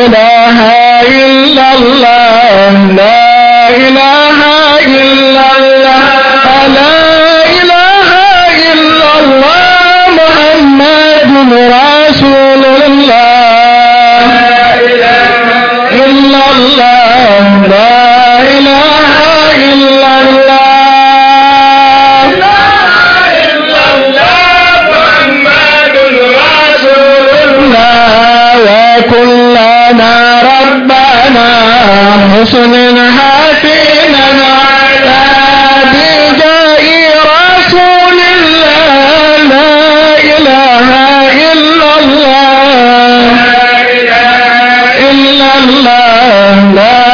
إله إلا الله لا إله إلا الله لا إله إلا الله محمد رسول الله لا إله إلا الله على رسل هاتينا على بجاء رسول الله لا إله إلا الله إلا الله لا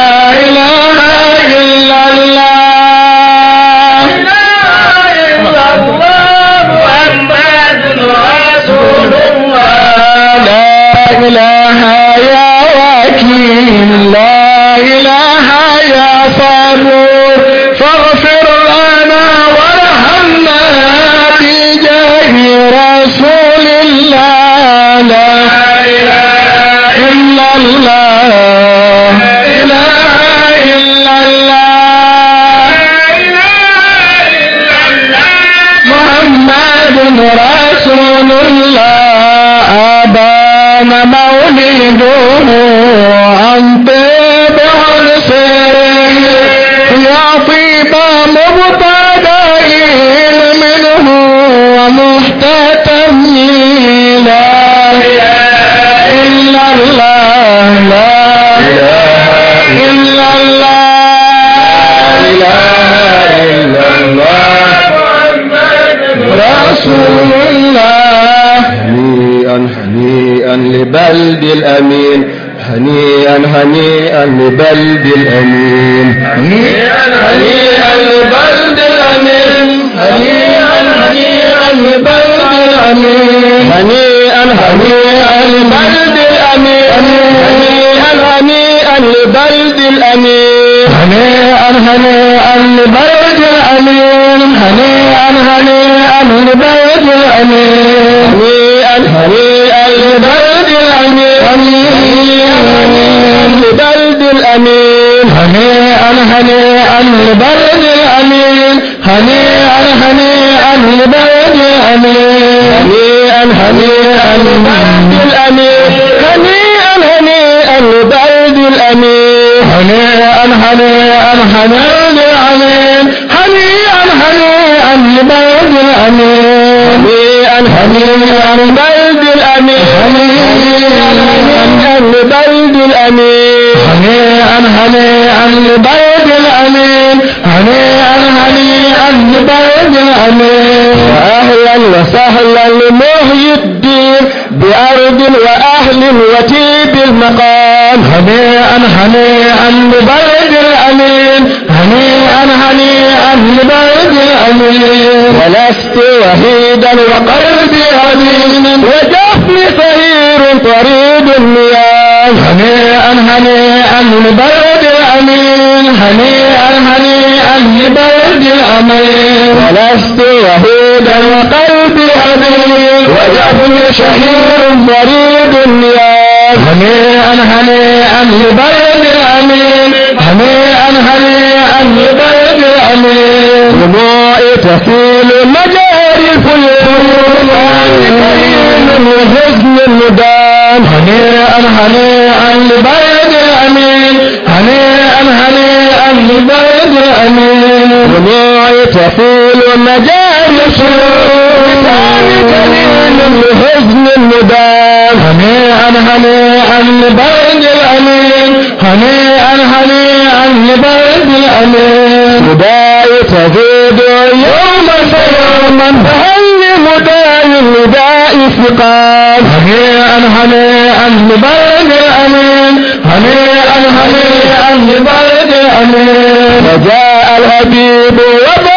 إلا الله لا إله إلا الله محمد رسول الله أبان مولده عن طيب عرسه يا طيب مبتدئ منه ومحتتم لا إله إلا الله رسول الله هنيئا هنيئا لبلد الأمين هنيئا هنيئا لبلد الأمين هنيئا هنيئا لبلد الأمين هنيئا هنيئا لبلد الأمين هنيئا هنيئا للبلد الأمين هنيئا هنيئا لبلد الأمين هنيئا هنيئا لبلد الأمين هنيئا هنيئا لبلد الأمين هنيئا هنيئا لبلد الأمين هنيئا هنيئا لبلد الأمين هنيئا هنيئا لبلد الأمين هنيئا هنيئا لبلد الأمير هنيئا هنيئا لبلد الأمير هنيئا هنيئا لبلد الأمير هنيئا هنيئا هنيئا لعمير هنيئا هنيئا لبلد الأمير هنيئا هنيئا لبلد الأمين هنيئا لبلد الأمين هنيئا هنيئا لبلد الأمين هنيئا هنيئا لبلد الأمين وأهلا وسهلا لمحيي الدين بأرض وأهل وطيب المقام هنيئا هنيئا لبلد الأمين هنيئا هنيئا لبيت الأمير ولست وحيدا وقلبي أمين وجفني صهير طريد المياه هنيئا هنيئا لبيت الأمين هنيئا هنيئا لبيت الأمير ولست وحيدا وقلبي أمين وجفني شهير طريد المياه هنيئا هنيئا لبيت الأمين هنيئا هنيئا لبيت العليم دموعي تسيل مجاري الفيوم كريم وحزن المدام هنيئا هنيئا لبيت الأمين هنيئا هنيئا لبيت الأمين دموعي تسيل مجاري الفيوم ذلك لأهل الحزن المدام هنيئا هنيئا لبرد الأليم هنيئا هنيئا لبرد الأليم نداي تزيد يوما فيوما فهل مداي لداء الثقال هنيئا هنيئا لبرد الأمين هنيئا هنيئا لبرد الأمين وجاء الحبيب وما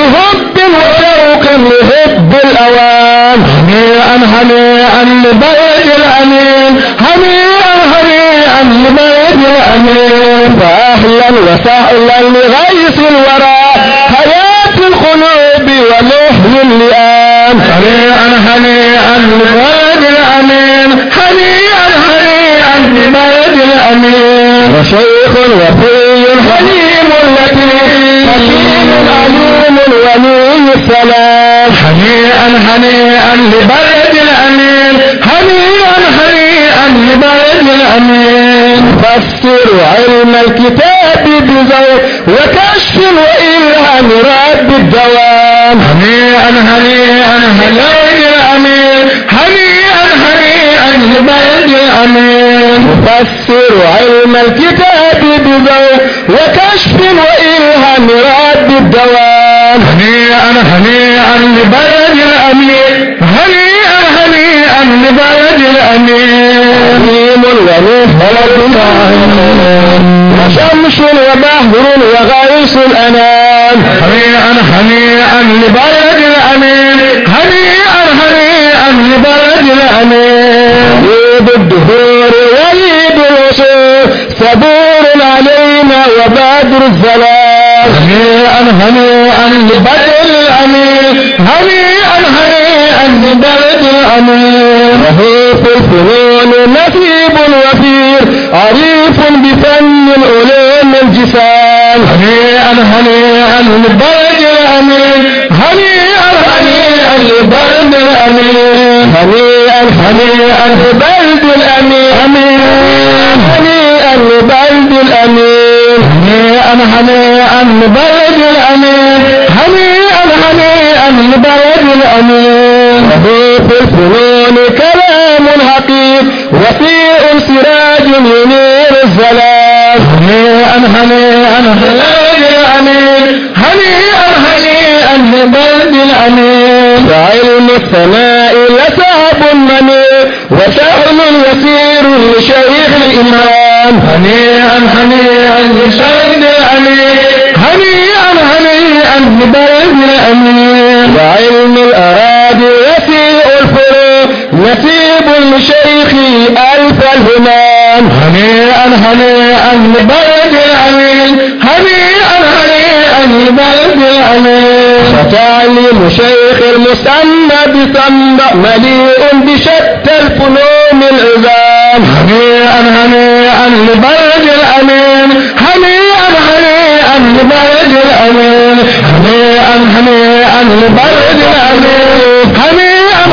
بحب وشوق لحب الأوان هنيئا هنيئا لبيت الأمين هنيئا هنيئا لبيت الأمين وأهلا وسهلا لغيث الورى حياة القلوب ولحن اللئام هنيئا هنيئا لبيت الأمين هنيئا هنيئا لبيت الأمين وشيخ وفي هنيئا التي فكين أليم ولي السلام هنيئا هنيئا لبلد الأمين هنيئا هنيئا لبلد الأمين فسر علم الكتاب بزور وكشف وإلهام رب الدوام هنيئا هنيئا لبلد الأمين هنيئا هنيئا الجبال أمين فسر علم الكتاب بذوق وكشف وإلهام رب الدوام هنيئا هنيئا لبلد الأمين هنيئا هنيئا لبلد الأمين أمين ومفرد وشمس وبحر وغيث الأنام هنيئا هنيئا لبلد الأمين هنيئا هنيئا عن عبارة الأمين عيد الدهور وعيد العصور صبور علينا وبدر الظلام هنيئا هنيئا لبدر الأمين هنيئا هنيئا لبلد الأمين رهيف الفنون نسيب وفير عريف بفن العلوم الجسام هنيئا هنيئا لبلد الأمين هنيئا لبلد الأمين هنيئا هنيئا لبلد الأمين هنيئا لبلد الأمين هنيئا هنيئا لبلد الأمين هنيئا هنيئا لبلد الأمين وفي الفنون كلام حكيم وفي سراج ينير الظلام هنيئا هنيئا هنيئا هنيئا هنيئا الهباب العميم فعلم السماء لسعب منير وسهم يسير لشيخ الإمام هنيئا هنيئا لشيخ العميم هنيئا هنيئا لبلد الأمير وعلم الأراضي يسيء الفروع نسيب لشيخي ألف الهمام هنيئا هنيئا لبلد الأمير هنيئا هنيئا الله بل بالعلم فتعليم شيخ المسمى بسمى مليء بشتى الفنون العظام هنيئا هنيئا لبلد الأمين هنيئا هنيئا لبلد الأمين هنيئا هنيئا لبلد الأمين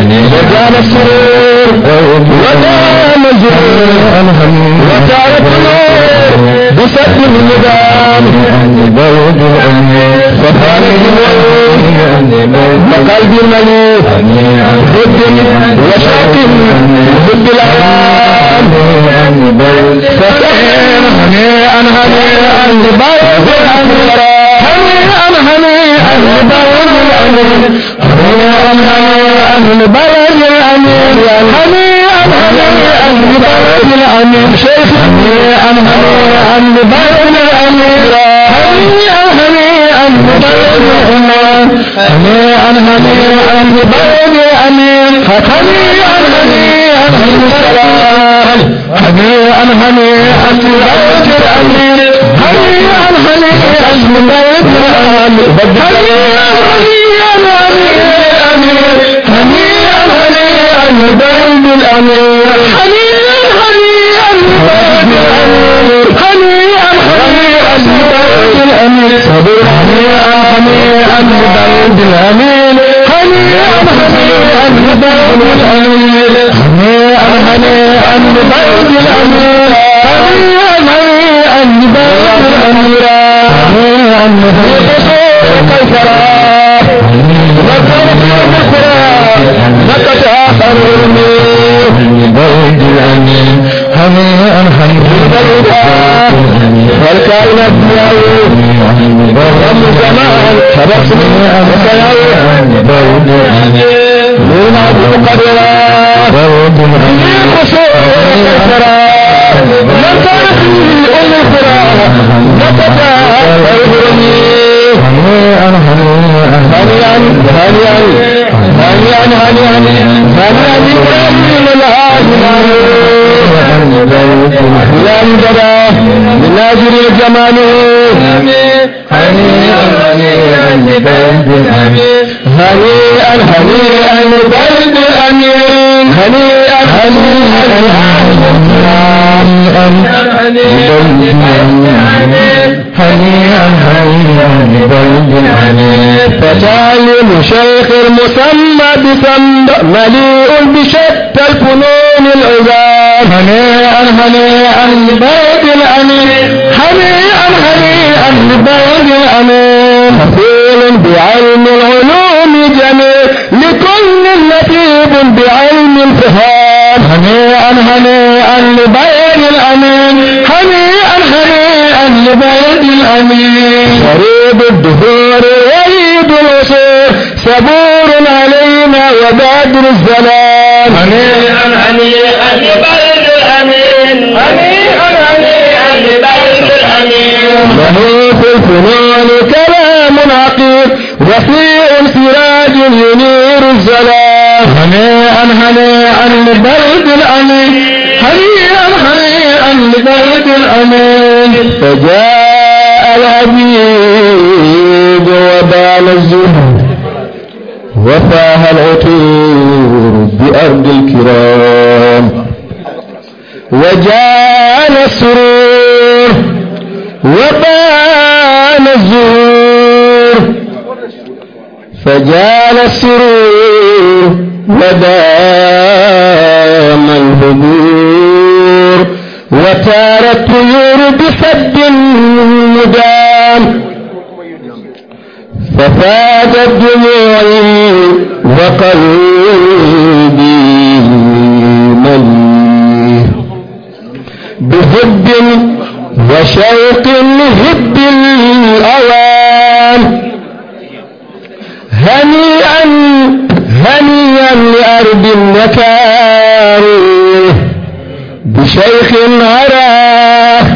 وجعل السرور وجعل الهم وجعل النور بسد الندام وقلب المليك ضد وشاك ضد الأعلام فتحين هنيئا هنيئا لبرد الأمر هنيئا هنيئا لبرد الأمر هنيئا هنيئا بالبلد الأمين هنيئا هنيئا ببلد الأمين شيخ هنيئا هنيئا ببلد الأمين هنيئا هنيئا ببلد الأمين هنيئا هنيئا ببلد الأمين هنيئا هنيئا بالسلام هنيئا هنيئا ببلد الأمين هنيئا هنيئا ببلد الأمين هنيئا هنيئا ببلد الأمين البلد الأمير هنيئا هنيئا البلد الأمير هنيئا هنيئا البلد الأمير صبر هنيئا هنيئا البلد الأمير هنيئا هنيئا البلد الأمير هنيئا هنيئا البلد الأمير هنيئا هنيئا البلد الأمير هنيئا هنيئا كيف راه وكانت مصر نكتها أخبرني بوج الأمين هم الحمد والكائنات يعود وهم زمان سبقني وسيعود بوج الأمين من عبد قدرا بوج الأمين من كان فيه أم القرى نتفى أخبرني هنيئا هنيئا هنيئا هنيئا هنيئا هنيئا هنيئا لكل العالمين يا مجدا من اجل الجمال هنيئا هنيئا لبلد الامير هنيئا هنيئا لبلد الامير هنيئا هنيئا هنيئا لبلد الامير هنيئا هنيئا بقلب عنيد فتعلم شيخ المسمى بسمى مليء بشتى الفنون العذاب هنيئا هنيئا لبيت الأمير هنيئا هنيئا لبيت الأمير كفيل بعلم العلوم جميل لكل نتيب بعلم الفهام هنيئا هنيئا لبيت البلد الأمين هنيئا هنيئا لبلد الأمين غريب الدهور وليد العصور صبور علينا وبدر الزلام هنيئا هنيئا لبلد الأمين هنيئا هنيئا لبلد الأمين له في الفنون كلام عقيم وفي سراج ينير الظلام هنيئا هنيئا لبلد الأمين هنيئا هنيئا البيت الأمين فجاء العبيد وبال الزهر وفاه العطور بأرض الكرام وجاء السرور وبان الزهور فجال السرور ودام الهدوء وتارة الطيور بسد مدام ففادت دموعي وقلبي مليء بهب وشوق هب الأوان هنيئا هنيئا لأرض وكاره بشيخ أراه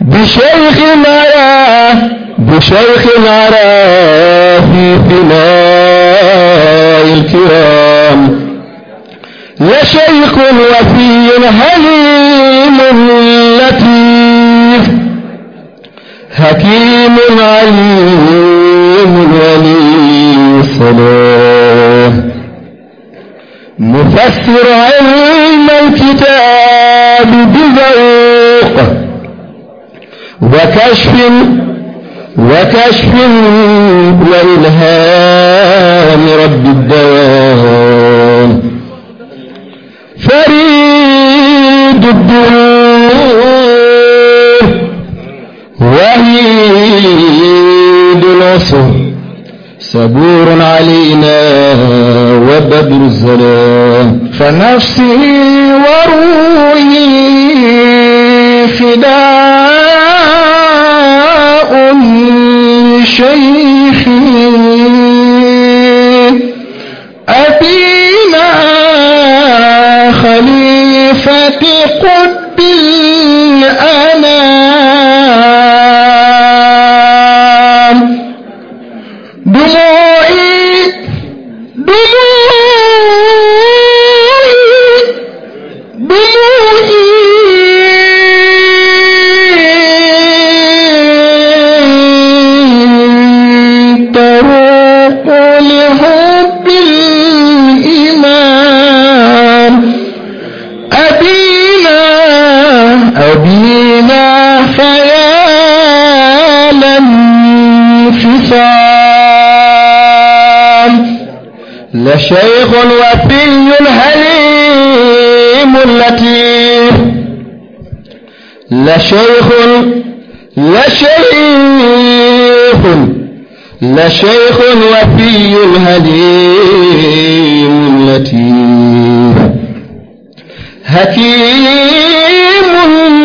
بشيخ أراه بشيخ أراه في ثناء الكرام لشيخ وفي هليم لطيف حكيم عليم ولي السلام مفسر علم الكتاب بذوق وكشف وكشف وإلهام رب الدوام فريد الدروب وهي صبور علينا وبدر السلام فنفسي وروحي فداء شيخي la shaykhun la shaykhun la shaykhun wafiyyun haliimun latiif hakiimun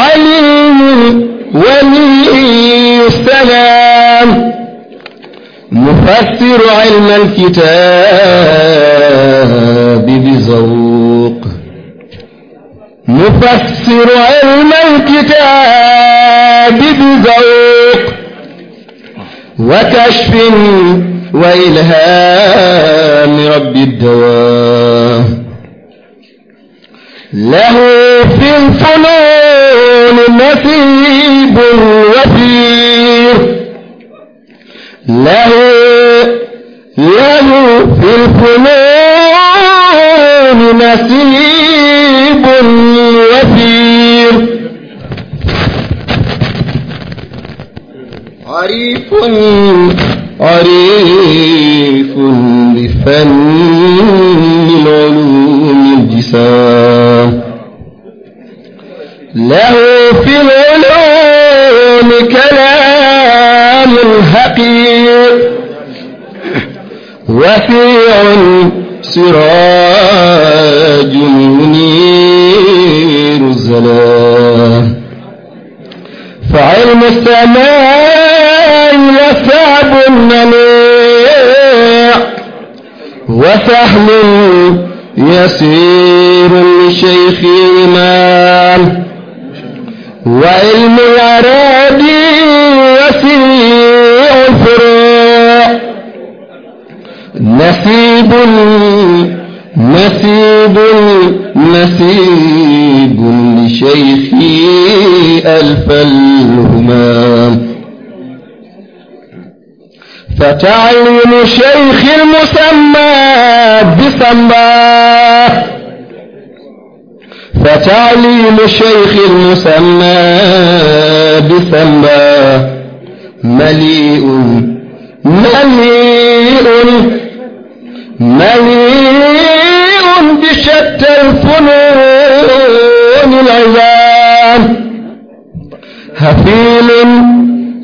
aliimun waliyyu salaam mufassir ilmal kitaabi bizawq يفسر علم الكتاب بذوق وكشف وإلهام رب الدوام له في الفنون نصيب وفير له له في الفنون الله نصيب وفير عريف عريف بفن العلوم الجسام له في العلوم كلام حقير وفي علم سراج منير الظلام فعلم السماء لصعب منيع وسهل يسير لشيخ إمام وعلم الأراضي وسيع الفروع nasibun nasibun nasibun li shaykhi alfal humam فتعليم شيخ المسمى بسماه فتعليم شيخ المسمى بسمى مليء مليء مليء بشتى الفنون العظام هفيل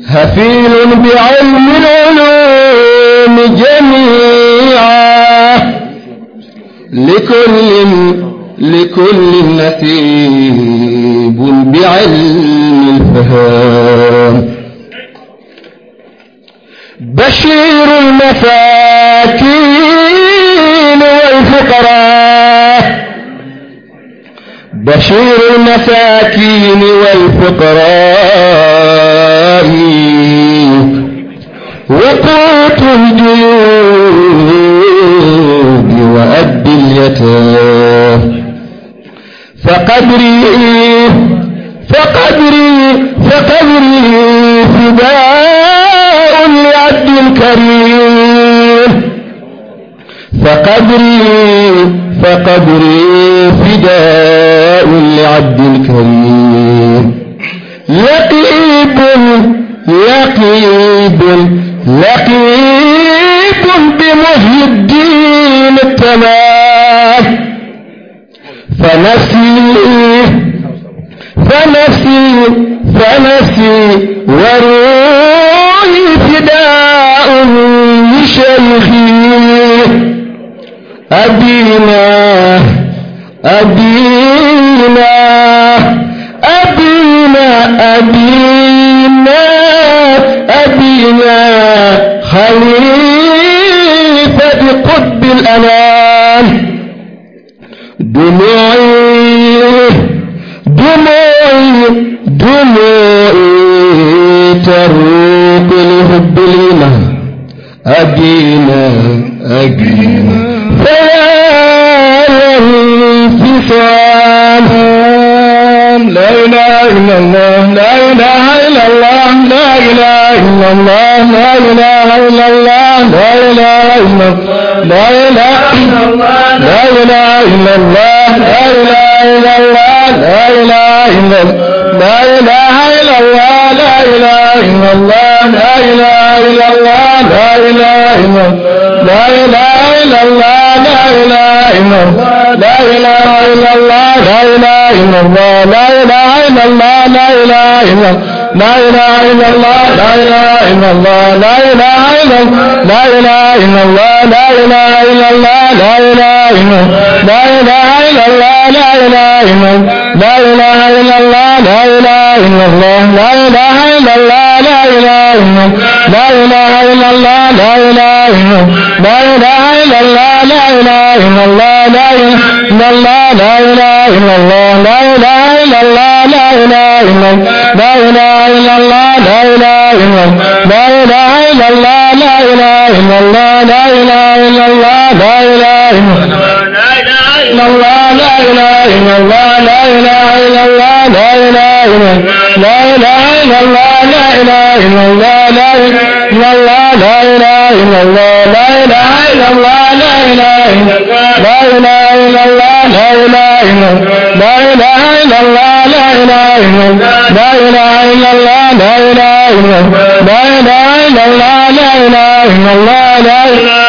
هفيل بعلم العلوم جميعا لكل لكل نتيب بعلم الفهام بشير المثال والمساكين والفقراء بشير المساكين والفقراء وقوت الجيوب وأد اليتام فقدري فقدري فقدري فداء لعبد الكريم فقدري فقدري فداء لعبد الكريم لقيب لقيب لقيب بمهي الدين التمام فنفسي فنفسي فنفسي وروحي فداء لشيخي أبينا أبينا أبينا أبينا أبينا خليفة قطب الأمان دموعي دموعي دموعي تروق لحب الإله أبينا أكيد فلا انفصال لا إله إلا الله لا إله إلا الله لا إله إلا الله لا إله إلا الله لا إله إلا الله لا إله إلا الله لا إله إلا الله لا إله إلا الله لا إله إلا الله لا إله إلا الله لا إله إلا الله لا إله إلا الله لا إله إلا الله لا إله إلا الله لا إله إلا الله لا إله إلا الله لا إله إلا الله لا إله إلا الله لا إله إلا لا إله إلا الله لا إله إلا الله لا إله إلا لا إله إلا الله لا إله إلا الله لا إله إله لا إله إلا الله لا إله إلا لا إله إلا الله لا إله إلا الله لا إله إلا الله لا إله إلا لا إله إلا الله لا إله إلا لا إله إلا الله لا إله إلا الله لا إله إلا الله لا إله إلا الله لا إله إلا الله لا إله إلا لا إله إلا الله لا إله إلا لا إله إلا الله لا إله إلا الله لا إله إلا الله لا إله إلا إلا الله لا إله إلا الله لا إله إلا الله لا إله إلا لا إله إلا الله لا إله إلا الله لا إله إلا الله لا إله إلا الله لا إله إلا الله لا إله إلا لا إله إلا الله لا إله إلا لا إله إلا الله لا إله إلا لا إله إلا الله لا إله إلا الله لا إله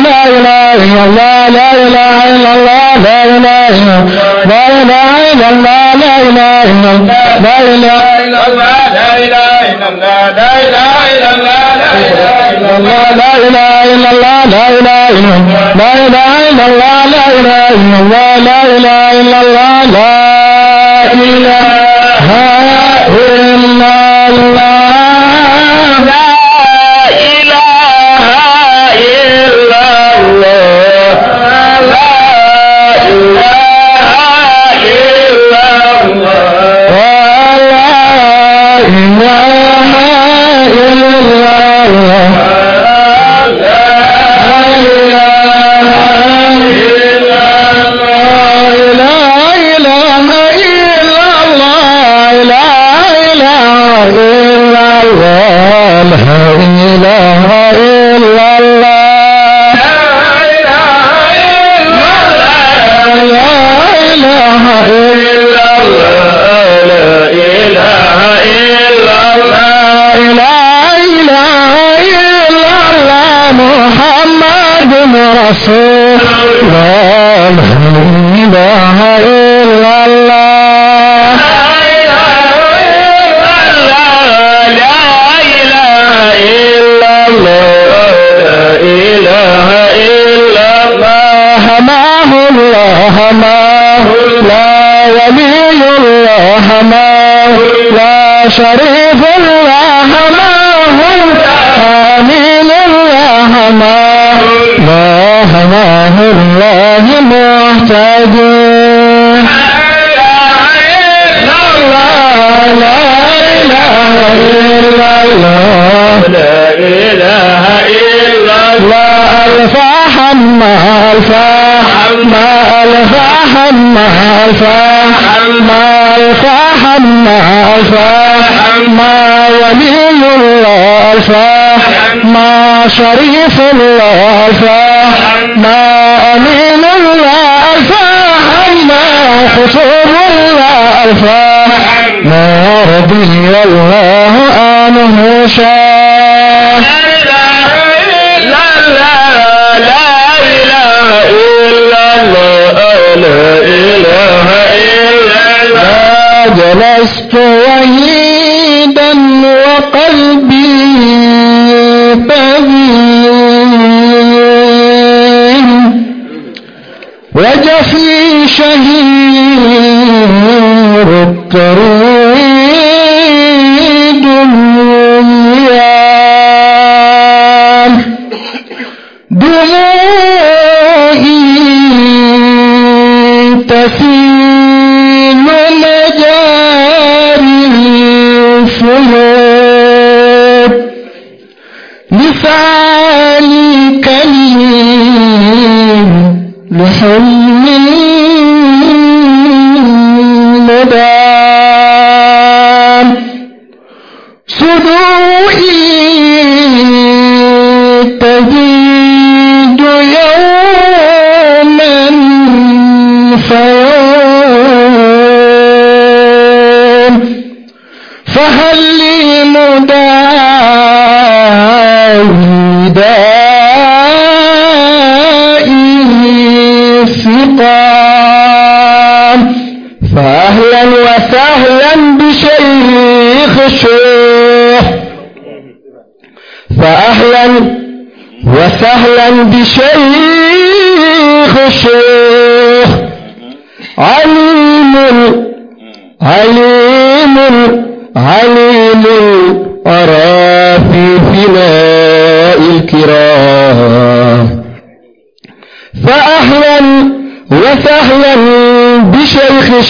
لا إله إلا الله لا إله إلا الله لا إله إلا لا إله إلا الله لا إله إلا الله لا إله إلا الله لا إله إلا الله لا إله إلا الله لا إله إلا الله لا إله إلا الله لا إله إلا الله لا إله إلا الله لا إله إلا الله لا إله إلا الله إله إلا الله لا إله إلا الله لا إله إلا الله لا إله إلا الله محمد رسول الله لا إله إلا الله إله إلا الله ما هو الله ما لا ولي الله ما لا شريف الله ما هو آمين الله ما لا هماه الله محتاج لا إله إلا الله لا إله إلا ما الفاح ما الفاح ما الفاح ما الفاح ما الفاح ما الفاح ما ولي الله الفاح ما شريف الله الفاح ما أمين الله الفاح ما خصوم الله الفاح ما رضي الله عنه شاه لا لا لا إله إلا الله لا إله إلا الله جلست وحيدا وقلبي طبيب وجفي شهير الكروب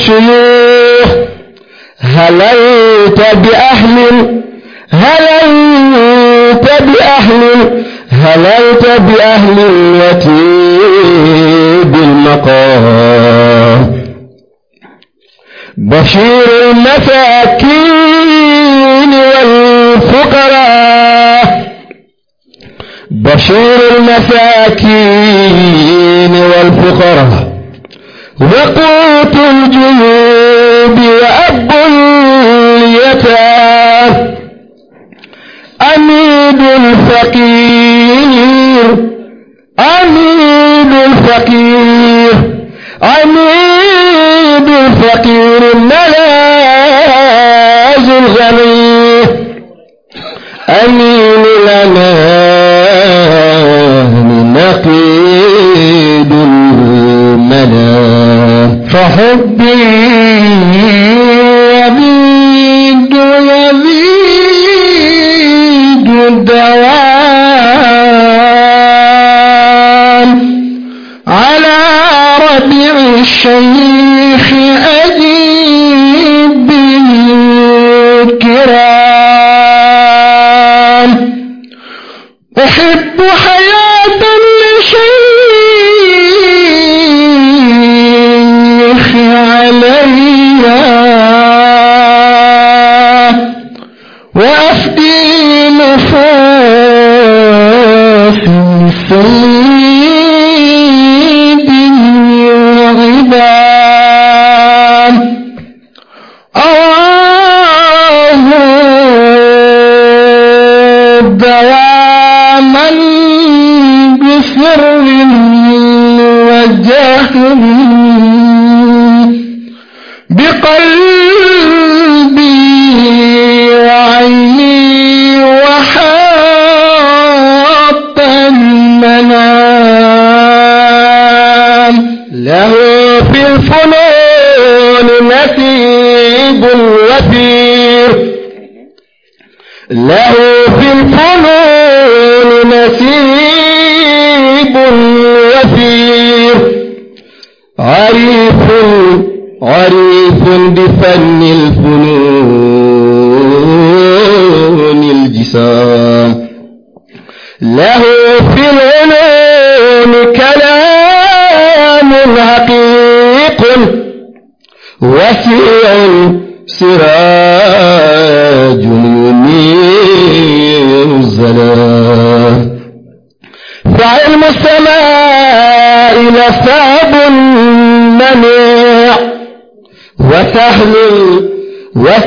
الشيوخ هللت بأهل هللت بأهل هللت بأهل التي بالمقام بشير المساكين والفقراء بشير المساكين والفقراء وقوت الجنوب وأب اليتام أميد الفقير أميد الفقير أميد الفقير ملاذ الغني أمين لنا من نقيد الملاذ فحبي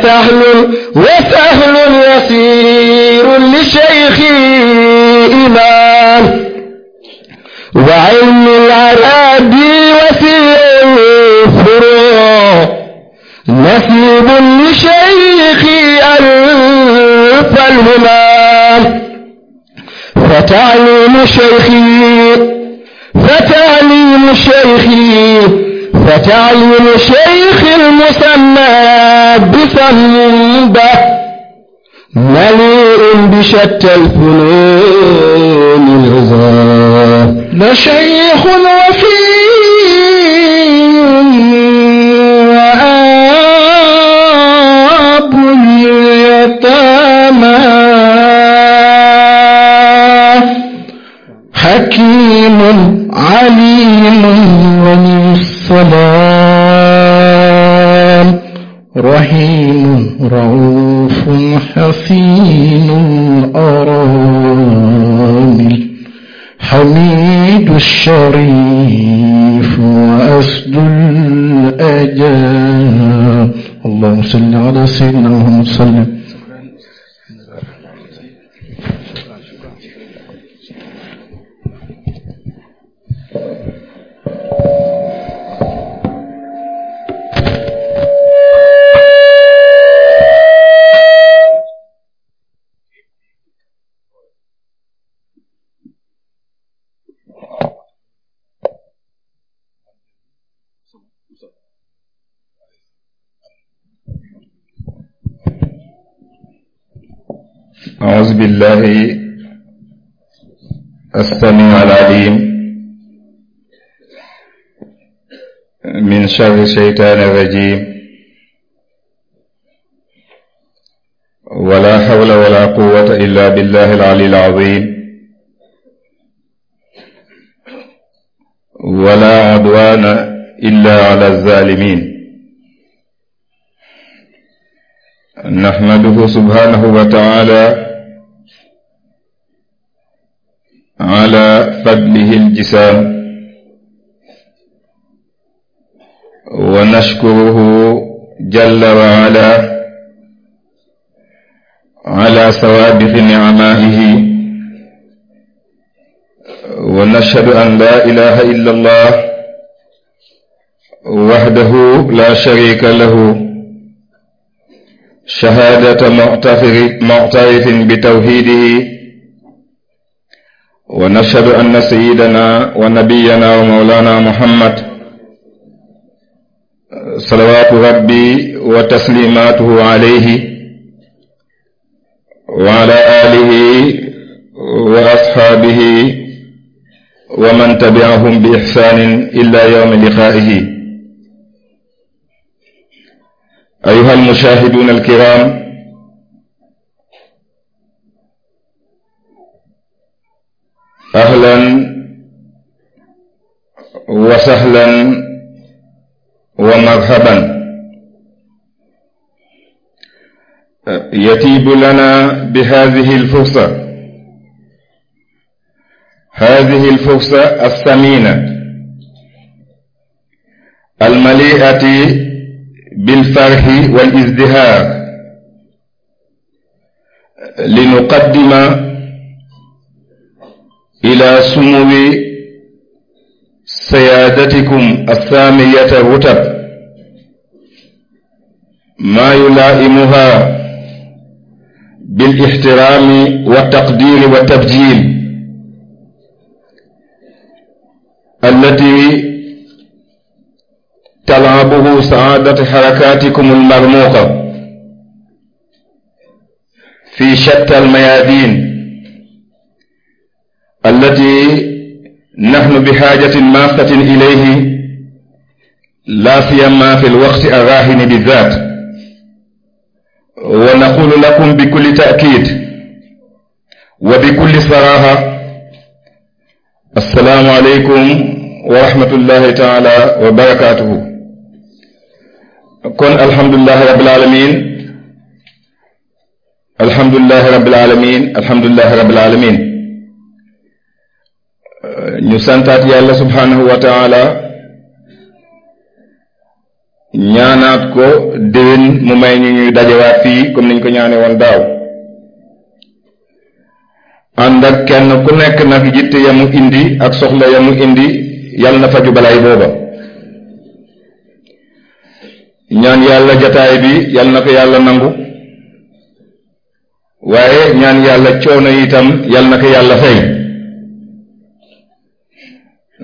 tahlul شتى الفنون العظام لشيخ وفي billahi as-sami'i al-alim min sharri shaytani rajim wala hawla wala quwwata illa billahi al-ali al-azim wala adwana illa ala az-zalimin nahmaduhu subhanahu wa ta'ala ala fadlihi aljisaam wa nashkuruhu jalla wa ala ala sawaabixi nicmaa'ihi wa nashhadu an laa ilaaha illa allah wahdahu laa shariika lahu shahaadata muctarifin bitawxiidihi ونشهد أن سيدنا ونبينا ومولانا محمد صلوات ربي وتسليماته عليه وعلى آله وأصحابه ومن تبعهم بإحسان إلا يوم لقائه أيها المشاهدون الكرام ahlan wa sahlan wa marhaban yatiibu lana bi haadihi alfursa haadihi alfursa alsamina almaliati bilfarxi walizdihaar linuqaddima ila sumuwi siyaadatikum athaamiyata rutab maa yulaa'imuha bilixtiraami wa taqdiiri wa tabjiil allati talaabuhu saadatu xarakaatikum almarmuuqa fi shatta almayaadiin allati nahnu bi xaajatin maasatin ilayhi laa siyama fi lwaqti arraahini bizaat wa naqulu lakum bi kulli taakid wa bi kulli saraaha assalaamu aleykum wa rahmatullahi taala wa barakaatuhu kon alhamdulilahi rabbil alamin alhamdulilahi rabbil alamin alhamdulilahi rabbil alamin ñu santaat yàlla subhaanahu wa taala ñaanaat ko déwén mu may ñu ñuy dajewaat fii comme niñ ko ñaane woon daaw ànd ak kenn ku nekk nag yitte ya mu indi ak soxla ya mu indi yàlla na faju balaay booba ñaan yàlla jataay bi yàlla na ko yàlla nangu waaye ñaan yàlla coono itam yàlla na ko yàlla fay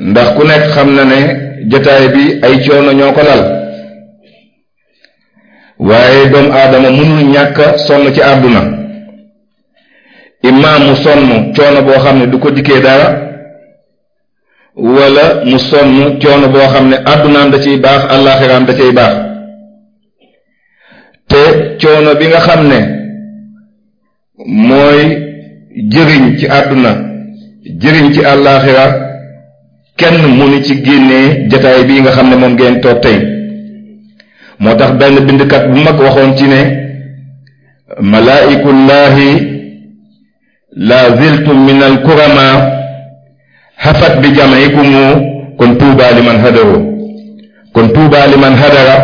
ndax ku nekk xam na ne jotaay bi ay coono ñoo ko lal waaye doomu aadama mënul ñàkk sonn ci àdduna imaam mu sonn coono boo xam ne du ko dikkee dara wala mu sonn coono boo xam ne àddunaan da ciy baax àllaaxiraam da ciy baax te coono bi nga xam ne mooy jëriñ ci àdduna jëriñ ci àllaaxira kenn mënu ci génne jataay bii nga xam ne moom ngeen toog tey moo tax benn bindkat bu mag waxoon ci ne malaa'ikullaahi la ziltum min al kurama xafat bi jamaikumu kon tuubaa li man hadaru kon tuubaa man hadara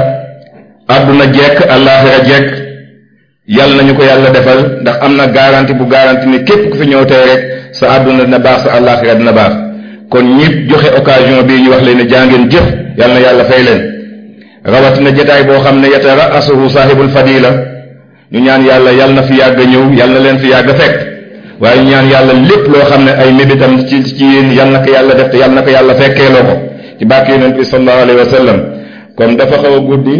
àdduna jekk àllaaxira jekk yàlla nañu ko yàlla defal ndax am na garanti bu garanti ni képp ku fi ñëw tey rek sa àdduna dina baax sa àllaaxira dina baax kon ñi joxe occasion bii ñu wax leen ne jàngeen jëf yal na yàlla fay leen na jataay boo xam ne yatara asuhu saahibul fadila ñu ñaan yàlla yal na fi yàgg ñëw yal na leen fi yàgg fekk ñaan yàlla lépp loo xam ne ay mébitam ci ci yéen yal yàlla def te yal na ko yàlla fekkeeloo ko ci bàkk yonent bi sallallahu alayhi wa sallam comme dafa xaw a guddi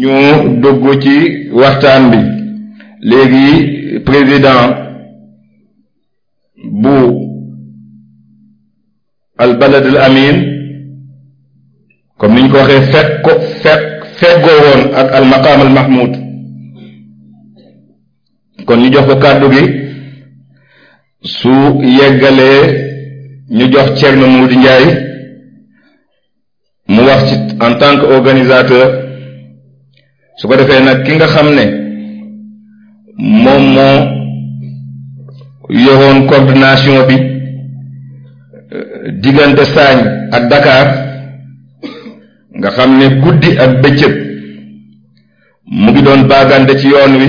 ñu dugg ci waxtaan bi léegi président bu al balad al amin ni ñu ko waxee fekk ko fekk feggoo woon ak al maqaam kon ñu jox ko kàddu gi su yéggalee ñu jox Thierno di njaay mu wax ci en tant que organisateur su ko defee nag ki nga xam ne moom moo yoroon coordination bi diggante saañ ak Dakar nga xam ne guddi ak bëccëg mu ngi doon baagante ci yoon wi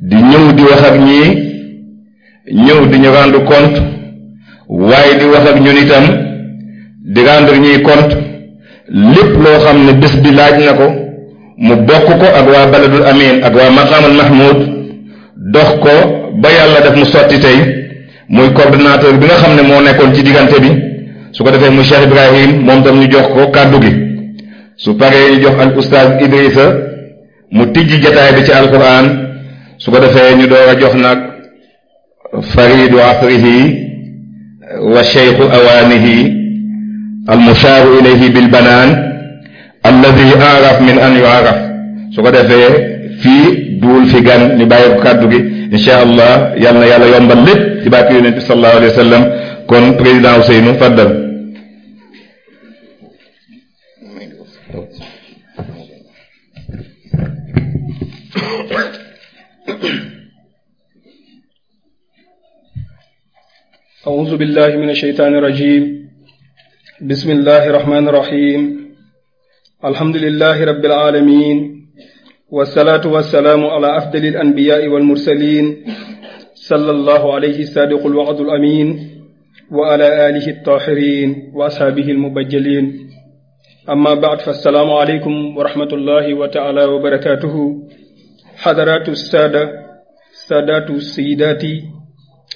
di ñëw di wax ak ñii ñëw di ñu rendre compte waaye di wax ak ñun itam di rendre ñii compte lépp loo xam ne bés bi laaj na ko mu bokk ko ak waa baladul amin ak waa maqaamal mahmud dox ko ba yàlla def mu sotti tey muy coordonnateur bi nga xam ne moo nekkoon ci diggante bi su ko defee mu Cheikh Ibrahim moom tam ñu jox ko kàddu gi su paree ñu jox al ustaaz Idrissa mu tijji jataay bi ci alquran su ko defee ñu door a jox nag faridu asrihi wa cheikhu awaanihi al mushaaru ilayhi bil banaan alladi araf min an yuaraf su ko defee fii duul fi gan ñu bàyyi ko kàddu gi incha allah yal na yàlla yombal lépp ci bàkk yonent bi sallallahu alayhi wa sallam kon président Ousseynou faddal أعوذ بالله من الشيطان الرجيم بسم الله الرحمن الرحيم الحمد لله رب العالمين wasalaatu wasalaamu ala afdali alanbiyaai walmursalin sallallahu alayhi saadiqul waadul amin wa ala alihi altahirin wa ashaabihi almubajjalin amma baad fa assalaamu aleykum wa rahmatullahi wa taala wa barakatuhu xadaraatu saada saadaatu sayidaati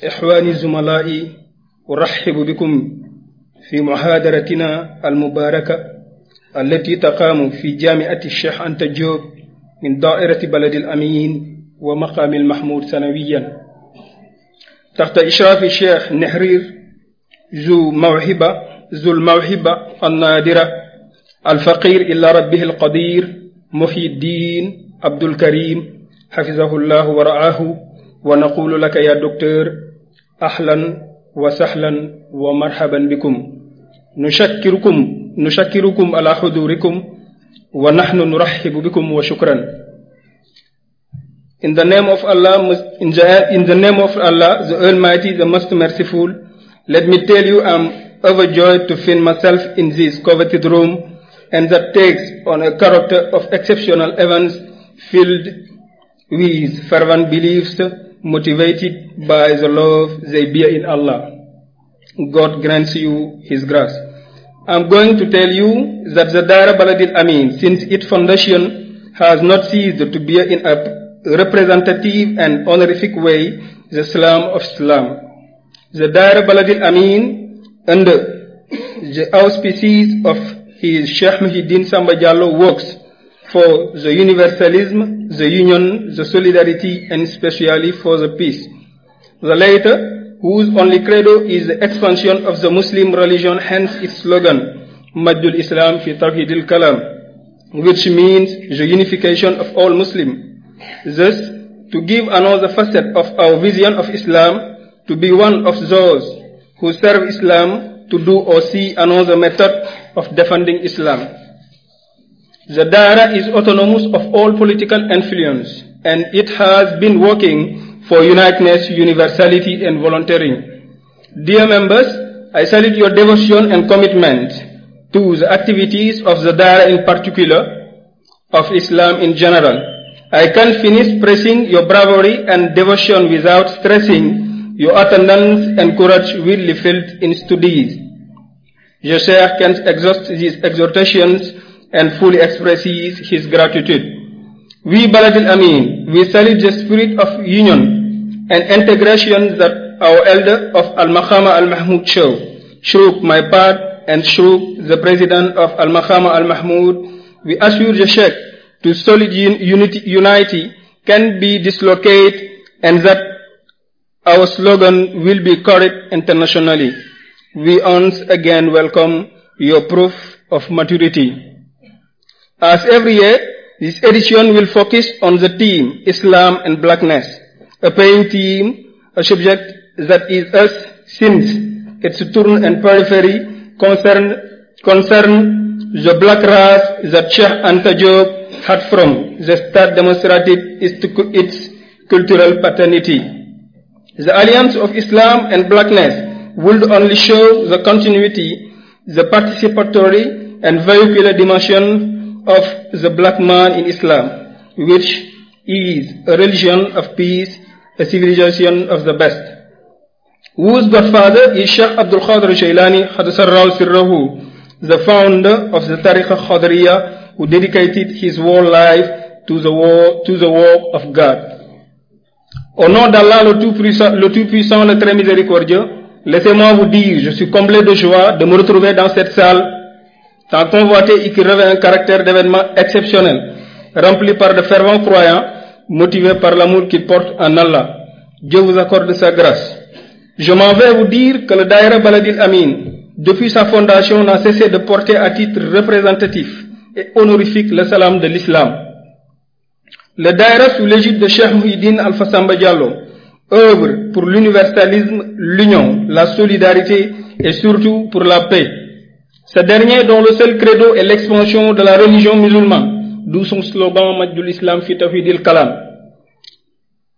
ixwaani zumalaai uraxibu bikum fi muhaadaratina almubaaraka allati taqaamu fi jaamiati cheikh anta Diop min daairati baladi al amin wa maqaami al mahmud sanawiyan taxta ishraafi cheikh nehrir zu mawhiba zul mawhiba annaadira alfaqir ila rabbihi alqadir muhyiddin abdul karim xafizahu llahu wa ra'aahu wa naqulu laka ya docteur ahlan wa sahlan wa marhaban bikum nushakirukum nushakirukum ala xudurikum wa nahnu nurahibu bikum wa shukran in the name of Allah in the, in the name of Allah Almighty the Most Merciful let me tell you I'm overjoyed to find myself in this coveted room and that takes on a character of exceptional events filled with fervent beliefs motivated by the love they bear in Allah God grants you his grace I'm going to tell you that the Dara Baladil Amin, since its foundation, has not ceased to bear in a representative and honorific way the Islam of Islam. The Dara Baladil under the auspices of his Sheikh Muhyiddin Samba Diallo, works for the universalism, the union, the solidarity, and especially for the peace. The latter whose only credo is the expansion of the Muslim religion, hence its slogan, Majjul Islam fi Tawhidil Kalam, which means the unification of all Muslims. Thus, to give another facet of our vision of Islam, to be one of those who serve Islam, to do or see another method of defending Islam. The Dara is autonomous of all political influence, and it has been working for uniteness, universality, and volunteering. Dear members, I salute your devotion and commitment to the activities of the Dara in particular, of Islam in general. I can't finish praising your bravery and devotion without stressing your attendance and courage really felt in studies. Je can exhaust these exhortations and fully expresses his gratitude. We Baladil Amin, we salute the spirit of union and integration that our elder of Al-Makhama Al-Mahmoud show. Shrouk, my part, and Shrouk, the president of Al-Makhama we assure the Sheikh to solid unity, can be dislocated and that our slogan will be correct internationally. We once again welcome your proof of maturity. As every year, This edition will focus on the theme Islam and Blackness, a paying theme, a subject that is us since its turn and periphery concern, the black race that Sheikh Anta Diop had from the start demonstrated its, its cultural paternity. The alliance of Islam and blackness would only show the continuity, the participatory and vehicular dimension of the black man in Islam, which is a religion of peace, a civilization of the best. Whose godfather is Sheikh Abdul Qadir Jailani Hadasarraw Sirrahu, the founder of the Tariqa Qadriya, who dedicated his whole life to the, war, of God. Au nom d'Allah le Tout-Puissant, le, tout le laissez-moi vous dire, je suis comblé de joie de me retrouver dans cette salle sans convoiter et qui revêt un caractère d'événement exceptionnel, rempli par de fervents croyants, motivés par l'amour qu'ils portent en Allah. Dieu vous accorde sa grâce. Je m'en vais vous dire que le Daïra Baladil Amin, depuis sa fondation, n'a cessé de porter à titre représentatif et honorifique le salam de l'islam. Le Daïra sous l'égide de Cheikh Mouhidine Al-Fassamba Diallo œuvre pour l'universalisme, l'union, la solidarité et surtout pour la paix. Ce dernier, dont le seul credo est l'expansion de la religion musulmane, d'où son slogan Majjul Islam fi Tawhidil Kalam,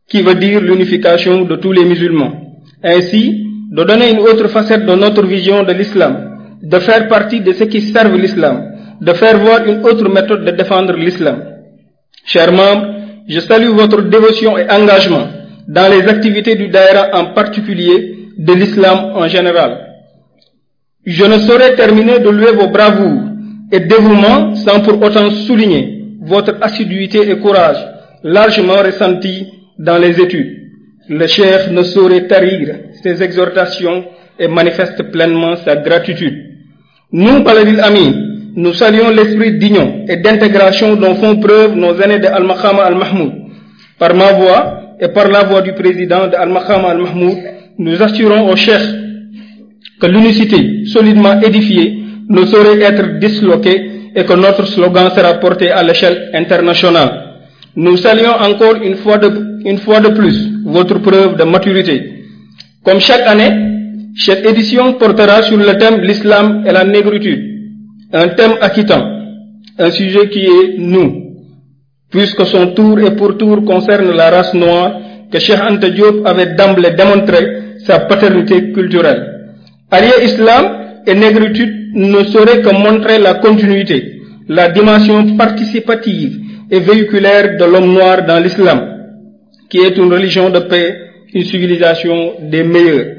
qui veut dire l'unification de tous les musulmans. Ainsi, de donner une autre facette de notre vision de l'islam, de faire partie de ceux qui servent l'islam, de faire voir une autre méthode de défendre l'islam. Chers membres, je salue votre dévotion et engagement dans les activités du Daïra en particulier, de l'islam en général. Je ne saurais terminer de louer vos bravoures et dévouements sans pour autant souligner votre assiduité et courage largement ressentis dans les études. Le Cheikh ne saurait tarir ses exhortations et manifeste pleinement sa gratitude. Nous, Paladil Amin, nous saluons l'esprit d'union et d'intégration dont font preuve nos années de Al-Makhama Par ma voix et par la voix du président de Al-Makhama nous assurons au Cheikh que l'unicité solidement édifiée ne saurait être disloquée et que notre slogan sera porté à l'échelle internationale. Nous saluons encore une fois de, une fois de plus votre preuve de maturité. Comme chaque année, cette édition portera sur le thème l'islam et la négritude, un thème acquittant, un sujet qui est nous, puisque son tour et pourtour concerne la race noire que Cheikh Anta Diop avait d'emblée démontré sa paternité culturelle. Allier Islam et négritude ne saurait que montrer la continuité, la dimension participative et véhiculaire de l'homme noir dans l'islam, qui est une religion de paix, une civilisation des meilleurs,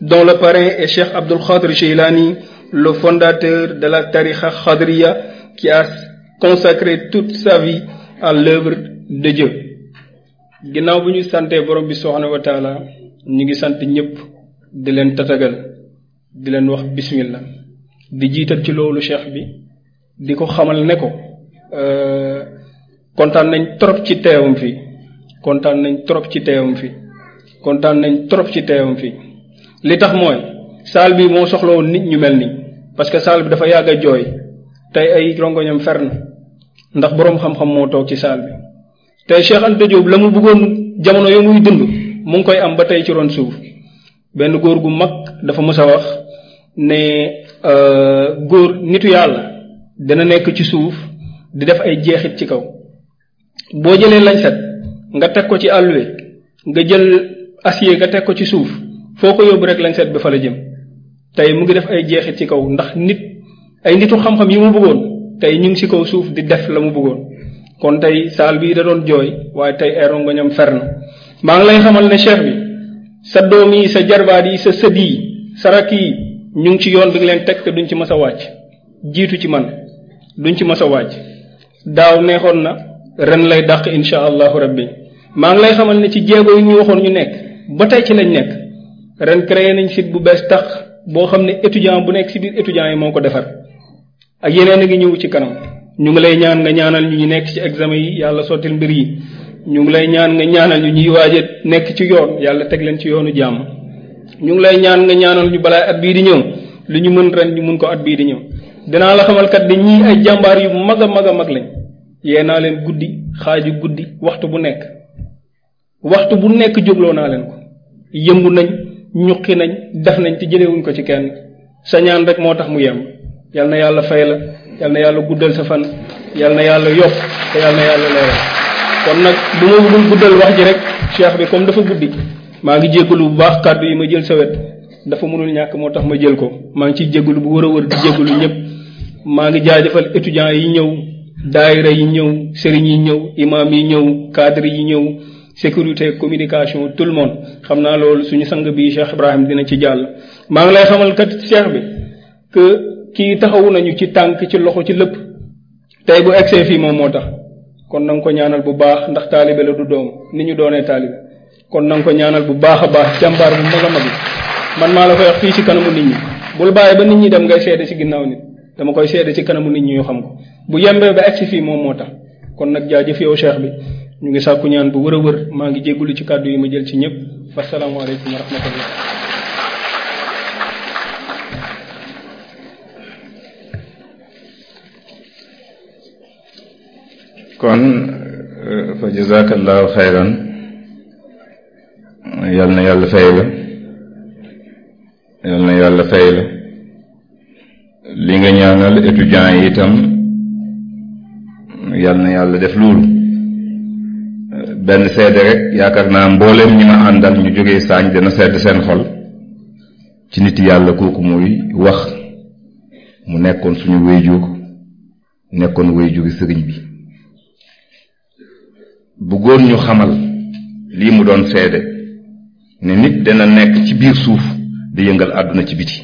dont le parrain est Cheikh Abdul Khadr Jailani, le fondateur de la Tariqa Khadriya, qui a consacré toute sa vie à l'œuvre de Dieu. ginnaaw bu ñu santee borom bi subhanahu wa taala ñu ngi sant ñëpp di leen tatagal di leen wax bismillah di jiital ci loolu cheikh bi di ko xamal ne ko euh, kontaan nañ trop ci teewam fii kontaan nañ trop ci teewam fi kontaan nañ trop ci teewam fi li tax mooy saal bi moo soxla woon nit ñu mel nii parce que saal bi dafa yàgg a jooy tey ay rongoñam fer na ndax boroom xam-xam moo toog ci saal bi tey Cheikh Anta Diop la mu bëggoon jamono yo muy dund mu ngi koy am ba tey ci ron suuf benn góor gu mag dafa mës a wax ne euh, góor nitu yàlla dana nekk ci suuf di def ay jeexit ci kaw boo jëlee lañset nga teg ko ci àlluwe nga jël acier nga teg ko ci suuf foo ko yóbbu rek lañset bi fa la jëm tey mu ngi def ay jeexit ci kaw ndax nit ay nitu xam-xam yi mu bëggoon tey ñu ngi ci kaw suuf di def la mu bëggoon kon tey saal bii da doon jooy waaye tey ay rongoñam fer na maa ngi lay xamal ne cheikh bi sa doom yi sa jarbaat yi sa sët yi sa rakk yi ñu ngi ci yoon bi nga leen teg te duñ ci mës a wàcc jiitu ci man duñ ci mës a daaw neexoon na ren lay dàq insha allahu rabbi maa ngi lay xamal ne ci jéego yi ñu waxoon ñu nekk ba tey ci lañ nekk ren créé nañ site bu bees tax boo xam ne étudiant bu nekk ci biir étudiant yi moo ko defar ak yeneen a ngi ñëw ci kanam ñu ngi lay ñaan nga ñaanal ñu ñu nekk ci examen yi yàlla sottil mbir yi ñu ngi lay ñaan nga ñaanal ñu ñuy waaj a nekk ci yoon yàlla teg leen ci yoonu jàmm ñu ngi lay ñaan nga ñaanal ñu balaa at bii di ñëw li ñu mën ren ñu mën ko at bii di ñëw dinaa la xamal kat ni ñii ay jàmbaar yu mag a mag a mag lañ yee naa leen guddi xaaju guddi waxtu bu nekk waxtu bu nekk jógloo naa leen ko yëmbu nañ ñuqi nañ def nañ te jëlewuñ ko ci kenn sa ñaan rek moo tax mu yem yal na yàlla fay la yal na yàlla guddal sa fan yal na yàlla yokk yàlla kon nag bu ma bëggul guddal wax ji rek cheikh bi comme dafa guddi maa ngi jégalu bu baax kàddu yi ma jël sawet dafa mënul ñàkk moo tax ma jël ko maa ngi ciy jégalu bu wër a wër di jégalu ñëpp maa ngi jaajëfal étudiants yi ñëw daayira yi ñëw sëriñ yi ñëw imam yi ñëw cadre yi ñëw sécurité communication tout le monde xam naa loolu suñu sang bi Cheikh Ibrahim dina ci jàll maa ngi lay xamal kat cheikh bi que kii taxawu nañu ci tànk ci loxo ci lépp tey bu egsee fii moom moo tax kon na nga ko ñaanal bu baax ndax taalibe la du doom ni ñu doonee taalibe kon nangu ko ñaanal bu baax a baax jàmbaar bu mag a mag man maa la koy wax fii ci kanamu nit ñi bul bàyyi ba nit ñi dem ngay seede ci ginnaaw nit dama koy seede ci kanamu nit ñi ñu xam ko bu yembee ba agsi fii moom moo tax kon nag jaajëf yow cheikh bi ñu ngi sàkku ñaan bu wër a wër maa ngi jéggulu ci kàddu yi ma jël ci ñëpp fasalaamualeykum wa rahmatullah kon eh, fa jazakallahu xayran yal na yàlla fay la yal na yàlla fay la li nga ñaanal étudiants yi itam yal na yàlla def loolu benn seede rek yaakaar naa mbooleem ñi ma àndal ñu jógee saañ dana sedd seen xol ci nit yàlla kooku muy wax mu nekkoon suñu wéyjuur nekkoon wéyjuuri sëriñ bi bëggoon ñu xamal lii mu doon seede ne nit dana nekk ci biir suuf di yëngal àdduna ci biti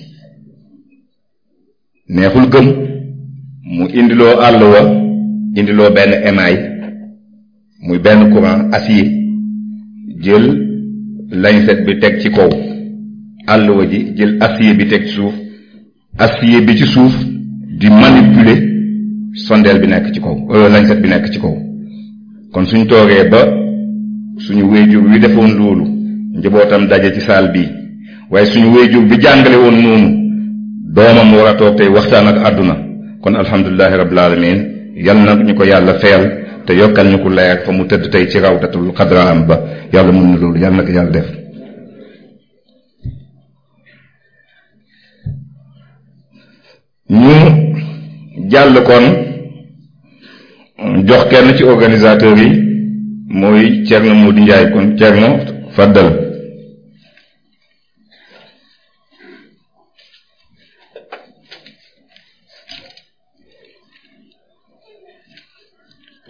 neexul gëm mu indiloo àll wa indiloo benn émail muy benn courant acier jël lañset bi teg ci kaw àll wa ji jël acier bi teg ci suuf acier bi ci suuf di manipuler sondeel bi nekk ci kaw euh, lañset bi nekk ci kaw kon suñ toogee ba suñu wéyjur wi defoon loolu njabootam daje ci saal bi waaye suñu wéyjur bi jàngale woon noonu doomam war tey waxtaan ak àdduna kon alhamdulilahi rabbil alamin yal na ñu ko yàlla feyal te yokkal ñu ko lay fa mu tëdd tey ci rawdatul xadraam ba yàlla mën na loolu yàlla na ko yàlla def ñu jàll kon jox kenn ci organisateurs yi mooy Thierno Modou Ndiaye kon Thierno Faddal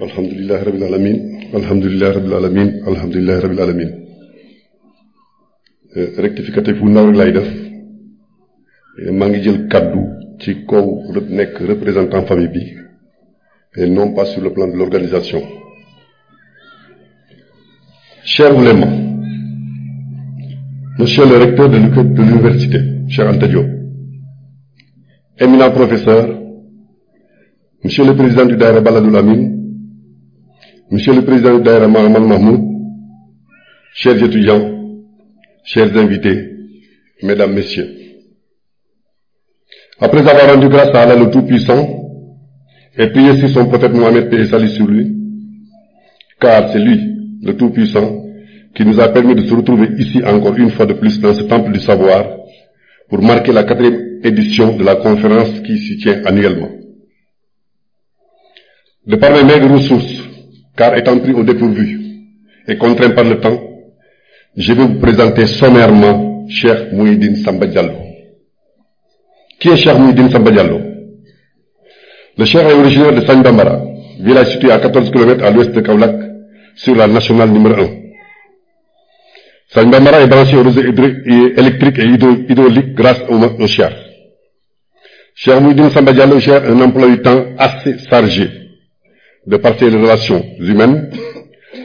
alhamdulilahi rabil alamin alhamdulilahi rabil alamin alhamdulilahi rabil alamin euh, rectificatif bu ndaw rek lay def euh, maa ngi jël kàddu ci kaw nekk représentant famille bi et non pas sur le plan de l'organisation. Chers oulémas, monsieur le recteur de e l'université, cher Antadio, éminent professeur, monsieur le président du Daïra Baladou monsieur le président du Daïra Mahamal Mahmoud, chers étudiants, chers invités, mesdames, messieurs, après avoir rendu grâce à Allah le Tout-Puissant, et priez sur son prophète Mohammed, paix salut sur lui, car c'est lui, le Tout-Puissant, qui nous a permis de se retrouver ici encore une fois de plus dans ce temple du savoir pour marquer la quatrième édition de la conférence qui s'y tient annuellement. De par mes maigres ressources, car étant pris au dépourvu et contraint par le temps, je vais vous présenter sommairement Cheikh Mouhidine Samba Diallo. Qui est Cheikh Mouhidine Samba Diallo Le Cheikh est originaire de Sangbambara, village situé à 14 kilomètres à l'ouest de Kaolack, sur la nationale numéro 1. Sangbambara est branché au réseau électrique et hydraulique grâce au, au Cheikh. Cheikh Mouhidine Samba Diallo gère un emploi du temps assez chargé de par ses relations humaines,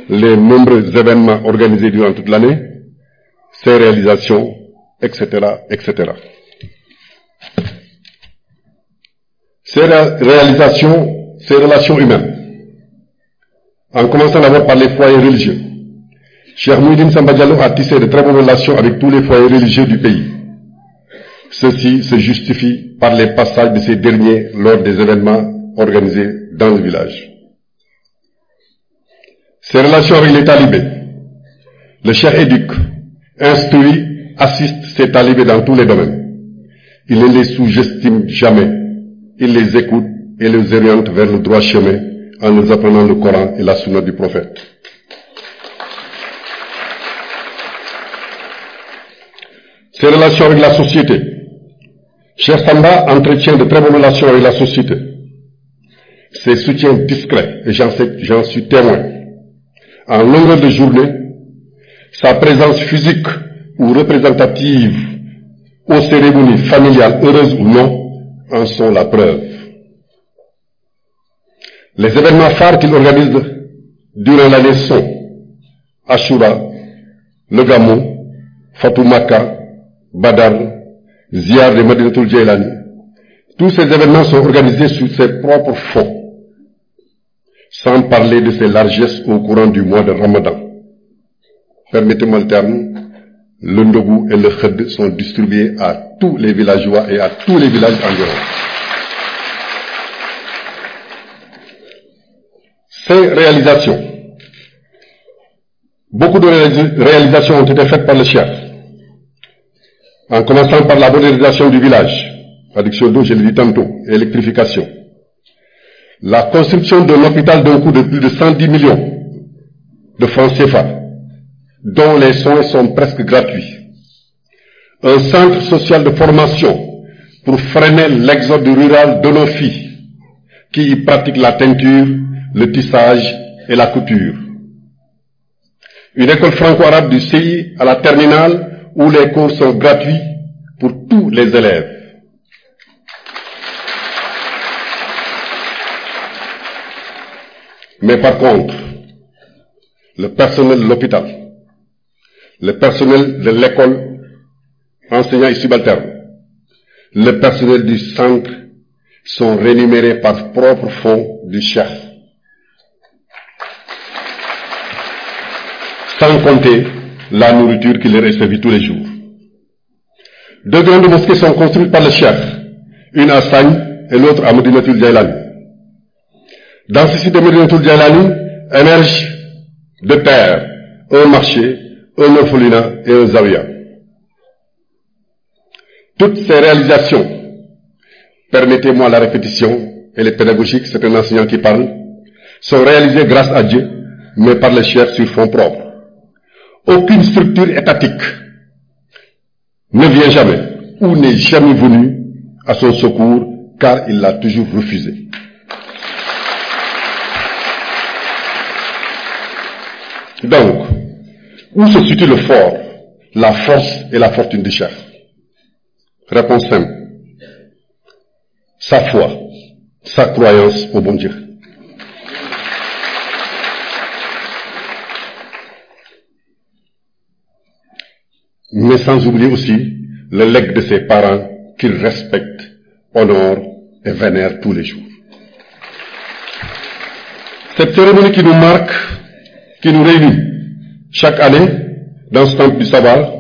les nombreux événements organisés durant toute l'année, ses réalisations, etc., etc. ces réalisations, ces relations humaines, en commençant d'abord par les foyers religieux. Cheikh Mouhidine Samba Diallo a tissé de très bonnes relations avec tous les foyers religieux du pays. Ceci se justifie par les passages de ces derniers lors des événements organisés dans le village. Ses relations avec les talibés. Le Cheikh éduque, instruit, assiste ses talibés dans tous les domaines. Il ne les sous jamais il les écoute et les oriente vers le droit chemin en nous apprenant le Coran et la sunna du prophète. Ses relations avec la société. Cheikh Samba entretient de très bonnes relations avec la société. Ses soutiens discrets, et j'en suis témoin. En longueur de journée, sa présence physique ou représentative aux cérémonies familiales, heureuses ou non, en sont Les événements phares qu'il organise durant l'année sont Ashura, le Gamou, Fatou Makka, Badar, Ziyar de Madinatul Jailani. Tous ces événements sont organisés sur ses propres fonds, sans parler de ses largesses au courant du mois de Ramadan. Le ndogu et le khëdd sont distribués à tous les villageois et à tous les villages environs. Ces réalisations, beaucoup de réalisations ont été faites par le chef, en commençant par la modernisation du village, adduction d'eau, je l'ai dit tantôt, et électrification. La construction d'un hôpital d'un coût de plus de 110 millions de francs CFA dont les soins sont presque gratuits. Un centre social de formation pour freiner l'exode rural de nos filles qui y pratiquent la teinture, le tissage et la couture. Une école franco-arabe du CI à la terminale où les cours sont gratuits pour tous les élèves. Mais par contre, le personnel de l'hôpital le personnel de l'école, enseignants et subalternes, le personnel du centre sont rémunérés par propre fonds du chef. Sans compter la nourriture qui leur est servie tous les jours. Deux grandes mosquées sont construites par le chef, une à Sagne et l'autre à Medinatul Jailani. Dans de Medinatul Jailani émerge de terre un marché un orphelinat et un zawiya. Toutes ces réalisations, permettez-moi la répétition, elle est pédagogique, c'est un enseignant qui parle, sont réalisées grâce à Dieu, mais par les chefs sur fonds propres. Aucune structure étatique ne vient jamais ou n'est jamais venue à son secours car il l'a toujours refusé. se situe le fort, la force et la fortune du chef Réponse simple. Sa foi, sa croyance au bon Dieu. Mais sans oublier aussi le legs de ses parents qu'il respecte, honore et vénère tous les jours. Cette cérémonie qui nous marque, qui nous réunit, Chaque année, dans ce temple du sabbat,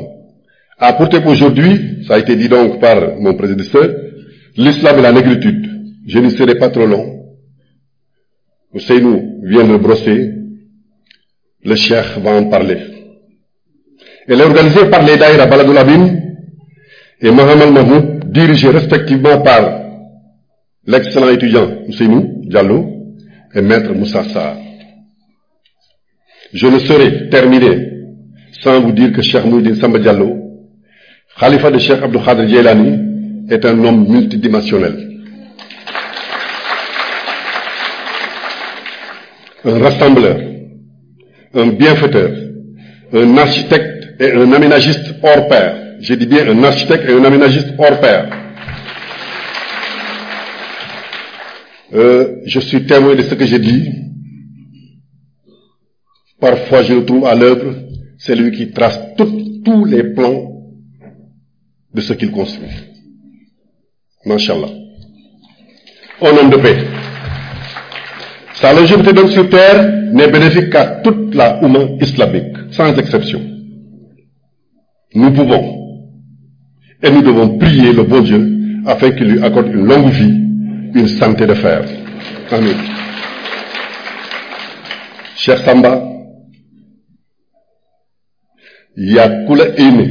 à porter aujourd'hui, ça a été dit donc par mon prédécesseur, l'islam et la négritude. Je ne serai pas trop long. Seynou vient le brosser. Le cheikh va en parler. Elle est par les Daïra Baladoulabine et Mohamed Mahmoud, dirigés respectivement par l'excellent étudiant Seynou Diallo et maître Moussa je ne saurais terminer sans vous dire que Cheikh Mouhidine Samba Diallo khalifa de Cheikh Abdou Khadr est un homme multidimensionnel un rassembleur un bienfaiteur un architecte et un aménagiste hors pair je dis bien un architecte et un aménagiste hors pair euh, je suis témoin de ce que j'ai dit Parfois, je le trouve à l'œuvre, c'est qui trace tout, tous les plans de ce qu'il construit. Masha'Allah. Un homme de paix. Sa longévité d'homme sur terre n'est bénéfique qu'à toute la Oumma islamique, sans exception. Nous pouvons et nous devons prier le bon Dieu afin qu'il lui accorde une longue vie, une santé de fer. Amen. Cher Samba, yàgg ku la éene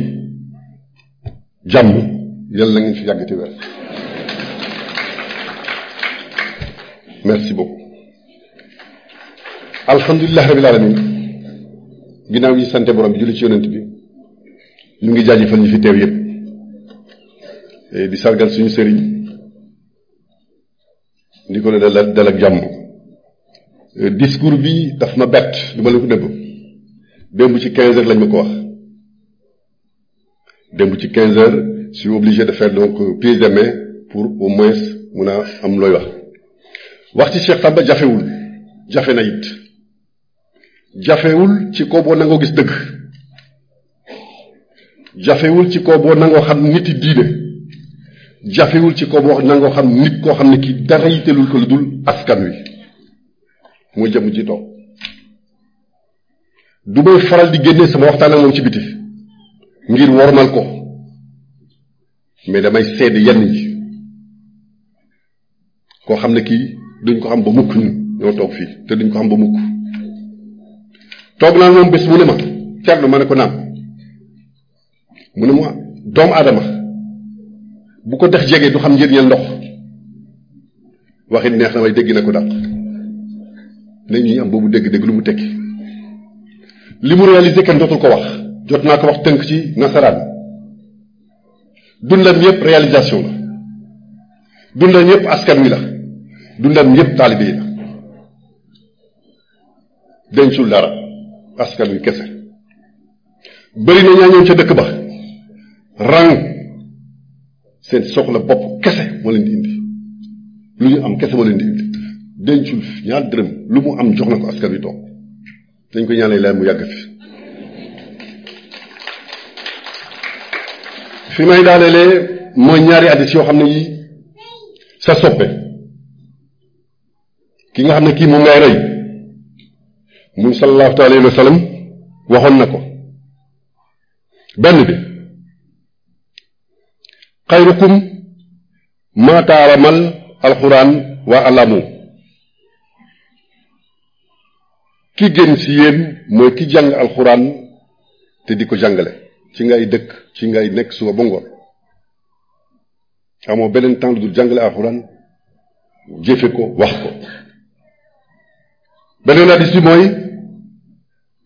jàmm yàlla na ngeen fi yàggati weer merci beaucoup alhamdulilah rabil alamin ginnaaw yi sante borom bi julli ci yonent bi mu ngi jaajëfal ñi fi teew yëpp eh, di sargal suñu sëriñ di ko ne dal dal ak jàmm eh, discours bi daf ma bett du ma la ko nëbb démb ci quinze lañ ma ko wax démb ci 15 heures je suis obligé de faire donc euh, prise de main pour au moins mun a am looy wax wax ci Cheikh Tamba jafewul jafe na it jafewul ci ko boo nangoo gis dëgg jafewul ci ko boo xam nit yi diine jafewul ci ko boo nangoo xam nit koo xam ne kii dara yitteelul ko lu askan wi muy jëm ci toog du faral di génnee sama waxtaan ak moom ci biti ngir wormal ko mais damay seede yenn yi koo xam ne kii duñ ko xam ba mukk ñu toog fii te duñ ko xam ba mukk toog naa moom bés mu ne ma Thierno ma ne ko naam mu ne ma doomu aadama bu ko dex jege du xam njëriñal ndox waxit neex na may dégg na ko dàq nañ ñuy am boobu dégg-dégg lu mu tekki li mu réalisé kenn dootul ko wax jot naa ko wax tënk ci nasaraan dundam yépp réalisation la dundam yépp askan wi la dundam yépp taalibe yi la densul dara askan wi kese bëri na ñaa ñëw ca dëkk ba rang seen soxla bopp kese moo leen di indi lu ñu am kese moo leen di indi dencul ñaar dërëm lu mu am jox na ko askan wi toog dañ ko ñaanal lay mu yàgg fi fi may daanelee mooy ñaari addis yoo xam ne yi sa soppe ki nga xam ne kii moom ngay rey muy sallallahu taala alayhi wa sallam waxoon na ko benn bi xayrukum maa taaramal alxuraan wa alamu ki gën ci yéen mooy ki jàng alxuraan te di ko jàngale ci ngay dëkk ci ngay nekk suba ba ngoon amoo beneen temps lu dul jàngale alxuraan jëfe ko wax ko beneen hadis bi mooy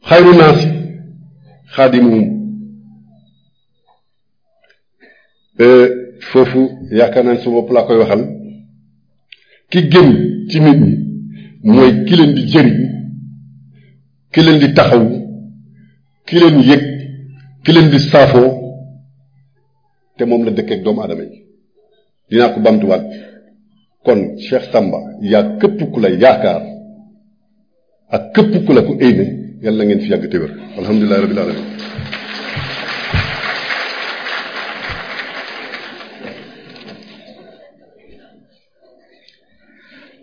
xayru naasi xaadimuhum foofu yaakaar naa ne sama bopp laa koy waxal ki gën ci nit ñi mooy ki leen di jëriñ ki leen di taxaw ki leen yëg ki leen saafoo te moom la dëkkeek doomu aadama yi dinaa ko bamtuwaat kon Cheikh Samba yaa képp ku la ak képp ku la ko éyne yàlla na ngeen fi yàgg te wér alhamdulillahi rabbil alamin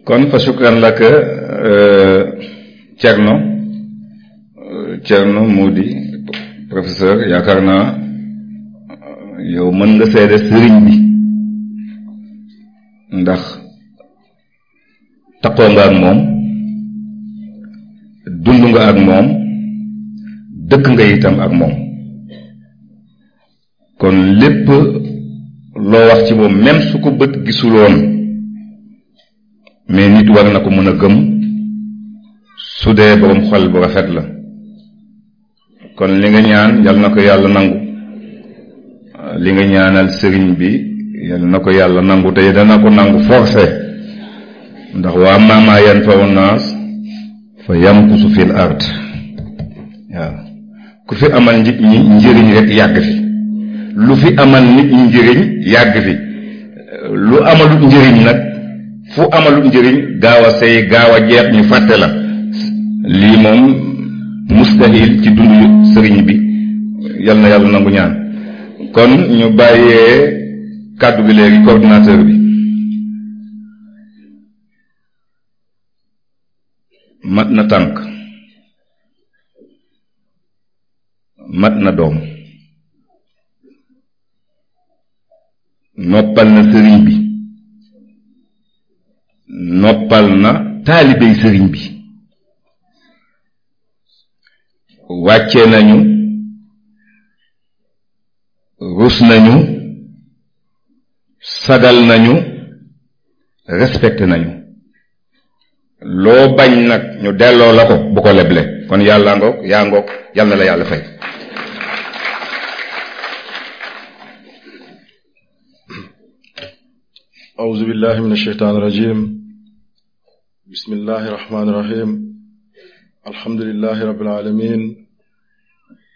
kon fa shukran laka euh, Thierno euh, Thierno Moody professeur yaakaar naa euh, yow mën nga seede sëriñ bi ndax taqoo nga ak moom dund nga ak moom dëkk nga itam ak moom kon lépp loo wax ci moom même su ko bët gisuloon mais nit war na ko mën a gëm su dee borom xol bu rafet la kon li nga ñaan yal na ko yàlla nangu li nga ñaanal sëriñ bi yal na ko yàlla nangu te dana ko nangu forcé ndax waa maamaa yan fa naas fa yamkusu fil ard waaw ku fi amal njëriñ rek yàgg fi lu fi amal nit ñi njëriñ yàgg fi lu amalut njëriñ nag fu amalut njëriñ gaaw a sey gaaw a jeex ñu fàtte la lii moom mustahil ci dundu sëriñ bi yal na yàlla nangu ñaan kon ñu bàyyee kàddu gi léegi coordinateur bi mat na tànk mat na doom noppal na sëriñ bi noppal na taalibey sëriñ bi wàcce nañu rus nañu sagal nañu respecté nañu loo bañ nag ñu delloo la ko bu ko leble kon yàlla ngoog yaa ngoog yàlla la yàlla fay أعوذ بالله من الشيطان الرجيم بسم الله الرحمن الرحيم الحمد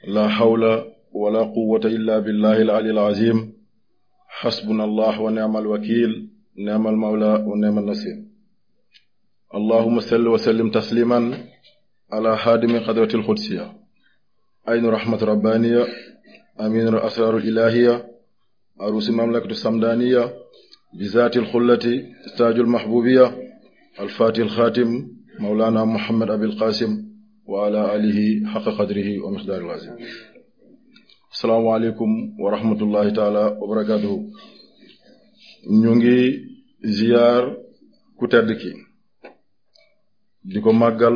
la hawla wala quwwata illa billahi al-ali al-azim xasbuna allah wa ni'mal wakil ni'mal mawla wa ni'mal nasir allahuma salli wa sallim tasliman ala xaadimi xadrati alxudsiya aynu rahmat rabbaniya aminu asraru ilahiya arusi mamlakatu samdaniya bizaati alxullati taaju almahbubiya alfati alxatim mawlana muhammad abil qasim wa ala alihi xaqa qadrihi wa miqdaaril azim asalaamaaleykum wa rahmatullahi taala wa barakaatuhu ñu ngi ziyaar ku tedd ki di ko màggal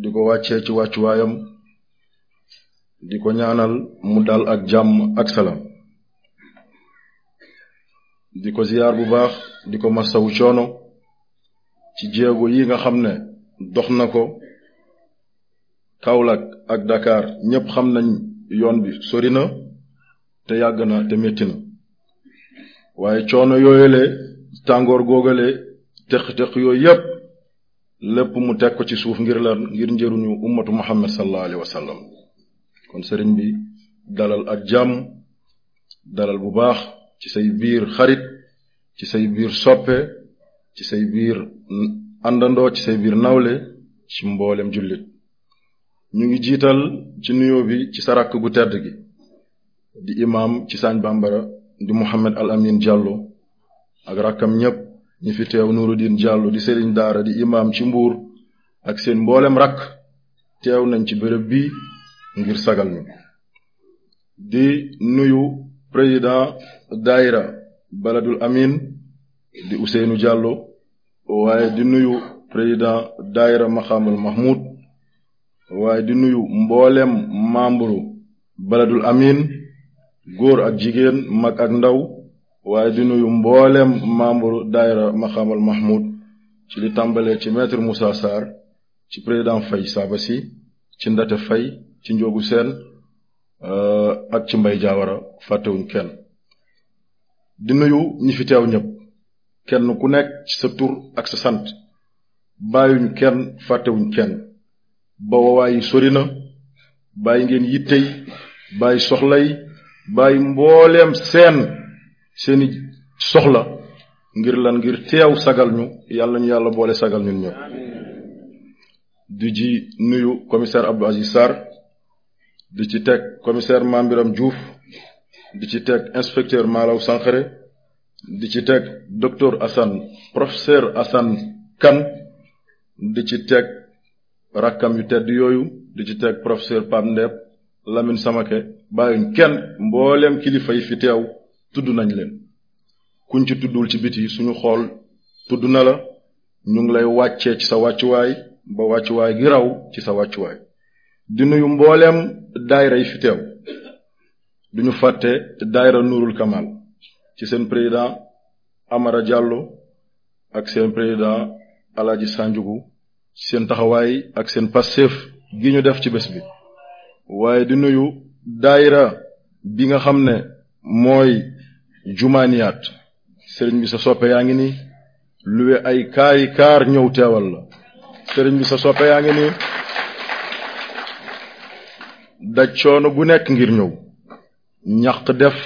di ko wàccee ci wàccuwaayam di ko ñaanal mu dal ak jàmm ak salaam di ko ziyaar bu baax di ko masawu coono ci jéego yi nga xam ne dox na ko Kaolack ak Dakar ñëpp xam nañ yoon bi sori na te yàgg na te métti waaye coono yooyale tàngoor googale teq-teq yooyu yépp lépp mu teg ko ci suuf ngir lan ngir njëruñu ummatu Muhammad sallallahu alayhi kon sëriñ bi dalal ak jàmm dalal bu baax ci say biir xarit ci say biir soppe ci say biir àndandoo ci say biir nawle ci mboolem jullit ñu ngi jiital ci nuyo bi ci sa rakk gu tedd gi di imaam ci saañ bambara di Mouhamed Al Amin Diallo ak rakkam ñépp ñi fi teew Nuruddin jàllo di sëriñ daara di imaam ci mbuur ak seen mboolem rakk teew nañ ci bërëb bi ngir sagal ñu di nuyu président dayra baladul amin di Ousseynou Diallo waaye di nuyu président daayira Maxaamal Mahmoud waaye di nuyu mboolem membre baladul amin góor ak jigéen mag ak ndaw waaye di nuyu mboolem membre daayira Maqaamal Mahmoud ci li tàmbalee ci maître Moussa Sarr ci président Faye si ci Ndate Faye ci Njóogu Seen euh, ak ci Mbay Jaawara fàttewuñ kenn di nuyu ñi fi teew ñëpp kenn ku nekk ci sa tur ak sa sant bàyyuñ kenn fàttewuñ kenn ba wawaay yi sori na bàyyi ngeen yittey bàyyi soxlay bàyyi mbooleem seen seeni soxla ngir lan ngir teew sagal ñu yàlla ñu yàlla boole sagal ñun ñëpp di ji nuyu commissaire Abdou Aziz Sarr di ci teg commissaire Mambiram juuf di ci teg inspecteur Malaw Sankhare di ci teg docteur Assane professeur Assane kan di ci teg rakkam yu tedd yooyu di ci teg professeur Pape Ndeb Lamine Samake bàyyuñ kenn mbooleem kilifa yi fi teew tudd nañ leen kuñ ci tudduwul ci biti suñu xool tudd na la ñu ngi lay wàccee ci sa wàccuwaay ba wàccuwaay gi raw ci sa wàccuwaay di nuyu mbooleem daayira yi fi teew duñu fàtte daayira Nuurul Kamal ci seen président Amara Diallo ak seen président Alaji Sanjugu seen taxawaay ak seen passeef gi ñu def ci bés bi waaye di nuyu daayra bi nga xam ne mooy jumaaniyaat sëriñ bi sa soppe yaa ngi ni luwe ay kaari kaar ñëw teewal la sëriñ bi sa soppe yaa ngi nii daj coono gu nekk ngir ñëw ñaq def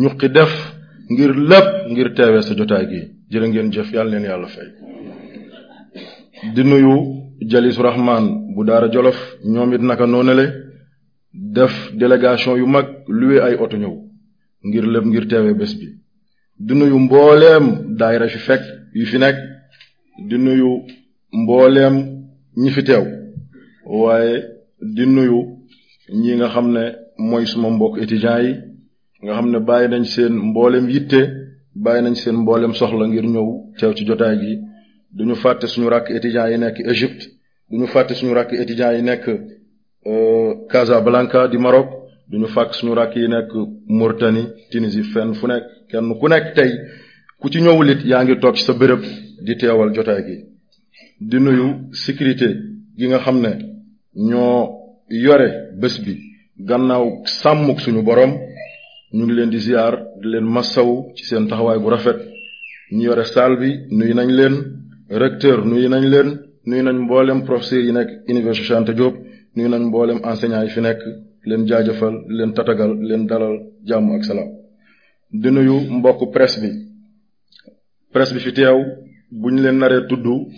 ñuqi def ngir lépp ngir teewee sa jotaay gi jërë ngeen jëf yàlla leen yàlla fay di nuyu Jalis Rahman bu Daara Jolof ñoom it naka noonale def délégation yu mag luwe ay oto ñëw ngir lépp ngir teewee bés bi di nuyu mbooleem daayira fi fekk yu fi nekk di nuyu mbooleem ñi fi teew waaye di nuyu ñii nga xam ne mooy suma mbokk étudiants yi nga xam ne bàyyi nañ seen mbooleem yitte bàyyi nañ seen mbooleem soxla ngir ñëw teew ci jotaay gi du ñu fàtte suñu rakk étudiants yi nekk Égypte du ñu fàtte suñu rakk étudiants yi nekk euh, Casablanca di Maroc du ñu fàkk suñu rakk yi nekk Mauritanie Tunisie fenn fu nekk kenn ku nekk tey ku ci ñëwul it yaa ngi toog ci sa béréb di teewal jotaay gi di nuyu sécurité gi nga xam ne ñoo yore bés bi gannaaw sàmmuk suñu borom ñu ngi leen di ziar di leen massaw ci seen taxawaay bu rafet ñu yore saal bi nuyu nañ leen. recteur nuy nañ leen nuyu nañ mboolem professeur yi nekk université Cheikh Anta Diop nuyu nañ mboolem enseignant yi fi nekk leen jaajëfal leen tatagal leen dalal jàmm ak salaam di nuyu mbokk presse bi presse bi fi teew bu ñu leen naree tuddu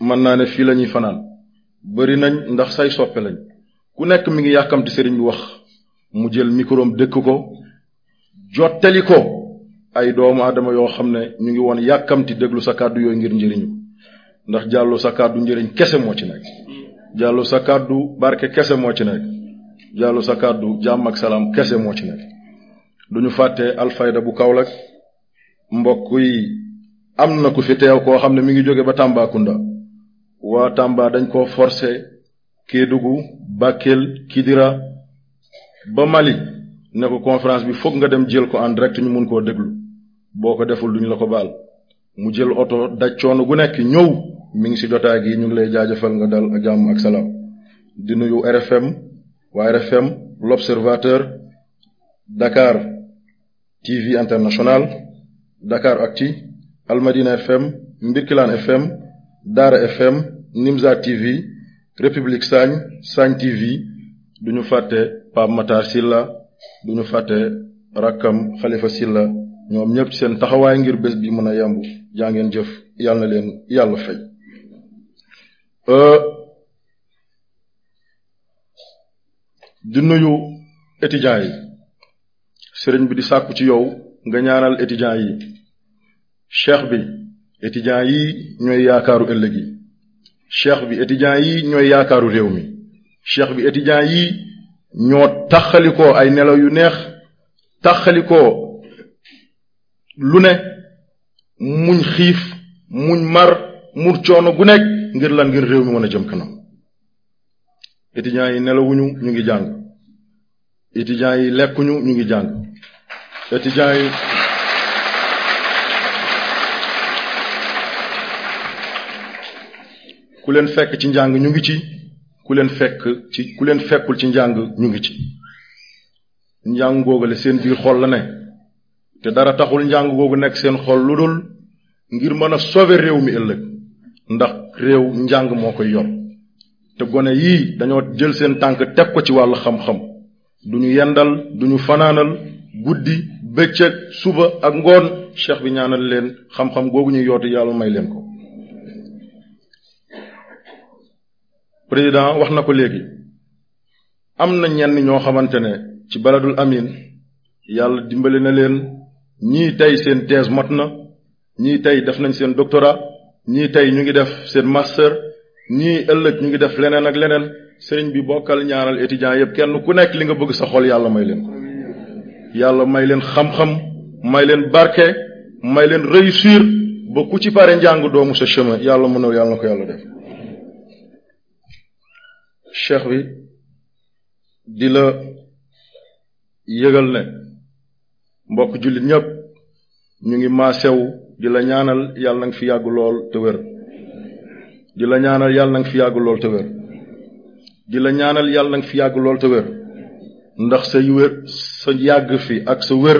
mën naa ne fii la ñuy fanaan bëri nañ ndax say soppe lañ ku nekk mi ngi yàkkamti sëriñ bi wax mu jël micro am dëkk ko jottali ko ay doomu aadama yoo xam ne ñu ngi woon yàkkamti déglu sa kàddu yooyu ngir njëriñu ndax jàllu sa kàddu njëriñ kese moo ci nekk jàllu sa kàddu barke kese moo ci nekk jàllu sa kàddu jàmm ak salaam kese moo ci nekk ñu fàtte alfayda bu kaw Kaolack mbokk yi am na ku fi teew koo xam ne mi ngi jóge ba Tambacounda waa Tamba dañ koo forcé Kédougou Bakel Kidira ba Mali ne ko conférence bi foog nga dem jël ko en direct ñu mun koo déglu boo ko deful duñ la ko baal mu jël oto daj coono gu nekk ñëw mi ngi si jotaay gi ñu ngi lay jaajëfal nga dal a jàmm ak salaam di nuyu RFM waa RFM l'observateur Dakar TV international Dakar Actu Almadina FM Mbirkilaan FM Daara FM Nimza TV République Sagne Sagne TV duñu fàtte Pape Matar Silla duñu fàtte rakkam xalifa silla ñoom ñëpp seen taxawaay ngir bés bi mën a yemb jaa ngeen jëf yàlla leen yàlla fay euh, di nuyu étudiants yi sëriñ bi di sàkku ci yow nga ñaanal étudiants yi cheikh bi étudiants yi ñooy yaakaaru ëllëg yi cheikh bi étudiants yi ñooy yaakaaru réew mi cheikh bi étudiants yi ñoo taxalikoo ay nelaw yu neex taxalikoo lu ne muñ xiif muñ mar muñ coono gu nekk ngir lan ngir réew mi mën a jëm kanam étudiants yi nelawuñu ñu ngi jàng étudiants yi lekkuñu ñu ngi jàng étudiants yi ku leen fekk ci njàng ñu ngi ci ku leen fekk ci ku leen fekkul ci njàng ñu ngi ci njàng googale seen biir xol la ne te dara taxul njàng googu nekk seen xol lu dul ngir mën a sauver réew mi ëllëg ndax réew njàng moo koy yor te gone yii dañoo jël seen tànk teg ko ci wàll xam-xam duñu yendal duñu fanaanal guddi bëccëg suba ak ngoon cheikh bi ñaanal leen xam-xam googu ñu yootu yàlla may leen ko président wax na ko léegi am na ñenn ñoo xamante ne ci baladul amin yàlla dimbali na leen ñii tey seen thèse mot na ñii tey def nañ seen doctorat ñii tey ñu ngi def seen master ñii ëllëg ñu ngi def leneen ak leneen sëriñ bi bokkal ñaanal étudiants yépp kenn ku nekk li nga bëgg sa xol yàlla may leen yàlla may leen xam-xam may leen barke may leen réussir ba ku ci pare njàng doomu sa chemin yàlla mën na yàlla na ko yàlla def cheikh wi di la yëgal ne mbokk jullit ñépp ñu ngi maasewu di la ñaanal yàlla na fi yàgg lool te wér di la ñaanal yàlla na nga fi yàgg lool te wér ñaanal yàlla na fi yàgg lool ndax sa wér yàgg fi ak sa wér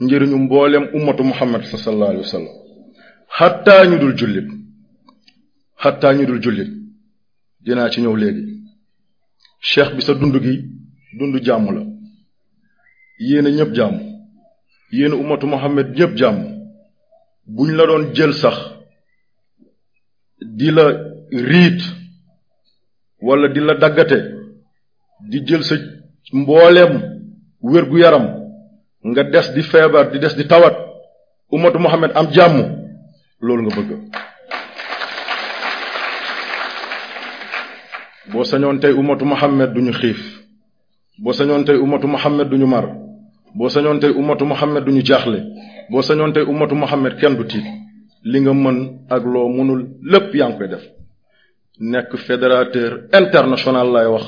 njëriñu mboolem ummatu muhammad sallallahu alayhi wa sallam xattaa ñu dul jullit xattaa ñu dul jullit dinaa ci ñëw léegi cheikh bi sa dund gi dund jàmm la yéen a ñëpp jàmm yéen a umatu Muhammad ñëpp buñ la doon jël sax di la riit wala di la daggate di jël sa mbooleem wér gu yaram nga des di feebar di des di tawat umatu Muhammad am jàmm loolu nga bëgg boo sañoon tey umatu Muhammad duñu xiif boo sañoon tey umatu Muhammad duñu mar boo sañoon tey umatu Muhammad duñu jaaxle boo sañoon tey umatu Muhammad kenn du tiit li nga mën ak loo mënul lépp yaa def nekk fédérateur international lay wax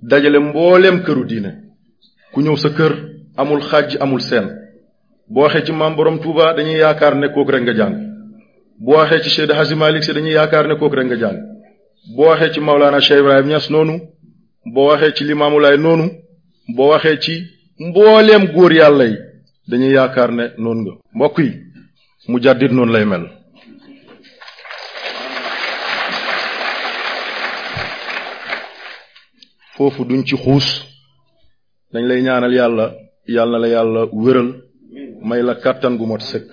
dajale mbooleem këru diine ku ñëw sa kër amul xaaj amul seen boo waxee ci maam borom Touba dañuy yaakaar ne kook rek nga jàng boo waxee ci Cheikh Hadji Malick Sy dañuy yaakaar ne kooku rek nga jàng boo waxee ci Maulana Cheikh Ibrahim Niass noonu boo waxee ci limaamulaay noonu boo waxee ci mbooleem góor yàlla yi dañuy yaakaar ne noonu nga mbokk yi mu jàddit noonu lay mel foofu duñ ci xuus dañ lay ñaanal yàlla yàlla la yàlla wéral may la kàttan gu mot sëkk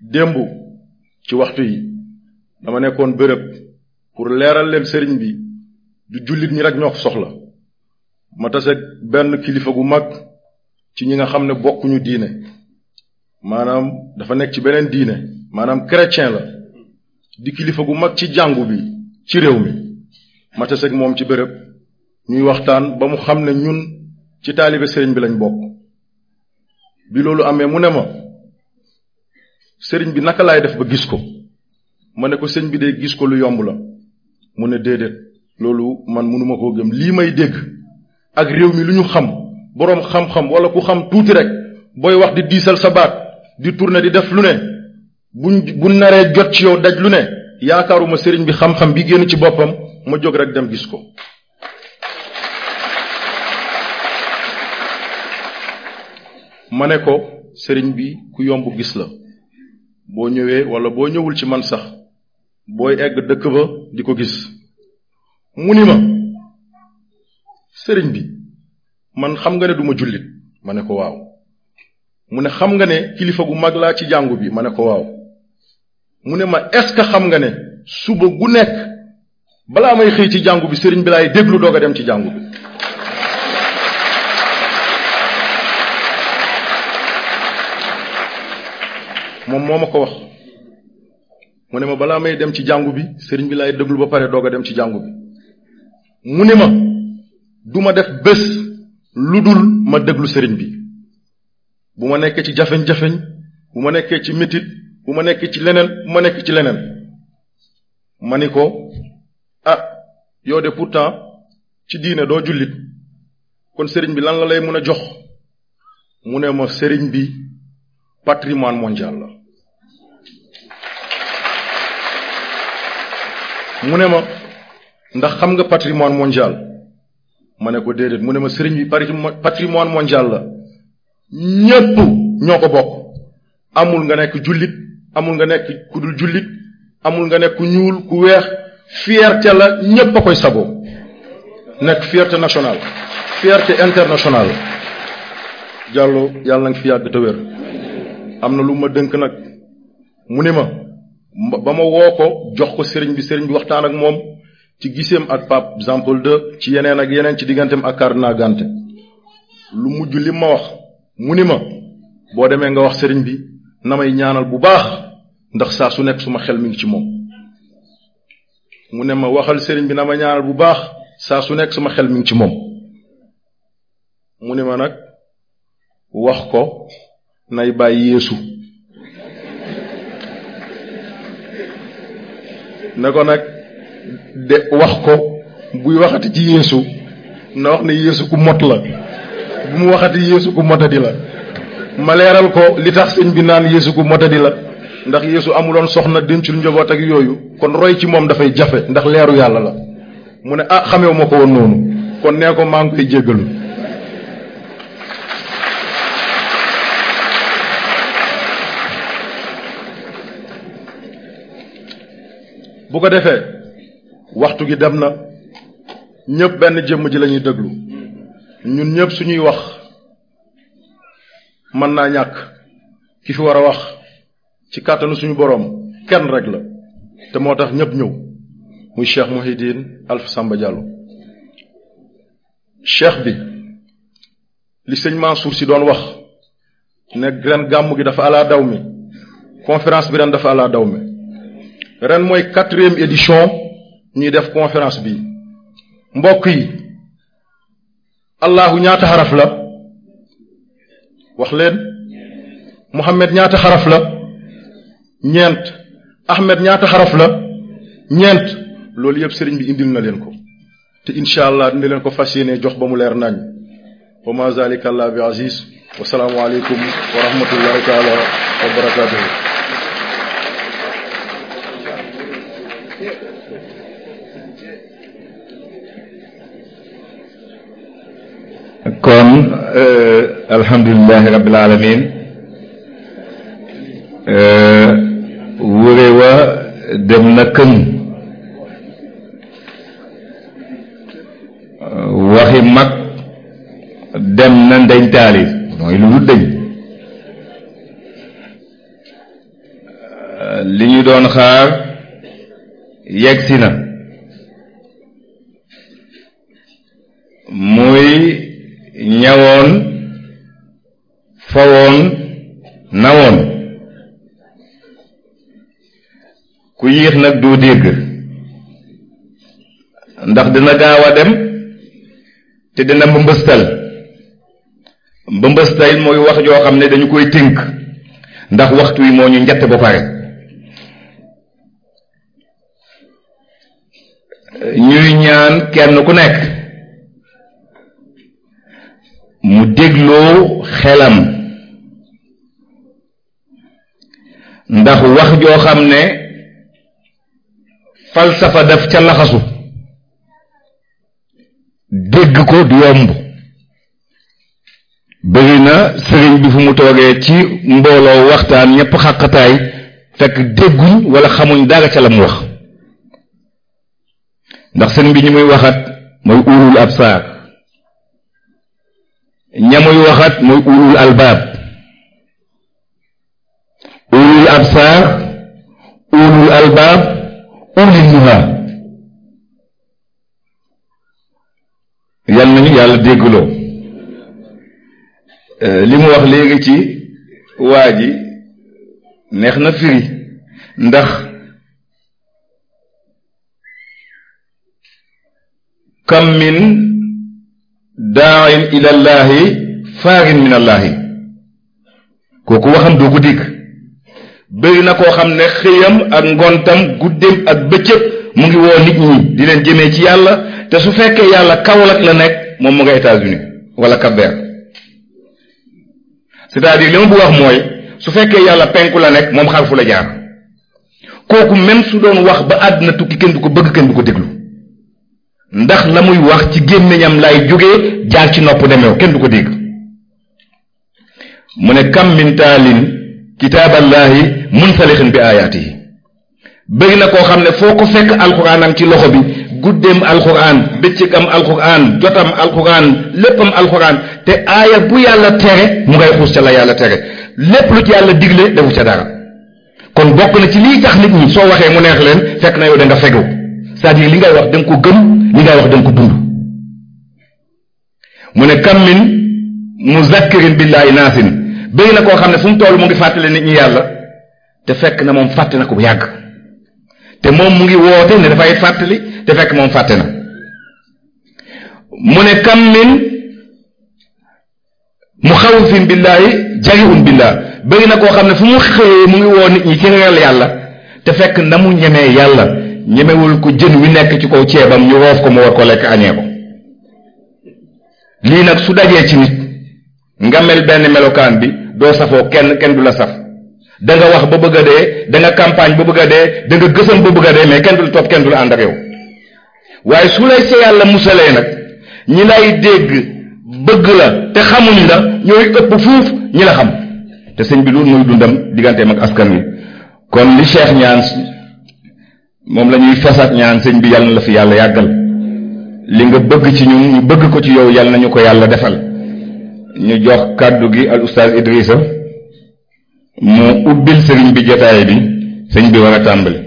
démb ci waxtu yi dama nekkoon bërëb pour leeral leen sëriñ bi du jullit ñi rek ñoo soxla ma benn kilifa gu mag ci ñi nga xam ne bokkuñu diine maanaam dafa nekk ci beneen diine maanaam chrétien la di kilifa gu mag ci jàngu bi ci réew mi ma moom ci bërëb ñuy waxtaan ba mu xam ne ñun ci taalibe sëriñ bi lañ bokk bi loolu amee mu ne ma sëriñ bi naka laay def ba gis ko ma ne ko sëñ bi de gis ko lu yomb la mu ne déedéet loolu man mënuma koo gëm lii may dégg ak réew mi lu ñu xam boroom xam-xam wala ku xam tuuti rek booy wax di diisal sa baat di tourner di def lu ne buñ bu naree jot ci yow daj lu ne yaakaaruma sëriñ bi xam-xam bi génn ci boppam ma jóg rek dem gis ko ma ne ko sëriñ bi ku yomb gis la boo ñëwee wala boo ñëwul ci man sax booy egg dëkk ba di ko gis mu ma sëriñ bi man xam nga ne du ma jullit ma ne ko waaw mu ne xam nga ne kilifa gu mag laa ci jàngu bi ma ne ko waaw mu ne ma est-ce que xam nga ne suba gu nekk balaa may xëy ci jàngu bi sëriñ bi laay déglu doog a dem ci jàngu bi moom moo ma ko wax mu ma balaa may dem ci jàngu bi sëriñ bi laay déglu ba pare doog a dem ci jàngu bi mu ne ma du ma def bés lu dul ma déglu sëriñ bi bu ma nekkee ci jafeñ-jafeñ bu ma nekkee ci métit bu ma nekkee ci leneen bu ma nekk ci leneen ma ni ko ah yow de pourtant ci diine doo jullit kon sëriñ bi lan la lay mën a jox mu ne ma sëriñ bi patrimoine mondial la mu ne ma ndax xam nga patrimoine mondial ma ne ko déedéet mu ne ma sëriñ bi patrimoine mondial la ñépp ñoo ko bokk amul nga nekk jullit amul nga nekk ku dul jullit amul nga nekk ku ñuul ku weex fierté la ñépp a koy sagoo nekk fierté national fierté internationale jàllo yàlla na nga fi am na lu ma dënk nag mu ne ba ma woo ko jox ko sëriñ bi sëriñ bi waxtaan ak moom ci giseem ak pape Jean Paul ci yeneen ak yeneen ci digganteem ak cardinal Gante lu mujj li ma wax mu ni ma boo demee nga wax sëriñ bi na may ñaanal bu baax ndax saa su nekk suma xel mi ngi ci moom mu ne ma waxal sëriñ bi na ma ñaanal bu baax saa su nekk suma xel mi ngi ci moom mu ne ma nag wax ko nay bàyyi yeesu ne ko nag de wax ko buy waxati ci yeesu na wax ne yéesu ku mot la bu mu waxati yéesu ku motadi la ma leeral ko li tax sëñ bi naan yeesu ku motadi la ndax yéesu amuloon soxna dencul njaboot ak yooyu kon roy ci moom dafay jafe ndax leeru yàlla la mu ne ah xamewu ma ko woon noonu kon nee ko maa ngi koy jéggalu bu ko defee waxtu gi dem na ñëpp benn jëmm ji la ñuy déglu ñun ñëpp suñuy wax mën naa ñàkk ki fi war a wax ci kàttanu suñu boroom kenn rek la te moo tax ñëpp ñëw muy cheikh Mouhidine Alpha Samba Diallo cheikh bi li sëñ suuf si doon wax ne ren gàmm gi dafa ala daw mi conférence bi ren dafa ala daw mi ren mooy quatrième édition ñuy def conférence bi mbokk yi allahu ñaata xaraf la wax leen Muhammad ñaata xaraf la ñeent Ahmed ñaata xaraf la ñeent loolu yëpp sëriñ bi indil na leen ko te incha allah dina leen ko fas yéene jox ba mu leer nañ wa ma zalika allah bi aziz wa salaamu aleykum wa rahmatullahi taala wa barakatuhu kon eh, alhamdulilahi rabbil alamin eh, wure wa dem na kën waxi mag dem na ndeñ mooy lu dul dëñ eh, li ñu doon xaar yegsi na muy ñawoon fawoon nawoon ku yéex nag doo dégg ndax dina gaaw a dem te dina mbëmbëstal mbëmbëstal mooy wax joo xam ne dañu koy tënk ndax waxtu wi moo ñu njett ba pare ñuy ñaan kenn ku nekk mu dégloo xelam ndax wax joo xam ne falsafa daf ca laxasu dégg ko du yomb bëri na sëriñ bi fu mu toogee ci mbooloo waxtaan ñépp xàqataay fekk dégguñ wala xamuñ dara ca la mu wax ndax sëriñ bi ñu muy waxat mooy urul absaar ñamuy waxat muy ulul albaab ulul absaar ulul albaab ulul nuha yal nañu yàlla déggloo eh, li mu wax léegi ci waa ji neex na firi ndax kam daain ila llaahi faarin min kooku waxam doo ko dégg bëri na koo xam ne xëyam ak ngontam guddeem ak bëccëg mu ngi woo nit ñi di leen jëmee ci yàlla te su fekkee yàlla Kaolack la nekk moom mu nga États-Unis wala Cap-Vert c'est-à-dire li ma bëgg wax mooy su fekkee yàlla penku la nekk moom xarfu la jaar kooku même su doon wax ba àddina tukki kenn du ko bëgg kenn du ko déglu ndax la muy wax ci gémmiñam lay jóge jaar ci nopp demeew kenn du ko dégg mu ne kam min taalin kitaaballahi munsalixin bi aayaatihi bëri na koo xam ne foo ko fekk alxuraan am ci loxo bi guddeem alxuraan bëccëgam alxuraan jotam alxuraan léppam alxuraan te aaya bu yàlla tere mu ngay xuus ca la yàlla tere lépp lu ci yàlla digle defu ca dara kon bokk na ci liy tax nit ñi soo waxee mu neex leen fekk na yow da nga fegu cest à li ngay wax da nga ko gëm li ngay wax da ko dund mu ne kam min muzakkirin billahi naasin bëri na koo xam ne fu mu toll mu ngi fàttale nit ñi yàlla te fekk na moom fàtte ko bu yàgg te moom mu ngi woote ne dafay fàttali te fekk moom fàtte mu ne kam min muxawifin billahi jarihun billah bëri na koo xam ne fu mu xëyee mu ngi woo nit ñi ci ragal yàlla te fekk na mu ñemee yàlla ñemewul ko jën wi nekk ci kaw ceebam ñu woof ko mu war ko lekk añee ko lii nag su dajee ci nit nga mel benn melokaan bi doo safoo kenn kenn du la saf da nga wax ba bëgg dee da nga campagne ba bëgg a dee da nga gësam ba bëgg a kenn du la topp kenn du la ànd ak yow waaye su lay sa yàlla musalee nag ñi lay dégg bëgg la te xamuñ la ñooy ëpp fuuf ñi la xam te sëñ bi loolu mooy dundam digganteem ak askan wi kon li Cheikh ñaan moom la ñuy fas ak ñaan sëñ bi yàlla na la fi yàlla yàggal li nga bëgg ci ñun ñu bëgg ko ci yow yàlla nañu ko yàlla defal ñu jox kàddu gi al ustaaz Idrissa mu ubbil sëriñ bi jataay bi sëñ bi war a tàmbali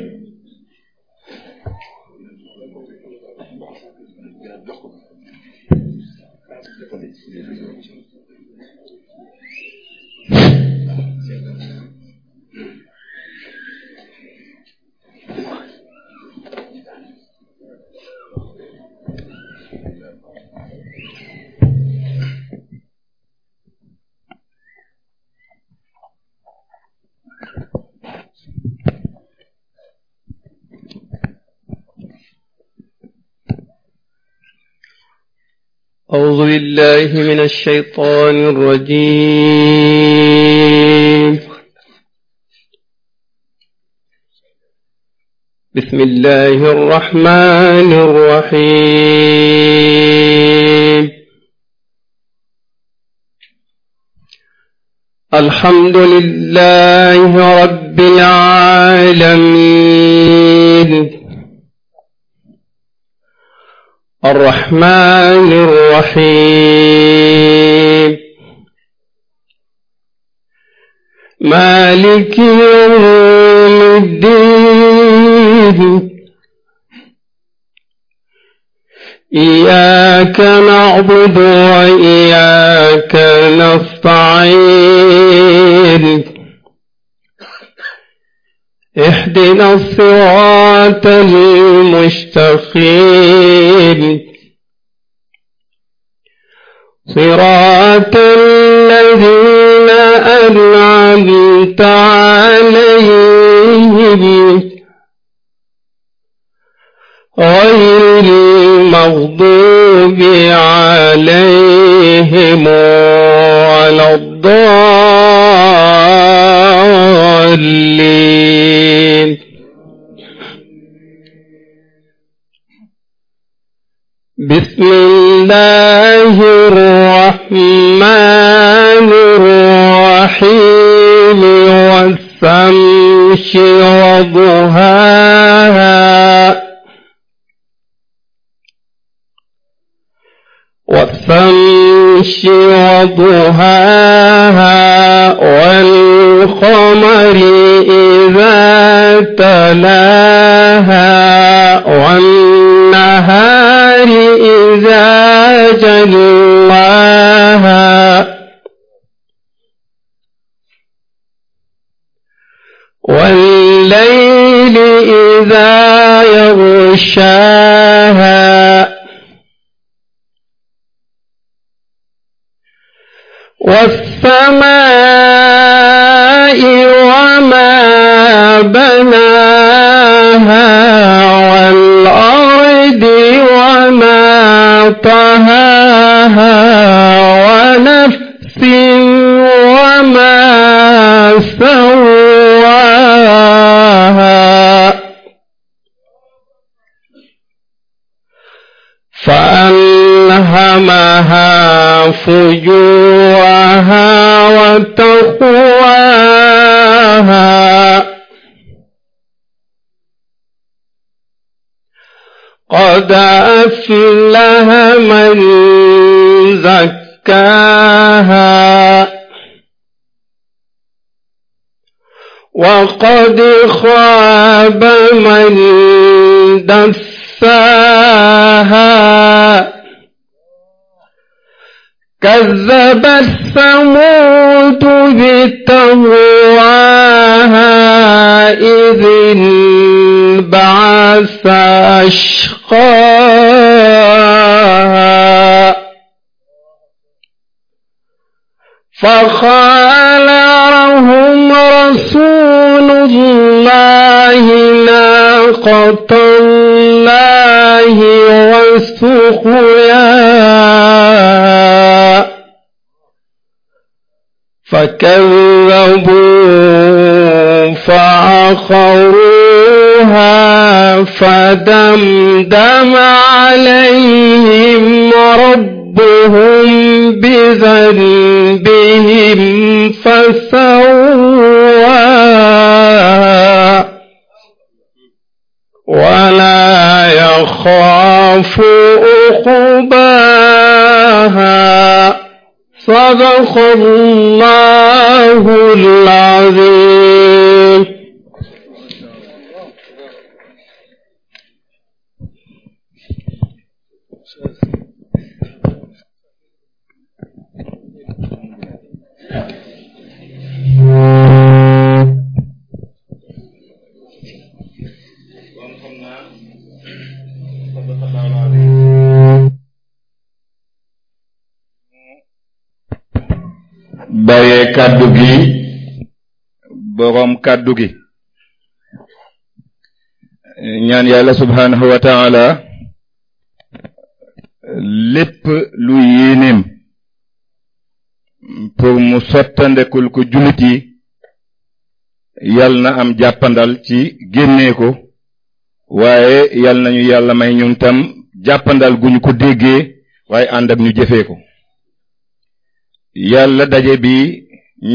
أعوذ بالله من الشيطان الرجيم بسم الله الرحمن الرحيم الحمد لله رب العالمين الرحمن الرحيم مالك يوم الدين إياك نعبد وإياك نستعين اهدنا الصراط صراط المستقيم صراط الذين أنعمت عليهم غير المغضوب عليهم ولا الضالين بسم الله الرحمن الرحيم والشمس وضحاها والشمس وضحاها والقمر إذا تلاها والنهار النار إذا جلاها والليل إذا يغشاها قد أفلح من زكاها وقد خاب من دساها كذبت ثمود بتهواها إذ انبعث فاستشقى فقال لهم رسول الله ناقة الله وسقيا فكذبوا فعقروا فدمدم عليهم ربهم بذنبهم فسواها ولا يخاف عقباها صدق الله العظيم bàyyee kàddu gi boroom kàddu gi ñaan yàlla subhaanahu wa lépp lu yéeneem pour mu sottandekul ko jullit yi yal na am jàppandal ci génnee ko waaye yal nañu yàlla may ñun tam jàppandal gu ñu ko déggee waaye ànd ak ñu jëfee ko yàlla daje bi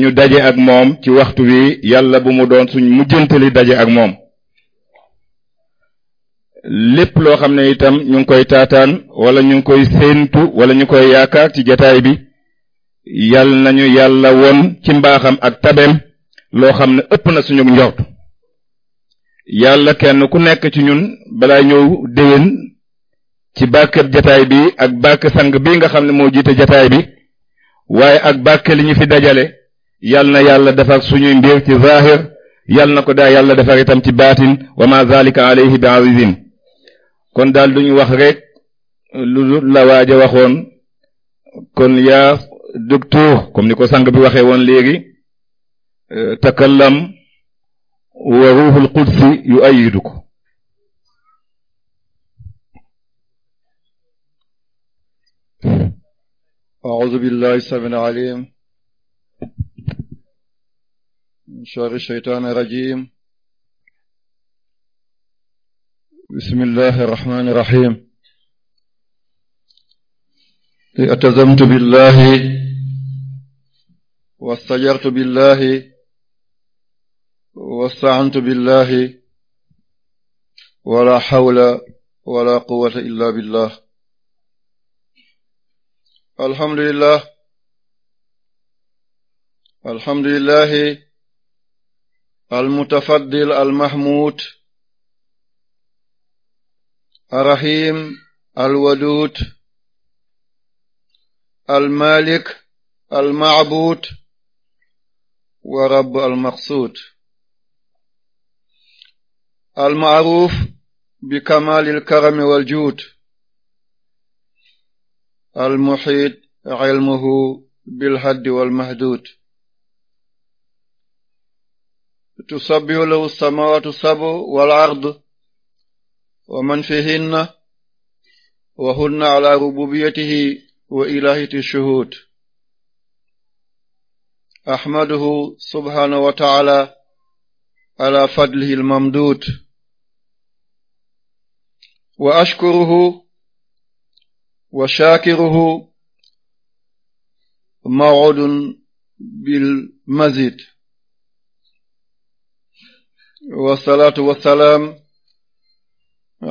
ñu daje ak moom ci waxtu wi yàlla bu mu doon suñ mujjantali daje ak moom lépp loo xam ne itam ñu ngi koy taataan wala ñu ngi koy séentu wala ñu koy yaakaar ci jataay bi yàll nañu yàlla woon ci mbaaxam ak tabeem loo xam ne ëpp na suñu njort yàlla kenn ku nekk ci ñun balaa ñëw déwén ci barkeb jataay bi ak barke sang bi nga xam ne moo jiite jataay bi waaye ak barke li ñu fi dajale yal na yàlla defar suñuy mbir ci zaahir yal na ko daal yàlla defar itam ci baatin wa ma zalika alayhi bi azizin kon daal lu duñu wax rek lu la waaja waxoon kon yaa docteur comme ni ko sang bi waxee woon léegi euh, takallam wa ruuxul qudsi yu ayidu ko أعوذ بالله السميع العليم من شر الشيطان الرجيم بسم الله الرحمن الرحيم اعتزمت بالله واستجرت بالله واستعنت بالله ولا حول ولا قوة إلا بالله alhamdulillah alhamdulillahi almutafaddil almahmud arrahim alwadud almalik almacbud wa rabb almaqsud almaaruf bi kamalil karami wal juud almuxiit cilmuhu bilhaddi walmahdud tusabbihu lahu samawatu sabu wal ard wa man fihinna wa hunna ala rububiyatihi wa ilahati shuhud ahmaduhu subhanahu wa ta'ala ala fadlihi al mamdud wa ashkuruhu wa shaakiruhu maw'udun bil mazid wa salaatu wa salaam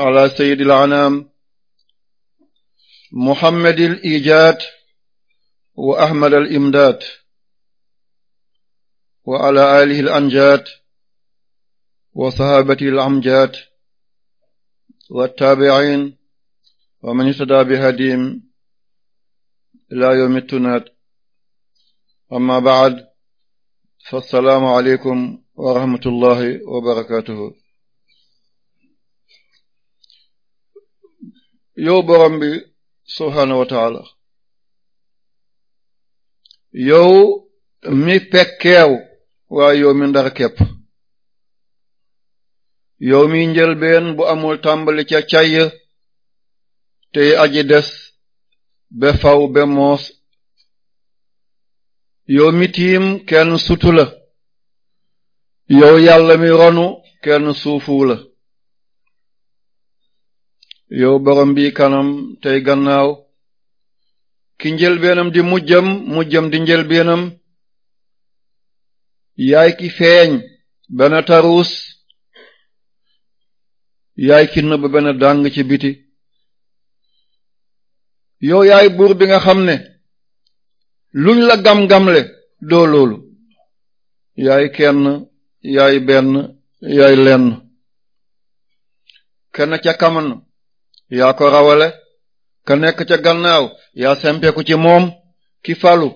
ala sayyidil anaam muhammadil ijaad wa ahmadal imdaad wa ala aalihil anjaad wa saxaabatil amjaad wa taabi'iin wa man ihtada bi hadihim ilaa yawmi tunaat amma ba'd fa assalaamu aleykum wa wa barakaatuhu yow borom bi subhaanahu wa taala yow mi pekkeew waaye yow mi ndar képp yow mi njëlbeen bu amul tàmbali ca cay te aji des be faw be moos yow mi tiim kenn yow yàlla mi ronu kenn suufuu la yow borom bi kanam tey gannaaw ki njëlbeenam di mujjam mujjam di njëlbeenam yaay ki feeñ benn taruus yaay ki nëbb benn dàng ci biti yow yaay buur bi nga xam ne luñ la gam-gamle doo loolu yaay kenn yaay benn yaay lenn kenn ca kaman yaa ko rawale ka nekk ca gannaaw yaa sempeeku ci moom ki falu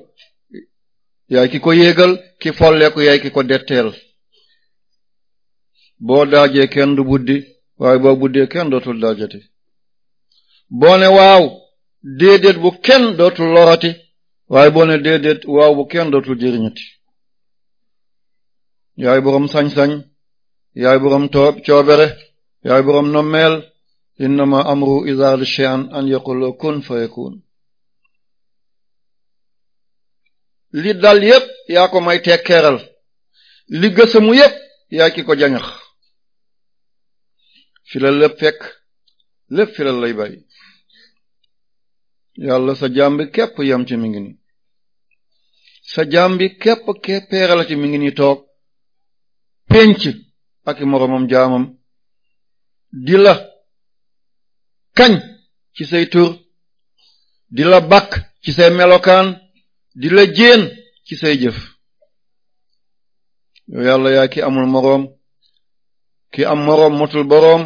yaay ki ko yéegal ki folleeku yaay ki ko detteel boo daajee kenn du buddi waaye boo buddee kenn dootul daajati boo waaw déedéet bu kenn dootul lorati waaye boo ne déedéet waaw bu kenn dootul jëriñati yaay boroom sañ-sañ yaay boroom toob coobere yaay boroom nommeel innama amru iza arada shay'an an yaqula kun li dal yépp yaa ko may tekkeeral li gësamu yépp yaa ki ko jañax fi lépp fekk lépp fi lay bay yàlla sa jaam képp yam ci mi sa jaam bi képp keppeera la ci mi ngi nii toog penc ak i jaamam di la ci say tur di la bakk ci say melokaan di la jéen ci say jëf yow yàlla yaa ki amul moroom ki am moroom motul boroom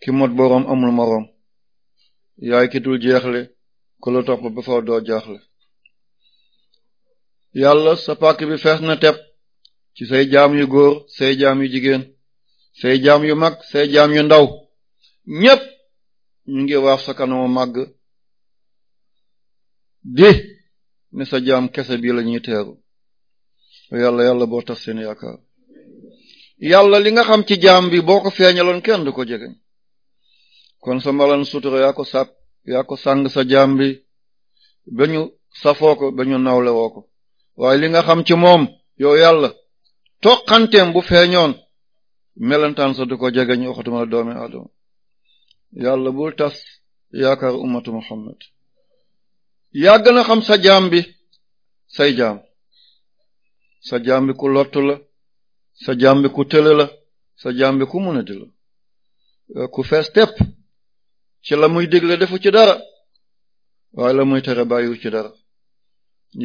ki mot boroom amul moroom yaay ki dul jeexle ku la topp ba faw doo jaaxle yàlla sa bi fees na tepp ci say jaam yu góor say jaam yu jigéen say jaam yu mag say jaam yu ndaw ñépp ñu ngi waax sa kanamu màgg di ne sa jaam kese bii la ñuy teeru yàlla yàlla boo tax seen yaakaar li nga xam ci jaam bi boo ko feeñaloon kenn du ko jegeñ kon sa malan sutura yaa ko sàkk yaa ko sàng sa jaam bi ba ñu safoo ba ñu nawlewoo ko waaye li nga xam ci moom yow yàlla toqanteem bu feeñoon melentaan sa du ko jege ñu waxatuma la yàlla bul tas yaakaar ummatu muhammad yaa xam sa jaam bi say jaam sa jaam bi ku lottu la sa jaam bi ku tële la sa jaam bi ku munadi ku fees tepp ci la muy digle defu ci dara waaye la muy tere bàyyiwu ci dara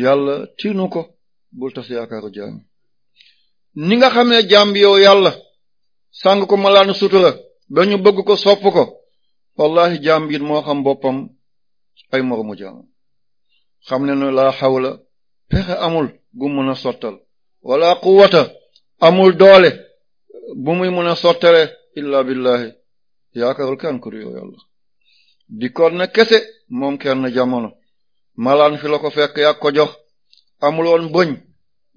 yàlla tiinu ko bul tas yaakaaru jaam ni nga xamee jaam bi yow yàlla sàng ko malaanu sutura ba ñu bëgg ko sopp ko wallahi jaam bi moo xam boppam ay moromu jaam xam ne nu laa xawla pexe amul gu mën a sottal wala quwwata amul doole bu muy mën a sottale illa billahi yaakaarul kan ku yow yàlla di kon na kese moom na jamono malaan fi la ko fekk yaa ko jox amuloon bëñ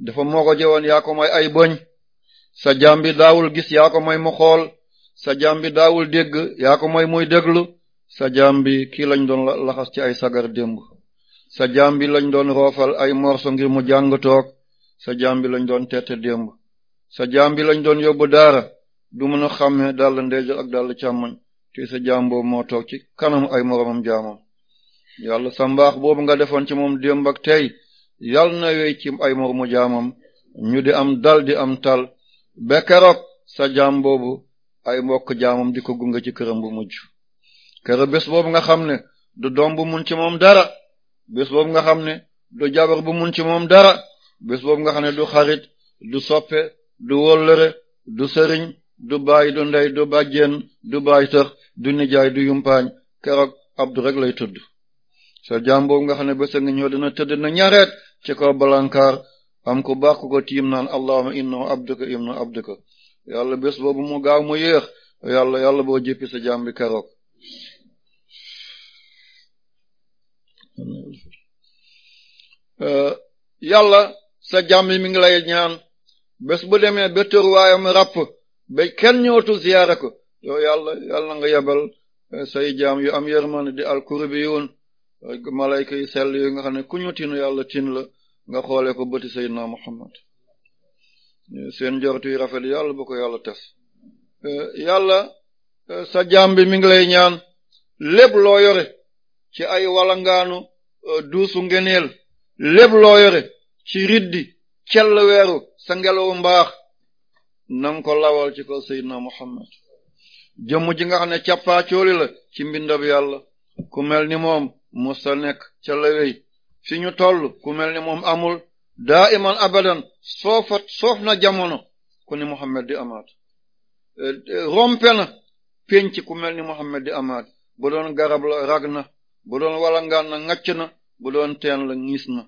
dafa mogoje jewoon yaa ko may ay bëñ sa jambi daawul gis yaa ko may mu xool sa jambi daawul dégg yaa may muy déglu sa jambi kii lañ doon laxas ci ay sagar démb sa jambi lañ doon roofal ay morso ngir mu jàng toog sa jambi lañ doon tette démb sa jambi lañ doon yóbbu dara du mën a xàmme dal ndeyjoor ak dal càmmoñ ci sa jaam boobu moo toog ci kanam ay moromam jaamam yàlla sa mbaax boobu nga defoon ci moom démb ak tey yàlla na yooy ay ay moromu jaamam ñu di am dal di am tal ba sa jaam boobu ay mbokk jaamam di ko gunge ci këram bu mujj keroog bés boobu nga xam ne du doom bu mun ci moom dara bés boobu nga xam ne du jabar bu mun ci moom dara bés boobu nga xam ne du xarit du sope du wollëre du sëriñ du baay du ndey du bàjjeen du baay tëx du nijaay du yumpaañ keroog abdu rek lay tudd sa nga xam ne bésa nga ñëw dina tëdd na ñareet ci kaw balankaar am ko baax ko tiim naan allahumma innahu abduka ibnu abduka yàlla bés boobu mu gaaw mu yéex yàlla yàlla boo jéppi sa jaam keroog euh, yàlla sa jaam bi mi ngi lay ñaan bés bu demee ba tëruwaayam ràpp ba kenn ñëwatu ziyaara ko yow yàlla yàlla nga yebal eh, say jaam yu am yërmande di alkurubiyun eh, malayka yi sell yu nga xam ne ku ñu tinu yàlla tin la nga xoolee ko bëti sayyidna Muhammad eh, seen njortu yu rafet yàlla bu ko yàlla tes yàlla sa jaam bi mi ngi lay ñaan lépp loo yore ci ay walangaanu duusu ngeneel lépp loo yore ci riddi cell weeru sa ngelawu mbaax nanga ko lawal ci ko sayyidna Muhammad jëmm ji nga xam ne cappaa cooli la ci mbindab yàlla mel ni moom musta nekk ca la wéy toll ku mel ni moom amul daa iman abadan soofat soof na jamono ku ni di amaat eh, eh, rompe na penc ku mel ni Muhammad di amaat bu doon garab la rag na bu doon walangaan na ŋacc na bu doon teen la ŋis nga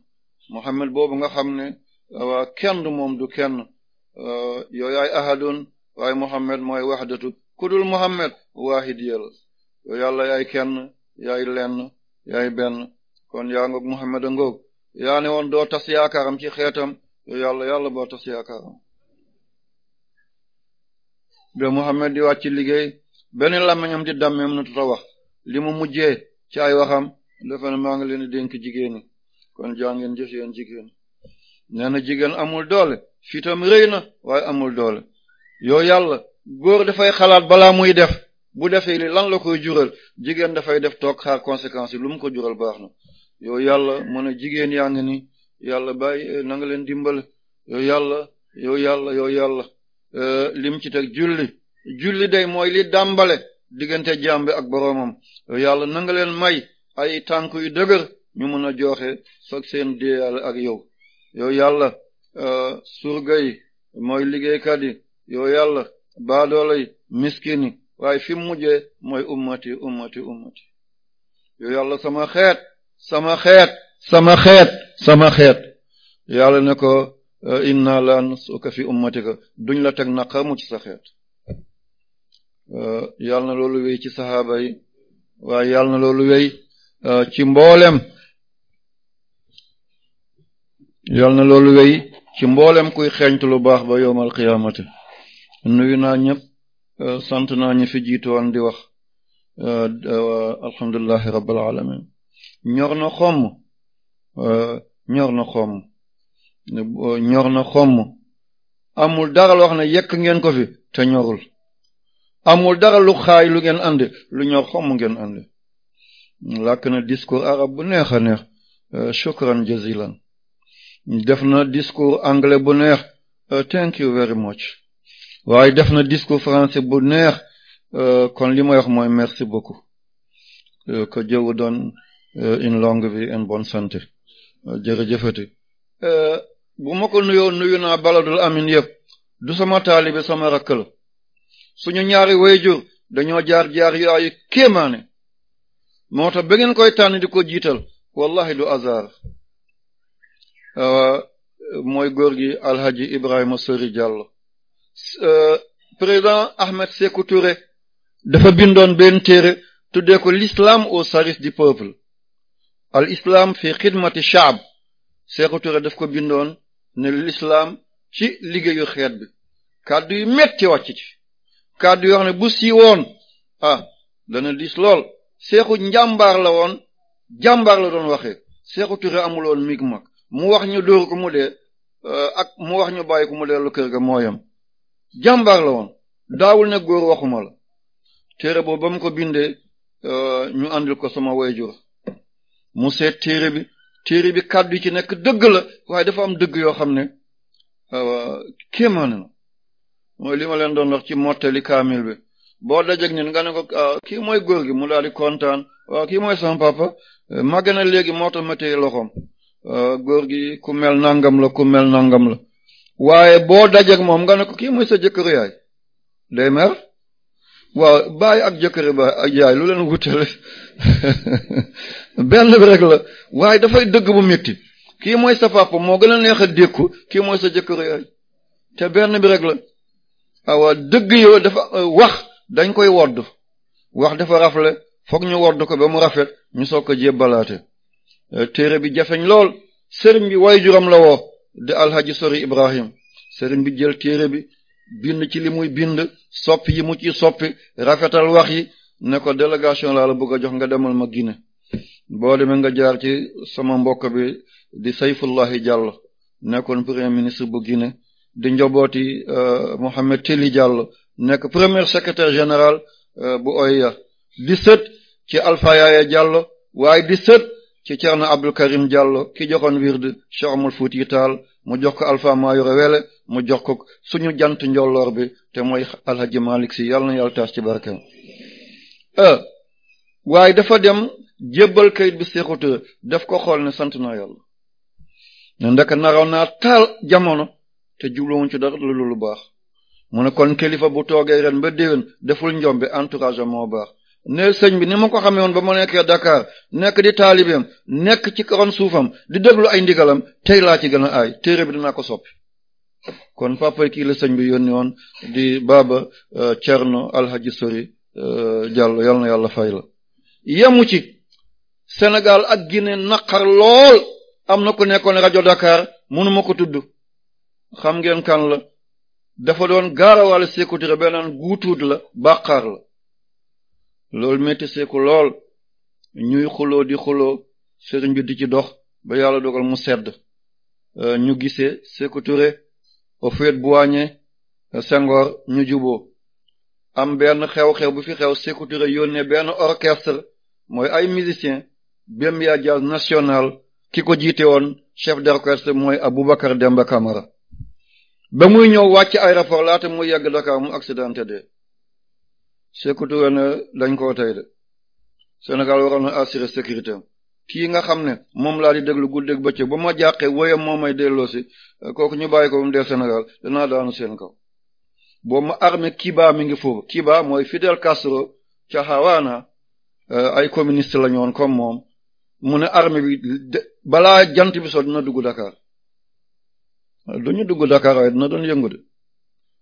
xam ne eh, waa kenn du moom du kenn yooyaay ahadun waaye Muhammad mooy wahdatu kudul muhammad waahid yal yoo yàlla yaay kenn yaay lenn yaay benn kon yaa ngoog muhammad a ngoog yaa ne woon doo tas yaakaaram ci xeetam yoo yàlla yàlla boo tas yaakaaram be muhammad di wàcc liggéey benn làmmiñam di dammeem nu tuta wax li mujjee ci ay waxam dafa ne maa ngi leen dénk jigéen kon jaa ngeen jëf yeen jigéen nee na jigéen amul doole fitam rëy na amul doole yoo yàlla góor dafay xalaat bala muy def bu defee li lan la koy jural jigéen dafay def toog xaar conséquences yi lu mu ko jural baax na yow yàlla mën a jigéen yaa ngi nii yàlla bàyyi eh, na nga leen dimbale yow yàlla yow yàlla yow yàlla eh, lim ci teg julli julli day mooy li dàmbale diggante jàmbe ak boroomam yow yàlla nanga nga leen may ay tànk yu dëgër ñu mun a joxe soog seen déeyàlla ak yow yow yàlla eh, surga yi mooy liggéeykat yo yow yàlla baadoolay miskini waaye fi mu mujjee mooy ummati ummati ummati yow yàlla sama xeet sama xeet sama xeet sama xeet yàlla na ko inna la nusuka fi ummatika duñ la teg naqamu ci sa xeet eh, yàlla na loolu wéy ci saxaaba yi waaye yàlla na loolu wéy eh, ci mboolem yàlla na loolu wéy ci mboolem kuy xeeñtu lu baax ba yowmal qiyaamati nuyu naa ñëpp euh, sant na ñi fi jiitoon di wax euh, euh, alhamdulillahi rabbil alamin ñor na xomm ñor na xomm ñor na xomm amul dara loo wax na yekk ngeen ko fi te ñorul amul dara lu xaay lu ngeen ànd lu ñor xomm ngeen ànd làkk na discours arabe bu neex a neex shukran jazilan def na discours anglais bu neex thank you very much waaye def na discours français bu neex euh, kon li may wax mooy merci beaucoup euh, que Dieu vous donne euh, une longue vie une bonne santé jërëjëfati bu ma ko nuyoo baladul amin yëpp du sama taalibe sama rakk suñu ñaari wayjur dañoo jaar-jaar yaayu kéemaane moo tax ba ngeen koy tànn di ko jiital wallahi du azar mooy góor gi alhaji Ibrahima Sëri Diallo Euh, président Ahmed Sékou Touré dafa bindoon benn téere tuddee ko lislaam au service du peuple al islaam fi xidmati shaab Sékou Touré daf ko bindoon ne l'islam ci liggéeyu xeet bi kàddu yu metti wàcc ci kàddu yoo xam ne bu siiwoon ah dana dis lool Sékou njàmbaar la woon jàmbaar la doon waxee Sékou Touré amuloon mig mag mu wax ñu dóor ko mu dee euh, ak mu wax ñu bàyyi ko mu dellu kër ga mooyam jàmbaar la woon daawul ne góor waxuma la téere boobu ba mu ko bindee euh, ñu àndil ko sama wayjur mu seet téere bi téere bi kàddu yi ci nekk dëgg la waaye dafa am dëgg yoo xam ne euh, kéemaane na mooy li ma leen doon wax ci mottali kaamil bi boo dajeg nit nga ne ko ah, kii mooy góor gi mu daal di kontaan waaw kii mooy sama papa na léegi moo tax ma téye loxoom euh, góor gi ku mel nangam la ku mel nangam la waaye boo dajeeg moom nga ne ko kii mooy sa jëkkëru yaay day mer waaw bàyyi ak jëkkëru ba ak yaay lu leen wutale benn bi rek la waaye dafay dëgg bu métti kii mooy sa papa moo gën a neex a dékku kii mooy sa jëkkëru te benn bi rek la awa dëgg yow dafa wax dañ koy wodd wax dafa rafle foog ñu wodd ko ba mu rafet ñu soo ko jébbalaate téere bi jafeñ lool sëriñ bi waaye juram la woo de alhaji sori ibrahim sëriñ bi jël téere bi bind ci li muy bind soppi yi mu ci soppi rafetal wax yi ne ko délégation laa la jox nga demal ma Guinée boo demee nga jaar ci sama mbokk bi di Sayfullahi Diallo nekkoon premier ministre bu Guinée di njobooti euh, Mohamed Teli Diallo nekk premier secrétaire général euh, bu OEA di sët ci Alpha Yaya Diallo di sët ci Cerno Abdul Karim Diallo ki joxoon wird Cheikh Omar Fuuti Taal mu jox ko Alpha Mayoro Wele mu jox ko suñu jant njolloor bi te mooy Alhaji Malik Si yàlla na taas ci barke e, waaye dafa dem jëbal kayit bi seexuta def ko xool ne sant na yàlla ne ndaka naraw taal jamono te jubluwuñ ci dara lu lu baax mu ne kon kilifa bu toogee ba déwén deful njombe entourage moo baax ne sëñ bi ni ma ko xamee woon ba ma nekkee Dakar nekk di taalibeem nekk ci karon suufam di déglu ay ndigalam tey laa ci gën a aay téere bi dinaa ko soppi kon papa kii la sëñ bi yónni woon di baaba euh, Cerno Alhaji Sori euh, Diallo yal na yàlla fay la yemu ci senegal ak Guinée naqar lool am na ku nekkoon rajo Dakar mënuma ko tudd xam ngeen kan la dafa doon gaarawaale sécurité beneen guutuut la bàqaar la loolu métiseku lool ñuy xuloo di xuloo sëriñ bi di ci dox ba yàlla dogal mu sedd euh, ñu gisee Sékou Touré Houphouët-Boigny euh, Senghor ñu juboo am benn xew-xew bu fi xew Sékou Touré yónnee benn orchestre mooy ay musiciens Bembeya Jazz National ki ko jiite woon chef d'orchestre mooy Aboubacar Demba Camara ba muy ñëw wàcc aéroport laata muy yegg Dakar mu accidenté de Sékou Touré ne dañ koo tey de Sénégal waroon na assurer sécurité kii nga xam ne moom laa di déglu guddeeg bëccëg ba ma jàqee woyam moo may delloosi kooku ñu bàyyi ko mu dee Sénégal danaa daanu seen kaw boo ma armée Kiba mi ngi foofu Kiba mooy Fidel Castro ca Havana euh, ay communiste la ñoon comme moom mu ne armée bi balaa jant bi so dina dugg dakaar Dakar duñu dugg Dakar waaye dina doon yëngu de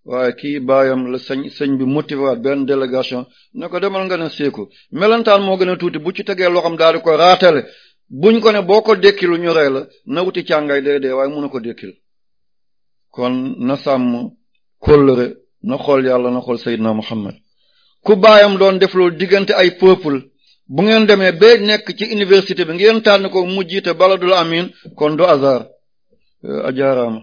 waaye kii baayam la sëñ sëñ bi motivé benn délégation na ko demal nga ne seeku melentaan moo gën a tuuti bu ci tegee loxam daal di ko raatale buñ ko ne boo ko dékkilu ñu rey la na wuti càngaay day dee waaye mën ko dékkil kon na sàmm kóllëre na xool yàlla na xool Seydina Muhammad ku baayam doon def loolu diggante ay peuple bu ngeen demee ba nekk ci université bi ngeen tànn ko mu jiite baladul amin kon du hasard. ajaaraama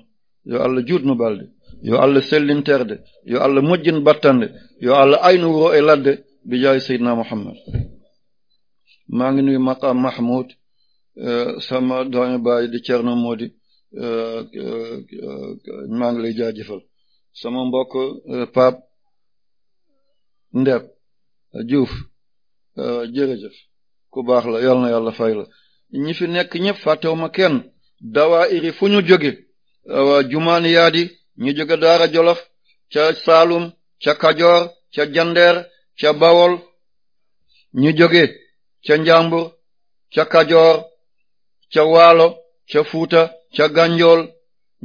yow àlla juut nu baldi yo Allah sellinterde yoo Allah moƴƴin battande yoo Allah aynu wuro e ladde bi jaay Seydina Muhammad maa ngi nuyu maqaam Mahmoud eh, sama doomi baay di Cerno Modi eh, eh, maa ngi lay jaajëfal sama mbokk Pape Ndeb Diouf jërëjëf ku baax la yal na yàlla fay la ñi fi nekk ñëpp fàttewuma kenn dawaa iri fu ñu jóge jumaani yaadi ñu jóge daara jolof ca saalum ca kajoor ca jandeer ca bawol ñu jóge ca njambur ca kajoor ca walo ca fuuta ca ganjool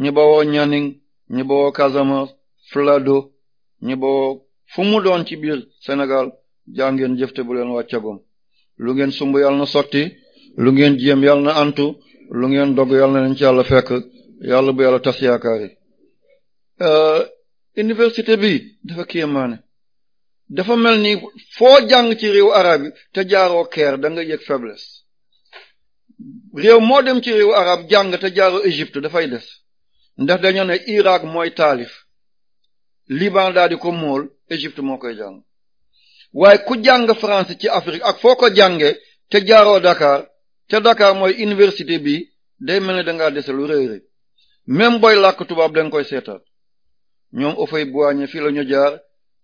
ñu bawoo ñaning ñu bawoo Casamance Flado ñu bawoo fu mu doon ci biir Sénégal jaa ngeen jëfte bu leen wàccagum lu ngeen sumb yàlla na sotti lu ngeen jéem yàlla na antu lu ngeen dogg yàlla na leen ci yàlla fekk yàlla bu yàlla tas yaakaar yi Euh, université bi dafa kéemaane dafa mel ni foo jàng ci réew arab yi te jaaroo Caire da nga yëg faiblesse réew moo dem ci réew arab jàng te jaaroo Égypte dafay des ndax dañoo ne Irak mooy taalif Liban daal ko mool Égypte moo koy jàng waaye ku jàng France ci Afrique ak foo ko jàngee te jaaroo Dakar te Dakar mooy université bi day mel ne da ngaa dese lu rëy rëy même booy làkk tubaab da koy seetaat ñoom ofay boiñe fii la ñu jaar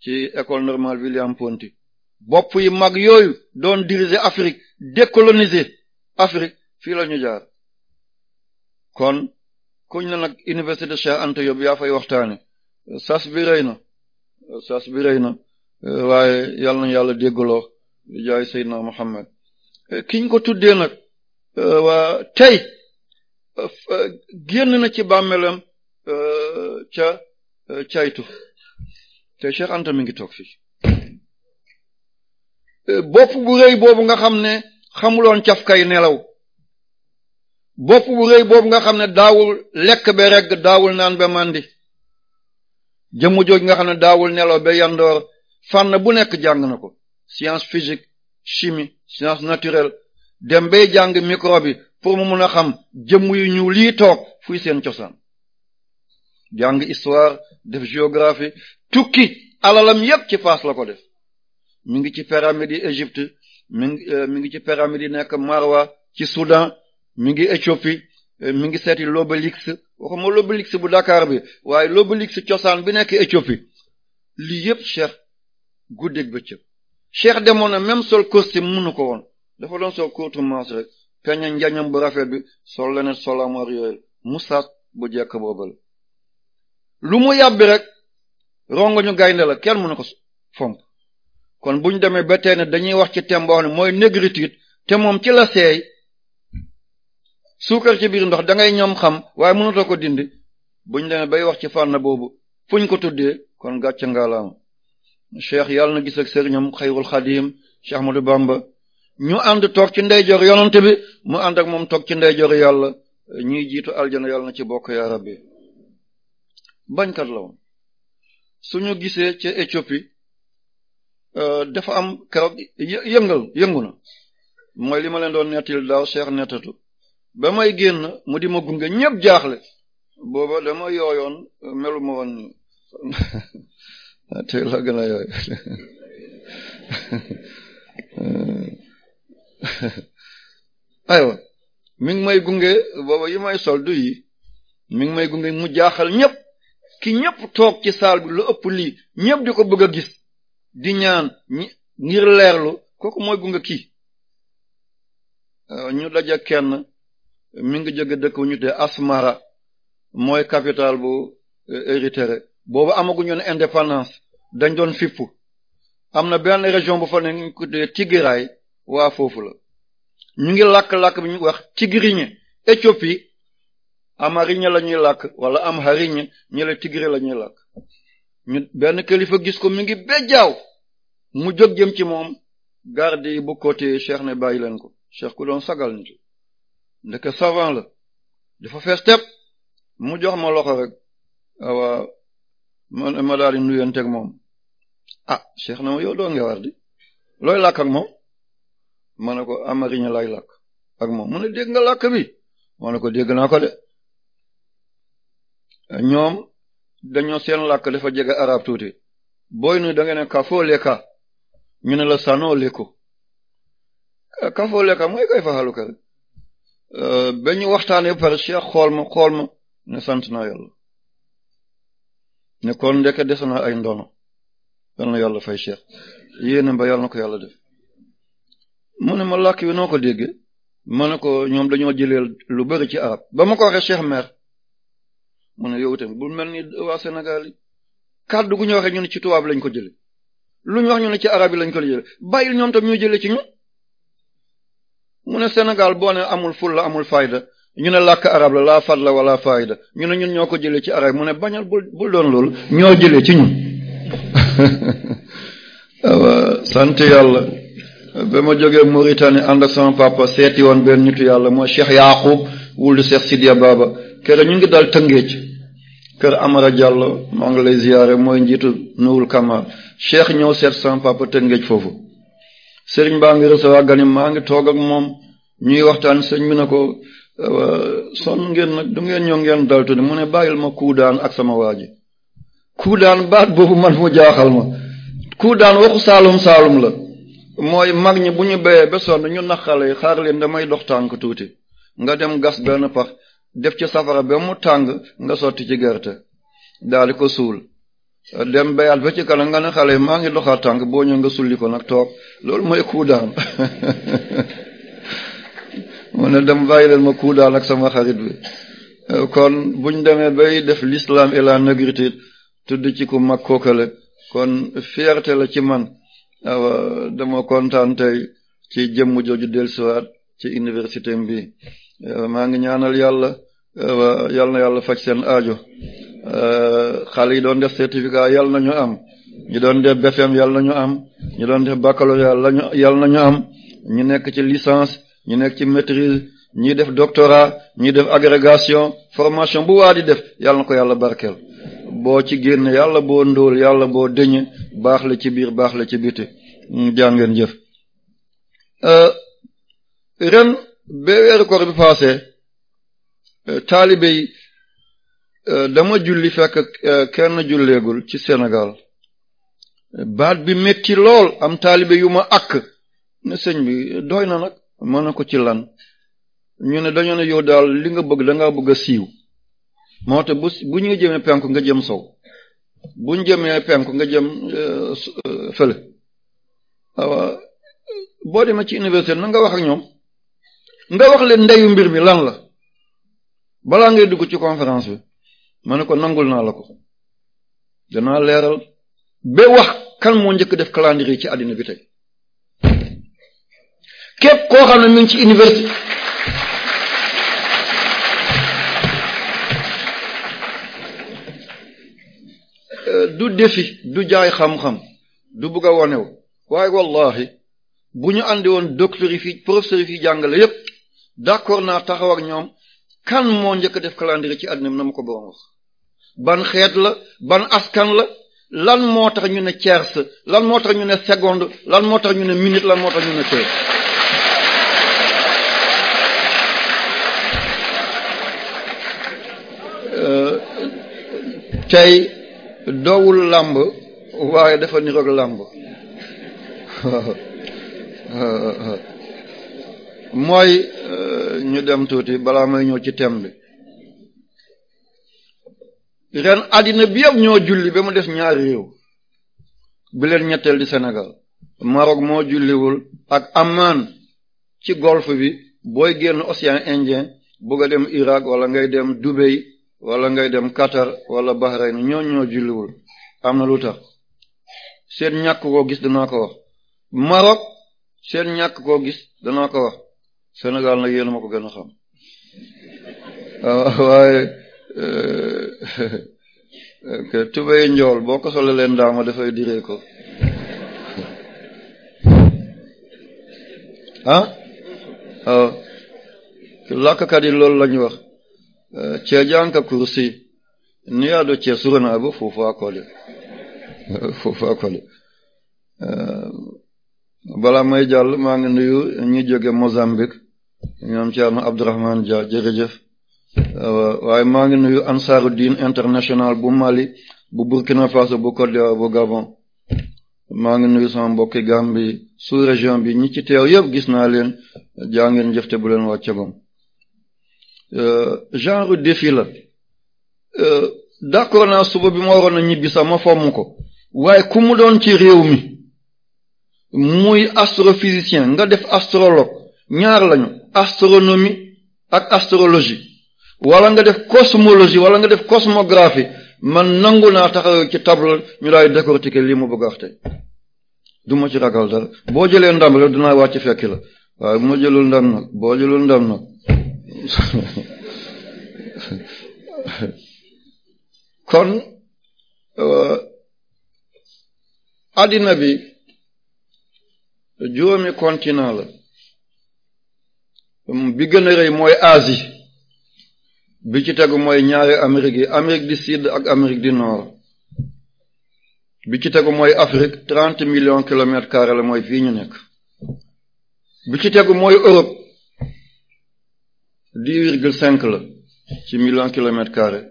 ci école normale William Ponty bopp yi mag yooyu doon diriger Afrique décoloniser Afrique fii la ñu jaar kon kuñ na nag université de Cheikh Anta Diop yaa fay waxtaane sas bi rëy na sas bi rëy na waaye yàlla na yàlla déggaloo di jaay Seydina Muhammad kiñ ko tuddee nag waa tey génn na ci bàmmeelam ca Eh, caytu te Cheikh Anta mi ngi toog fii eh, bopp bu rëy boobu nga xam ne xamuloon cafkay nelaw bopp bu rëy boobu nga xam ne daawul lekk be regg daawul naan be màndi jëmm jooj nga xam ne daawul nelaw be yandoor fànn bu nekk jàng na ko science physique chimie science naturel dem bay jàng micro bi pour mu mun a xam jëmm yu ñu lii toog fuy seen cosaan jàng histoire def géographie tukki alalam yépp ci Faas la ko def mi ngi ci pyramide yi Égypte mi ngi euh, mi ngi ci pyramide di nekk Marwa ci Soudan mi ngi Éthiopie euh, mi ngi seeti l'obélisque waxuma bu Dakar bi waaye l'obélisque cosaan bi nekk Éthiopie lii yépp cheikh guddeeg bëccëg cheikh demoon na même sol costume mënu ko woon dafa doon sol courte manche rek peña njañam bu rafet bi sol leneen sol amoor yooyu bu jekk boobale lu mu yàbbi rek rongoñu gaynde la kenn mënu ko fomp kon bu demee ba tey ne dañuy wax ci thème boo xam mooy négritude te moom ci la seey suukar ci biir ndox dangay ngay ñoom xam waaye mënatoo ko dindi bu ñu demee bay wax ci fànn boobu fu ñu ko tuddee kon gàcce ngaalaama cheikh yàlla na gis ak sëriñam xayrul xadim cheikh Ahmadou Bamba ñu ànd toog ci ndeyjoor yonante bi mu ànd ak moom toog ci ndeyjoor yàlla ñuy jiitu aljana yàlla na ci bokk yaa rabbi bañkat la woon suñu gisee ca Éthiopie euh, dafa am keroog yëngal mooy li ma leen doon nettil daaw seex nettatu ba may génn mu di ma gunge ñëpp jaaxle booba dama yooyoon melu ma woon te la gën a yooy aywa ngi may gunge booba yi may sol du yi ngi may gunge mu jaaxal ñépp ki ñëpp toog ci saal bi lu ëpp lii ñëpp di ko bëgg a gis di ñaan ngir leerlu kooku mooy gunga kii euh, ñu daje kenn mi ngi jeg dëkk bu ñu te Asmara mooy capitale bu euh, Érythrée boobu amaguñu ne indépendance dañ doon fippu am na benn région bu fa ne ñu ko tuddee Tigray waa foofu la ngi làkk bi ñu wax tigriñe Éthiopie amariña la ñuy làkk wala am hariña ñi la tigré la ñuy làkk ñu benn kilifa gis ko mi ngi bejjaaw mu jóg jëm ci moom garde yi bu côté cheikh ne bàyyi leen ko cheikh ku doon sagal nit ndeke savant la dafa fees tepp mu jox ma loxo rek awa ma daal di nuyonteeg moom ah cheikh na ma yow doon nga looy làkk ak moom ma ne ko amariña lay làkk ak moom mu ne dégg nga làkk bi ma ne ko dégg ko de ñoom dañoo seen làkk dafa jege arab tuuti booy nu da ngeen kafoo leka ñu ne la sanoo leku eh, kafoo leka mooy kay faxalu ka rek eh, ba ñu waxtaanee ba pare Cheikh xool ma xool ma ne sant naa yàlla ne kon ndeke des ay ndono yal na yàlla fay Cheikh yéen ba yàlla na ko yàlla def mu ne ma làkk wi noo ko déggee ma ne ko ñoom dañoo jëleel lu bëri ci arab ba ma ko waxee Cheikh mu ne yow tamit bu mel ni waa Sénégal yi kàddu gu ñu waxee ñu ci tubaab lañ ko jële lu ñu wax ñu ne ci arab yi lañ ko jële bàyyil ñoom tam ñu jële ci ñu mu ne Sénégal boo ne amul fulla amul fayda ñu ne lakk arab la laa fadla wala fayda ñu ne ñun ñoo ko jëlee ci arab mu ne bañal bul bul doon loolu ñoo jëlee ci ñun awa sant yàlla ba ma jógee Mauritanie ànd ak sama papa seeti woon benn nitu yàlla mooy Cheikh Yaqub wuldu Cheikh Sidiya Baba kere ñu ngi dal tëngeej kër Amara Diallo maa ngi lay ziyaare mooy njiitu nuwul Kamal cheikh ñëw seet sama papa Tëngéej foofu sëriñ baa ngi recevoir gani maa ngi toog ak moom ñuy waxtaan sëriñ bi ne ko sonn ngeen nag du ngeen ñëw ngeen dal tuuti mu ne bàyyil ma kuu daan ak sama waa ji kuu daan baat boobu man mu jaaxal ma kuu daan waxu saalum saalum la mooy mag ñi bu ñu béyee ba sonn ñu naqale xaar leen damay dox tànk tuuti nga dem gas benn pax def ci safara ba mu tàng nga sotti ci gerte daal di ko suul dem béyaat ba ci kanam nga ne xale maa ngi doxaat tàng boo ñëw nga sulli ko nag toog loolu mooy kuudaan mu ne dem bàyyi leen ma kuudaan ak sama xarit bi kon buñ demee bay def l'islam et la négritude tudd ci ku mag kookale kon fierté la ci man dama kontaan ci jëmm jooju dellusiwaat ci université bi maa ngi ñaanal yàlla yal na yàlla faj seen aajo eh, xale yi doon def certificat yal na ñu am ñu doon def BFM yal na ñu am ñu doon def baccalauréat lañu yal na ñu am ñu nekk ci licence ñu nekk ci maîtrise ñi def doctorat ñi def agrégation formation bu waa di def yal ko yàlla barkeel boo ci génn yàlla boo ndóol yàlla boo dëñe baax la ci biir baax la ci biti mm, jàngeen jëf eh, ren ba weeru koor bi passé Euh, taalibe yi euh, dama julli fekk euh, kenn julleegul ci Sénégal baat bi metti lool am taalibe yu ma akk ne sëñ bi doy na nag mën na ko ci lan ñu ne dañoo ne yow daal li nga bëgg danga bëgg a siiw moo tax bu bu ñu jëmee penku nga jëm sow bu jëmee penku nga jëm fële ah, awa boo demee ci université na nga wax ak ñoom nga wax leen ndeyu mbir mi lan la balaa ngay dugg ci conférence bi ma ne ko nangul naa la ko dana leeral ba wax kan moo njëkk def calendrier ci àddina bi tey képp koo xam ne mi ci université du defi du jaay xam-xam du bugg a wanew waaye wallahi bu ñu àndi woon docteur yi fii professeur yi fii jàngale yépp d'accord naa taxaw ak ñoom kan moo njëkk def calendrier ci àdduna bi na ma ko boroom ban xeet la ban askan la lan moo tax ñu ne tiers lan moo tax ñu ne seconde lan moo tax ñu ne minute lan moo tax ñu ne heure tey doowul làmb waaye dafa niroog làmb euh, euh, euh. mooy euh, ñu dem tuuti balaa mooy ñëw ci thème bi ren àddina bi yëpp ñoo julli ba mu des ñaar réew bi leen ñetteel di Sénégal Maroc moo julliwul ak Amman ci golf bi booy génn océan Indien bëgg a dem Irak wala ngay dem Dubai wala ngay dem Qatar wala Bahrain ñoo ñoo julliwul am na lu tax seen ñàkk koo gis danaa ko wax Maroc seen ñàkk koo gis dana ko wax Sénégal nag yéen ma ko gën a xam ah, waaye euh, tubéy njool boo ko sole leen daama dafay diree ko ah waaw ah. làkkat yi loolu lañu wax euh, ceejaanka kursi ni yaa do cee suranaa ba fuufaa kole fuufaa kole euh, balaa may jàll maa ngi nuyu ñi jóge Mozambique ñoom Thierno Abdourahmane Dia jërëjëf waaye maa ngi nuyu ansaaru diin international bu Mali bu Burkina Faso bu Côte d'Ivoire bu Gabon maa ngi nuyu sama mbokki Gambie su région bi ñi ci teew yëpp gis naa leen jaa ngeen jëfte bu leen wàcce bam euh, genre défi la euh, d'accord naa suba bi ma waroon a ñibbi sax ma fomm ko waaye ku mu doon ci réew mi muy astrophysicien nga def astrologue ñaar lañu astronomie ak astrologie wala nga def cosmologie wala nga def cosmographie man nangu naa taxaw ci table ñu daay décortiquer lii mu bëgg a wax tey du ma ci ragal dara boo jëlee ndam rek dinaa wàcc fekk la waaye ma jëlul ndam nag boo jëlul ndam nag kon euh, addina bi juróomi continent la bi gën a rëy mooy Asie bi ci tegu mooy ñaari Amérique yi Amérique du Sud ak Amérique du Nord bi ci tegu mooy Afrique trente million kilomètres carrés la mooy fii ñu nekk bi ci tegu mooy Europe dix virgule cinq la ci millions kilomètres carrés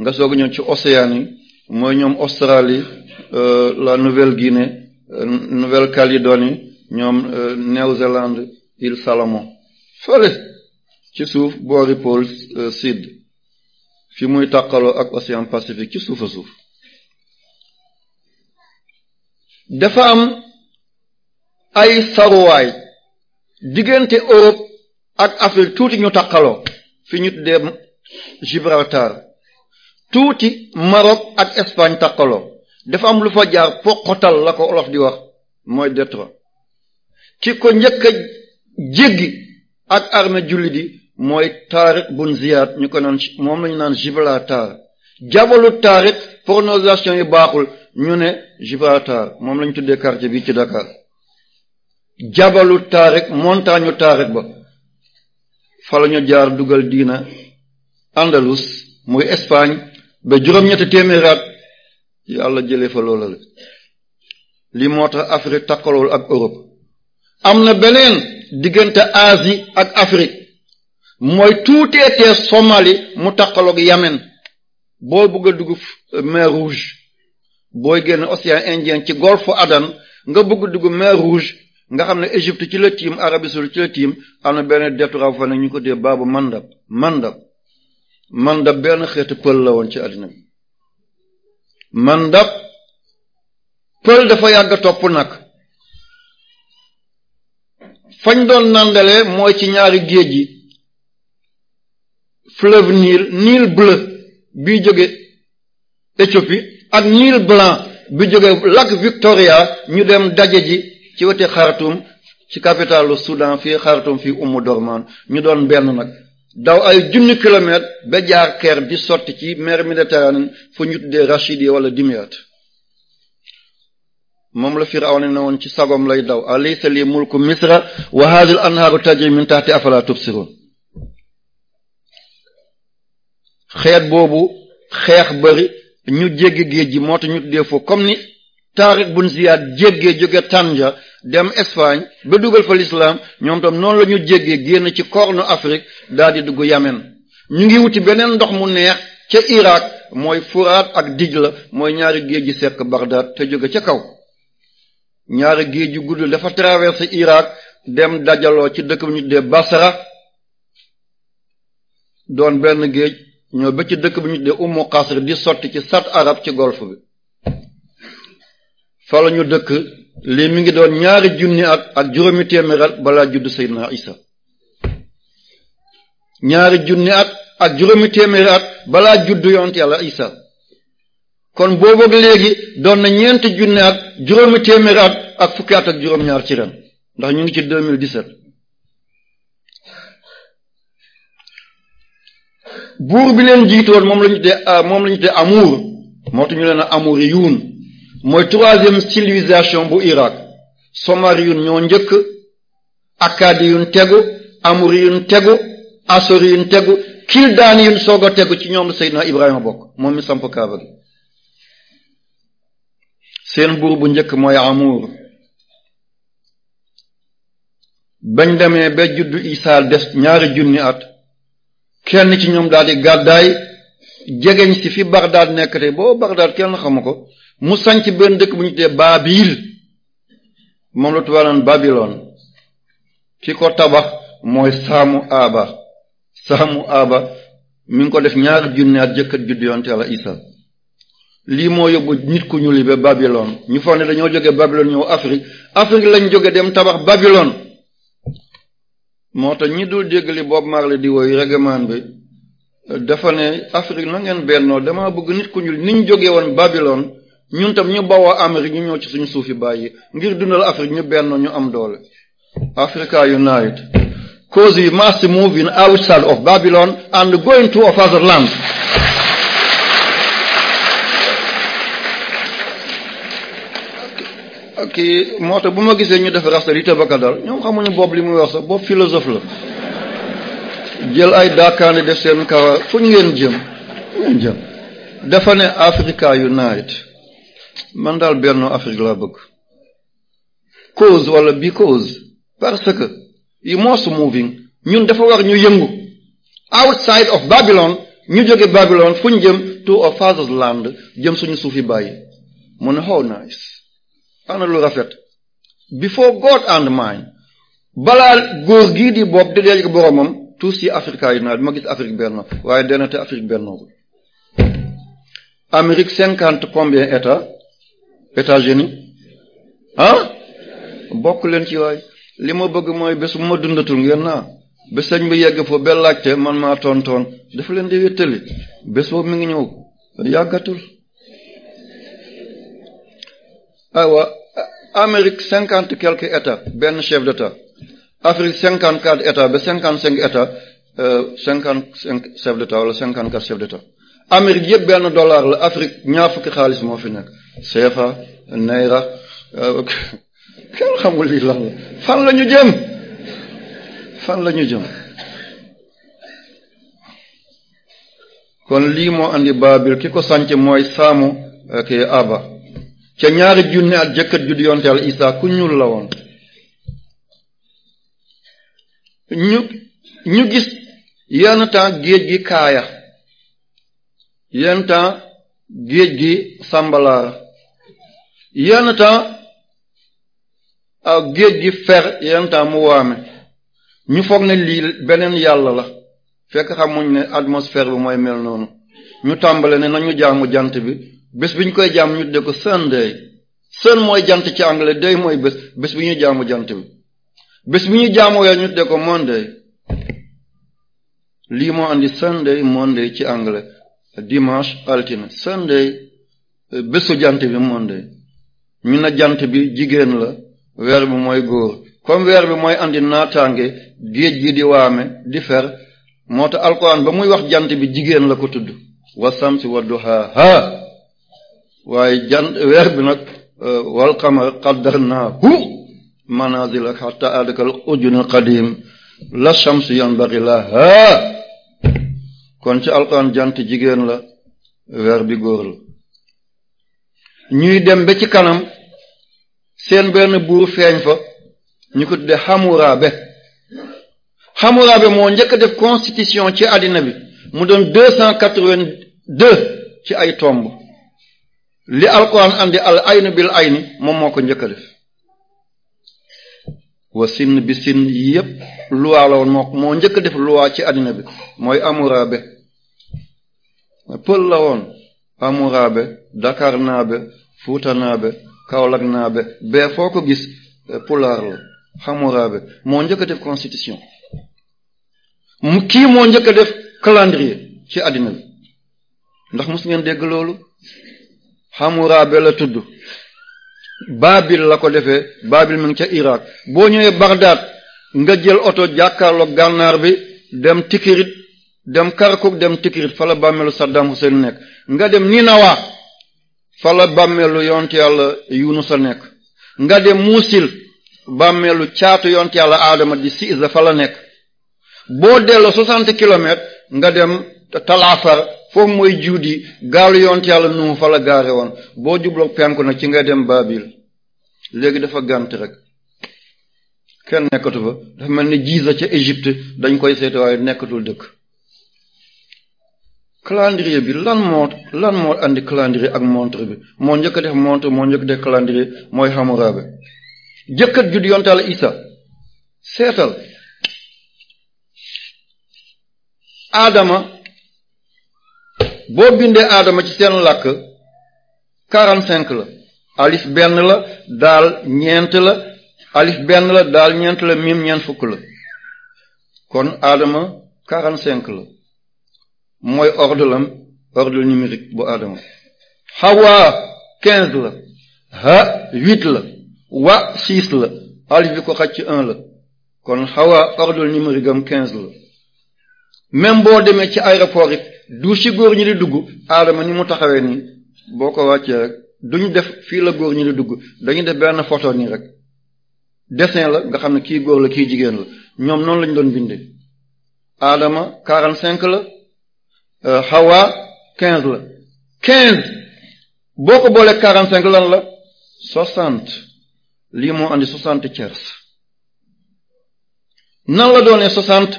nga soog ñëw ci océan yi mooy ñoom Australie euh, la Nouvelle-Guinée euh, Nouvelle-Calédonie ñoom euh, Nouvelle-Zélande île Salomon fële ci suuf boori pôle euh, sud fi muy takkaloo ak océan Pacifique ci suufa suuf dafa am ay saruwaay diggante Europe ak Afrique tuuti ñu takkaloo fi ñu tuddee Gibraltar tuuti marok ak Espagne tàqaloo dafa am lu fa jaar poqotal la ko olof di wax mooy détroit ki ko njëkk jéggi ak armée jullit yi mooy Tariq bun Ziyad ñu ko naan moom la naan Gibraltar jabalu Tariq prononciation yi baaxul ñu ne Gibraltar moom la tuddee quartier bi ci Dakar jabalu Tariq montagne Tariq ba fa ñu jaar dugal diina Andalus muy Espagne ba juróom-ñetti téeméeraat yàlla jëlee fa loola li moo tax Afrique takkalowul ak Europe am na beneen. diggante Asie ak Afrique mooy tuuteetee Somalie mu taqaloog Yamen boo bëgg a dugg euh, mer Rouge booy génn océan Indien ci golfe Aden nga bëgg a dugg mer Rouge nga xam ne Égypte ci la tiim Arabie Saoudite ci la tiim am na benn détroit fa ne ñu ko dee baabu Mandab Mandab Mandab benn xeetu pël lawoon ci àddina bi Mandab pël dafa yàgg topp nag fañ doon nandale mooy ci ñaari géej yi fleuve Nil Nil bleu bi jóge Éthiopie ak Nil blanc bi jóge lac Victoria ñu dem daje ji ci weti Khartoum ci capitalu Soudan fii Khartoum fii umu Dorman ñu doon benn nag daw ay junni kilomètre ba jaar Caire di sotti ci mer Méditerranée fu ñu tuddee Rachidi wala Dimyat moom la firaw ne woon ci sagoom lay daw alaysa li mulku misra wa hadhihi al anhaaru tajri min xeet boobu xeex bari ñu jéggi géej gi moo tax ñu tuddee foofu comme ni Tariq bu Ziyad jéggee jóge Tanja dem Espagne ba dugal fa l'islam ñoom tam noonu lañu ñu génn ci corne Afrique dal di dugg Yamen ñu ngi wuti beneen ndox mu neex ca Irak mooy Furaat ak la mooy ñaari géej gi sekk Bagdad te jóge ca kaw ñaari géej yu guddi dafa traversé Irak dem dajaloo ci dëkk bu ñu tuddee Basra doon benn géej ñoo ba ci dëkk bu ñu tuddee Ummu Qasr di sotti ci sat arab ci golfe bi fa ñu dëkk lii mi ngi doon ñaari junni at ak juróomi téeméer balaa judd Seydina Isa ñaari ak juróomi balaa judd yonent Isa kon booboog léegi doon na ñeenti junne at juróomi téeméeri ak fukki at ak juróom-ñaar ci ren ndax ñu ngi ci 2017 buur bi leen jiitoon moom la ñu te ah, moom la te amour moo tax ñu leen amuriyuun mooy troisième civilisation bu Irak somariyuun ñoo njëkk akkadiyuun tegu amuriyuun tegu asoriyuun tegu kildaaniyuun soog a tegu ci ñoom Seydina Ibrahima bokk moom mi samp kaaba seen buur bu njëkk mooy amuur bañ demee ba juddu isaa des ñaari junni at kenn ci ñoom daal di gàddaay jegeñ si fi Bagdad nekk te boo Bagdad kenn xamu ko mu sanc benn dëkk bu ñu tuddee Baabil moom la tubaab naan ki ko tabax mooy Saamu Aba Saamu Aba mi ngi ko def ñaari junni at jëkkat juddu yoon te Isaa lii moo yóbbu nit ku ñu yi ba ñu foog ne dañoo jógee Babylone ñëw Afrique Afrique lañu jóge dem tabax Babylone moo tax ñi dul dégg li Bob Marley di woy règlement bi dafa ne Afrique na ngeen bennoo dama bëgg nit ku ñuul ni ñu jógee woon Babylone ñun tam ñu bawoo Amérique ñu ñëw ci suñu suufi bàyyi ngir dundal Afrique ñu bennoo ñu am doole Africa unite cause we must move outside of Babylon and going to of other kii moo tax bu ma gisee ñu def rasta li tëbaka dal ñoom xamuñu boob li muy wax sax bopp philosophe la jël ay daakaani def seen kawa fu ñu ngeen jëm jëm dafa ne Africa Unite man daal benn Afrique laa bëgg cause wala because parce que you must moving ñun dafa war ñu yëngu outside of Babylon ñu jóge Babylon fu ñu jëm to our father's land jëm suñu suufi bàyyi mu ne how nice ana lu rafet before God and mine balaa góor gii di bopp di dee boromam tous yi Afrika yi naa bi ma gis Afrique benn waaye dana te Afrique bennoo Amérique cinquante combien état États-Unis ah bokk leen ci waay li ma bëgg mooy bés bu ma dundatul ngeen naa ba sëñ bi yegg foofu ba laajte man maa tontoon dafa leen di wéttali bés boobu mi ngi ñëw yàggatul aywa Amérique cinquante quelques états benn chef d'état Afrique cinquante quatre états ba cinquante cinq états euh, cinquante cinq chef d'état cinquante quatre chef d'état Amérique yëpp benn dollar la Afrique ñaar fukki xaalis moo fi nekk CFA naira euh, kenn xamul lii lan fan lañu ñu jëm fan la jëm kon lii moo andi Baabil ki ko sànc mooy saamu ki Aba ca ñaari junne ak jëkkat ju di yonte ku ñuul la woon ñu gis yenn géej gi kaaya yenn géej gi sambalaara yenn a géej gi fer yenn mu waame ñu foog ne lii beneen yàlla la fekk xamuñ ne atmosphère bi mooy mel noonu ñu tàmbale ne nañu jaamu jant bi bés bi ñu koy jaam ñu de ko Sunday sun mooy jant ci anglais day mooy bés bés bi ñuy jaamu jant bi bis bi ñuy jaamu weer ñu de ko Monday lii moo andi Sunday Monday ci anglais dimanche altine Sunday bésu jant bi Monday ñu na jant bi jigéen la weer bi mooy góor comme weer bi mooy andi naataange géej gi di waame di fer moo tax alquran ba muy wax jant bi jigéen la ko tudd wa samsi wa duhaa waaye jant weer bi nag euh, wal qamar qaddarnaahu manazila hatta adakal ujunil qadim la shamsu yanbaghi laha kon ci alquran jant jigéen la weer bi góor la ñuy dem ba ci kanam seen benn buur feeñ fa ñu ko tudde Hammurabi Hammurabi moo njëkk def constitution ci àddina bi mu doon deux cent quatre ci ay tomb li alquran andi al aynu bil ayni moom moo ko njëkk a def wa sinn yépp luwaa woon moo moo njëkk def luwaa ci àddina bi mooy amuraabe pël la woon amuraabe dakar naabe fuuta naabe kaolack naabe bee foo ko gis pulaar la amuraabe moo njëkk def constitution mu kii moo njëkk def calendrier ci àddina bi ndax mos ngeen dégg loolu Hammurabi la tudd Babil la ko defee Babil mu ngi ca Irak boo ñëwee Bagdad nga jël oto jàkkaarloog gànnaar bi dem Tikrit dem Karkuk dem Tikrit fa la bàmmeelu Saddam Hussein nekk nga dem Ninawa fa la bàmmeelu yonte Yunus a nekk nga dem muusil bàmmeelu caatu yonte yàlla Adama di Siza fa nekk boo delloo soixante kilomètres nga dem Talafar foofu mooy juudi gaalu yont yàlla nu fa gaare woon boo jubloo penku nag ci ngay dem baabil léegi dafa gànt rek kenn nekkatu fa dafa mel ni jiisa ca Égypte dañ koy seete waaye nekkatul dëkk calendrier bi lan moo lan moo ak montre bi moo njëkk def moo njëkk def calendrier mooy Hammurabi jëkkat judd yontaal Isa seetal Adama boo bindee aadama ci seen làkk quarante cinq la alif benn la daal ñeent la alif benn la daal ñeent la mim ñeent fukk la kon aadama quarante cinq la mooy ordre lam ordre numérique bu aadama hawa quinze la ha huit la wa six la alif bi ko xacc un la kon hawa ordre numérique quinze la même boo demee ci aéroport douche ci góor ñi di dugg aadama ni mu taxawee nii boo ko wàccee rek duñu def fii la góor ñi di dugg dañuy def benn photo nii rek dessin la nga xam ne kii góor la kii jigéen la ñoom noonu lañu doon binde aadama quarante cinq la euh, hawa quinze la quinze boo ko boolee quarante cinq lan la soixante lii moo andi soixante tiers nan la doonee soixante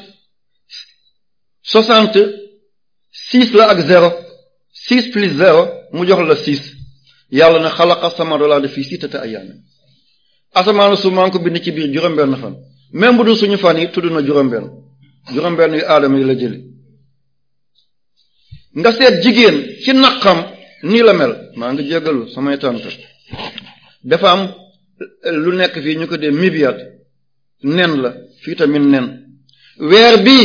soixante six la ak zéro six plus zéro mu jox la six yàlla ne xalaqa samawati fii sittati ayyaamin asamaan su maa bi ko bind ci biir juróom-benn fan même bu dul suñu fan yi tudd na juróom-benn juróom-benn yu aadama yi la jëli nga seet jigéen ci naqam nii la mel maa ngi jégalu samay tànt dafa am lu nekk fii ñu ko dee mibiat nen la fii tamit nen weer bi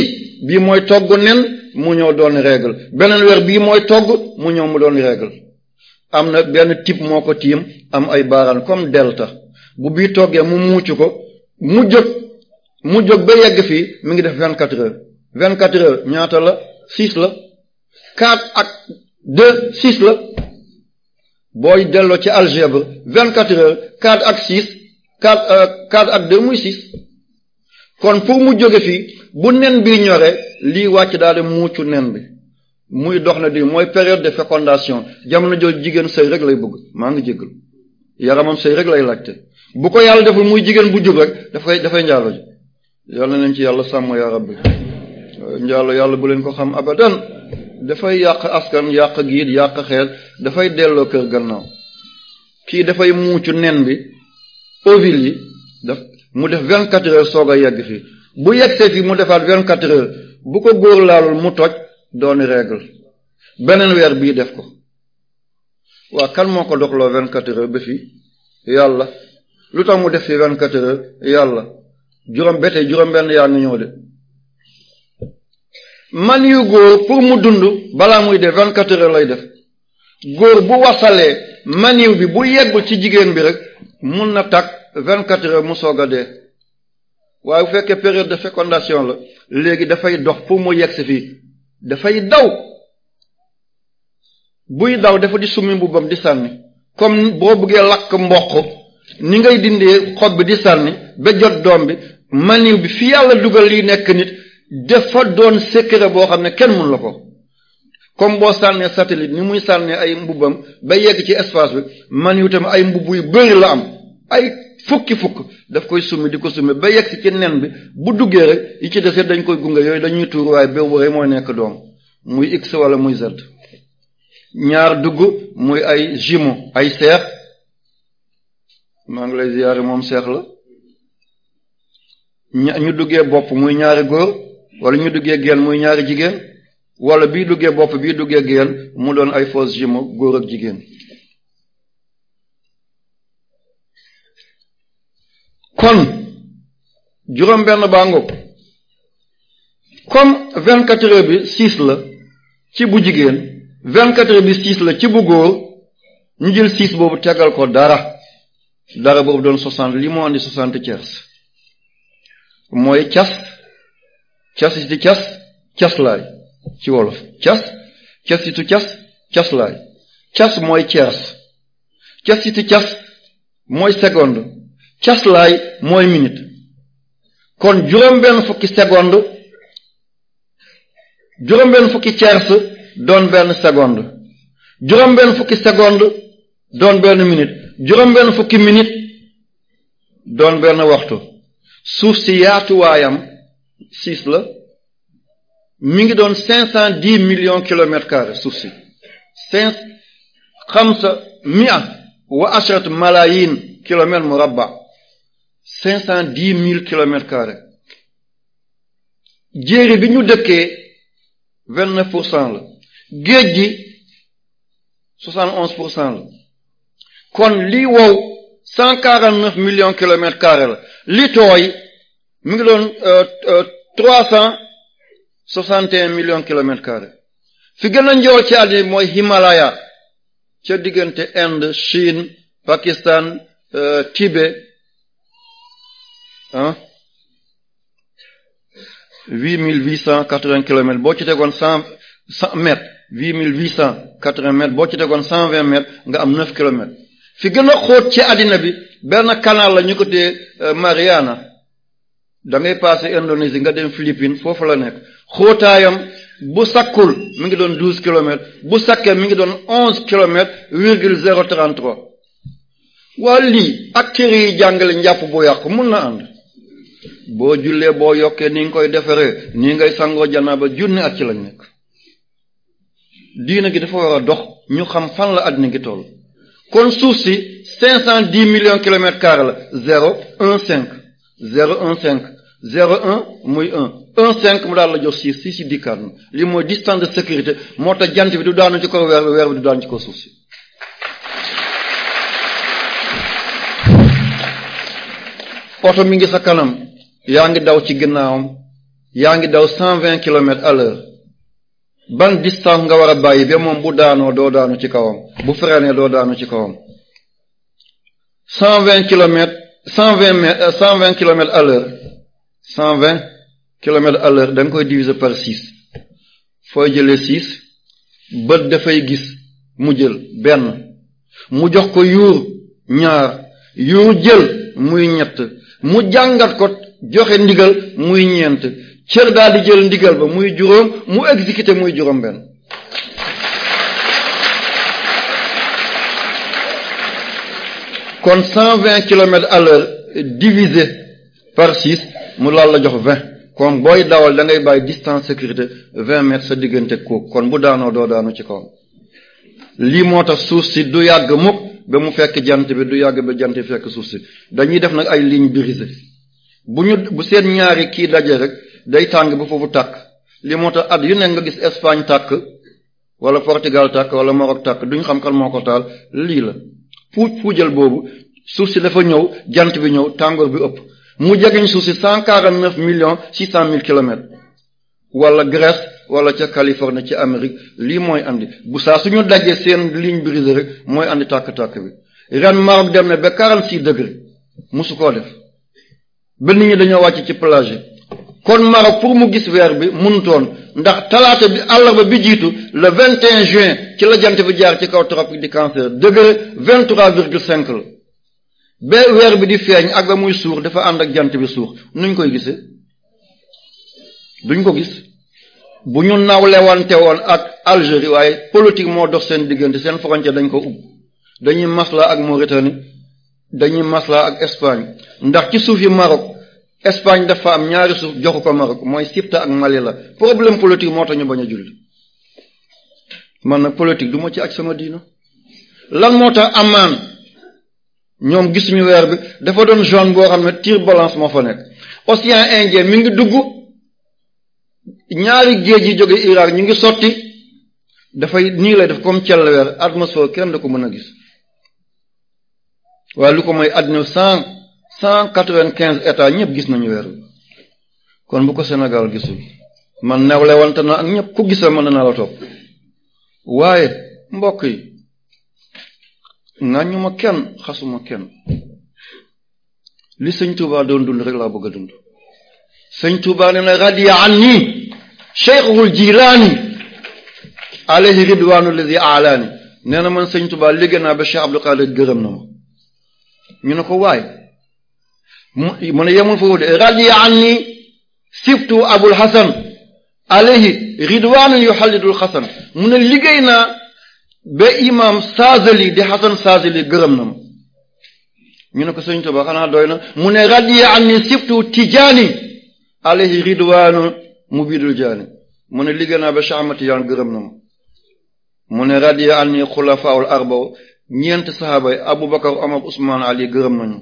bii mooy togg nen mu ñëw doon règle beneen weer bii mooy togg mu ñëw mu doon règle am na benn type moo ko tiim am ay baaraan comme delta bu bii toggee mu muucu ko mu jóg mu jóg ba yegg fii mu ngi def vingt quatre heures vingt quatre heures ñaata la six la quatre ak deux six la booy delloo ci algèbre vingt quatre heures quatre ak six quatre euh, quatre ak deux muy six kon pour mu jóge fii bu nen bi ñoree lii wàcc daal di muucu nen bi muy dox na di mooy période de fécondation jamono jooju jigéen sëy rek lay bëgg maa ngi jégalu yaramam sëy rek lay laajte bu ko yàlla deful muy jigéen bu jub dafay dafay njaalo ji yàlla nañ ci yàlla sàmm yaa bi euh, njaalo yàlla bu leen ko xam abadan dafay yàq askan yàq giit yàq xeet dafay delloo kër gannaaw kii dafay muucu nen bi ovile yi daf mu def vingt quatre heures soog a yegg fii bu yegsee fii mu defaat vingt quatre heures bu ko góor laalul mu toj dooni règle beneen weer bii def ko waa kan moo ko doxloo vingt quatre heures ba fii yàlla lu tax mu def fi vingt quatre heures yàlla juróom ba tey juróom-benn yaa ngi ñëw de man yu góor pour mu dund balaa muy def vingt quatre heures lay def góor bu wasalee maniw bi bu yeggul ci jigéen bi rek mun na takk vingt-quatre heures mu soog a dee waaye bu fekkee période de fécondation la léegi dafay dox pour mu yegg fii dafay daw buy daw dafa di summi mbubbam di sànni comme boo bëggee lakk mboq ni ngay dindee xob bi di sànni ba jot doom bi maniw bi fi yàlla dugal li nekk nit dafa doon secret boo xam ne kenn mënu la ko comme boo sànnee satelit ni muy sànnee ay mbubbam ba yegg ci espace bi maniw tamit ay mbubb yu bari la am ay fukki fukk daf koy summi di ko summi ba yegg si ci nen bi bu duggee rek yi ci des dañ koy gunge yooyu dañuy tuur waaye béw ba rek mooy nekk doom muy x wala muy z ñaar dugg muy ay jumeaux ay seex maa ngi lay ziyaare moom seex la ñu duggee bopp muy ñaari góor wala ñu duggee génn muy ñaari jigéen wala bii duggee bopp bii duggee génn mu doon ay fausse jumeaux góor ak jigéen kon juróom-benn baa ngoog comme vingt quatre bi six la ci bu jigéen vingt quatre bi six la ci bu góor ñu jël six boobu tegal ko dara dara boobu doon soixante li moo andi soixante tiers mooy cas cas yi ci cas ci wolof cas cas yi ci cas caslaay cas mooy tiers cas yi mooy seconde caslaay mooy minute kon juróom-benn fukki seconde juróom-benn fukki tiers doon benn seconde juróom-benn fukki seconde doon benn minute juróom-benn fukki minute doon benn waxtu suuf si yaatuwaayam six la mi ngi doon cinq cent dix millions kilomètres carrés suuf si cinq xamsa mia wa ashrat malayin kilomètres murabba cinq cent dix mille kilomètres carrés jéeri bi ñu dëkkee vingt neuf pour cent la géej gi soixante kon li wow cent quarante neuf millions la li tooy mu ngi doon euh, euh, trois cent soixante kilomètres carrés fi gën a ci àddina mooy Himalaya ca diggante Inde Chine Pakistan euh, Tibet ah huit mille huit cent quatre-vingts kilomètres boo ci tegoon cent cent mètres huit mille huit cent quatre-vingts boo ci tegoon cent vingt nga am neuf kilomètres fi gën a xóot ci addina bi benn canal la ñu ko tee euh, Mariana da ngay passé Indonésie nga dem Philippines foofu la nekk xootaayam bu sakkul mu ngi doon douze kilomètres bu sakkee mi ngi doon onze kilomètres virgule zéro trente-trois waa lii ak téere yi jàngale njàpp bu yàqu mun na ànd boo jullee boo yokkee ni nga koy defaree nii ngay sangoo ba junni at ci lañ nekk diina gi dafa war a dox ñu xam fan la àddina gi toll kon suuf si cinq cent dix million kilomètres carrés la zéro un cinq zéro un cinq zéro un muy un un cinq mu daal la jox si si si dikkaat na li mooy distance de sécurité moo tax jant bi du daanu ci kaw weer bi weer bi du daanu ci kaw suuf si oto mi ngi sa kanam yaa ngi daw ci ginnaawam yaa ngi daw cent vingt kilomètres à l'heure ban distance nga war a bàyyi ba moom bu daanoo doo daanu ci kawam bu freiné doo daanu ci kawam cent vingt kilomètres cent vingt euh, cent vingt kilomètres à l'heure cent vingt kilomètres à l'heure da koy diviser par six fooy jëlee six bët dafay gis mu jël benn mu jox ko yuur ñaar yuur jël muy ñett mu jàngat ko joxe ndigal muy ñeent cër daal di jël ndigal ba muy juróom mu exécuté muy juróom benn kon cent vingt kilomètres à l'heure divisé par six mu laal la jox vingt kon booy dawal da ngay bàyyi distance sécurité vingt mètres sa diggante kooku kon bu daanoo doo daanu ci kawam lii moo tax suuf si du yàgg mu ba mu fekk jant bi du yàgg ba jant bi fekk suuf si dañuy def nag ay lignes brisées bu ñu bu seen ñaari kii daje rek day tàng ba foofu tàkk li moo tax at yu ne nga gis Espagne tàkk wala Portugal tàkk wala Maroc tàkk duñ xam kan moo ko taal lii la fuuj fuujal boobu suuf si dafa ñëw jant bi ñëw tàngoor bi ëpp mu jegeñ suuf si cent quarante neuf millions six cent mille kilomètres wala Grèce wala ca Californie ci Amérique lii mooy andi bu saa suñu dajee seen ligne brisée rek mooy andi tàkk-tàkk bi ren Maroc dem na ba quarante six degré musu koo def ba nit ñi dañoo wàcc ci plage kon Maroc pour mu gis weer bi mënutoon ndax talaata bi àllarba bi jiitu le 21 juin ci la jant bi jaar ci kaw tropique du cancer degré 23 virgule 5 la ba weer bi di feeñ ak ba muy suur dafa ànd ak jant bi suur nuñ koy gisee duñ ko gis bu ñu nawlewante woon ak Algérie waaye politique moo dox seen diggante seen frontière dañ ko ubb dañuy masla ak Mauritanie dañuy maslaa ak Espagne ndax ci suuf yi Maroc Espagne dafa am ñaari suuf joxu ko Maroc mooy Sipta ak Mali la problème politique moo tax ñu bañ a julli man nag politique du ma ci aj sama diina lan moo tax amaan ñoom gisuñu weer bi dafa doon zone boo xam ne turbulence moo fa nekk océan Indien mi ngi dugg ñaari géej yi jóge Irak ñu ngi sotti dafay nii lay def comme cell weer atmosphère kenn da ko mën a gis waaye lu ko mooy àddina cent cent quatre-vingt-quinze états ñëpp gis nañu weer kon bu ko Sénégal gisul man nawle wante na ak ñëpp ku gisal mën na la topp waaye mbokk yi ŋàññu kenn xasuma kenn li sëñ Touba doon dund rek laa bëgg a dund sëñ Touba ne na radiya anni Cheikhul Jilaani ridwaanu lazi alaani nee na man sëñ Touba liggéey naa ba Cheikh Abdou Qadir gërëm na ma ñu ne ko waay mu ne yemul foofu de radiya anni siftu abul hasan alayhi ridwanun yuxallidul xasan mu ne liggéey na ba imam saazali di xasan saazali gërëm na ñu ne ko sëñ to Tuba xanaa doy na mu ne radiya anni siftu tijaani alayhi ridwanun mubidul jaani mu ne liggéey naa ba Cheikh Ahmad Tijaan gërëm na ma mu ne radiya anni xulafaul ñeent saxaaba yi abubakar omar usman ali gërëm nañu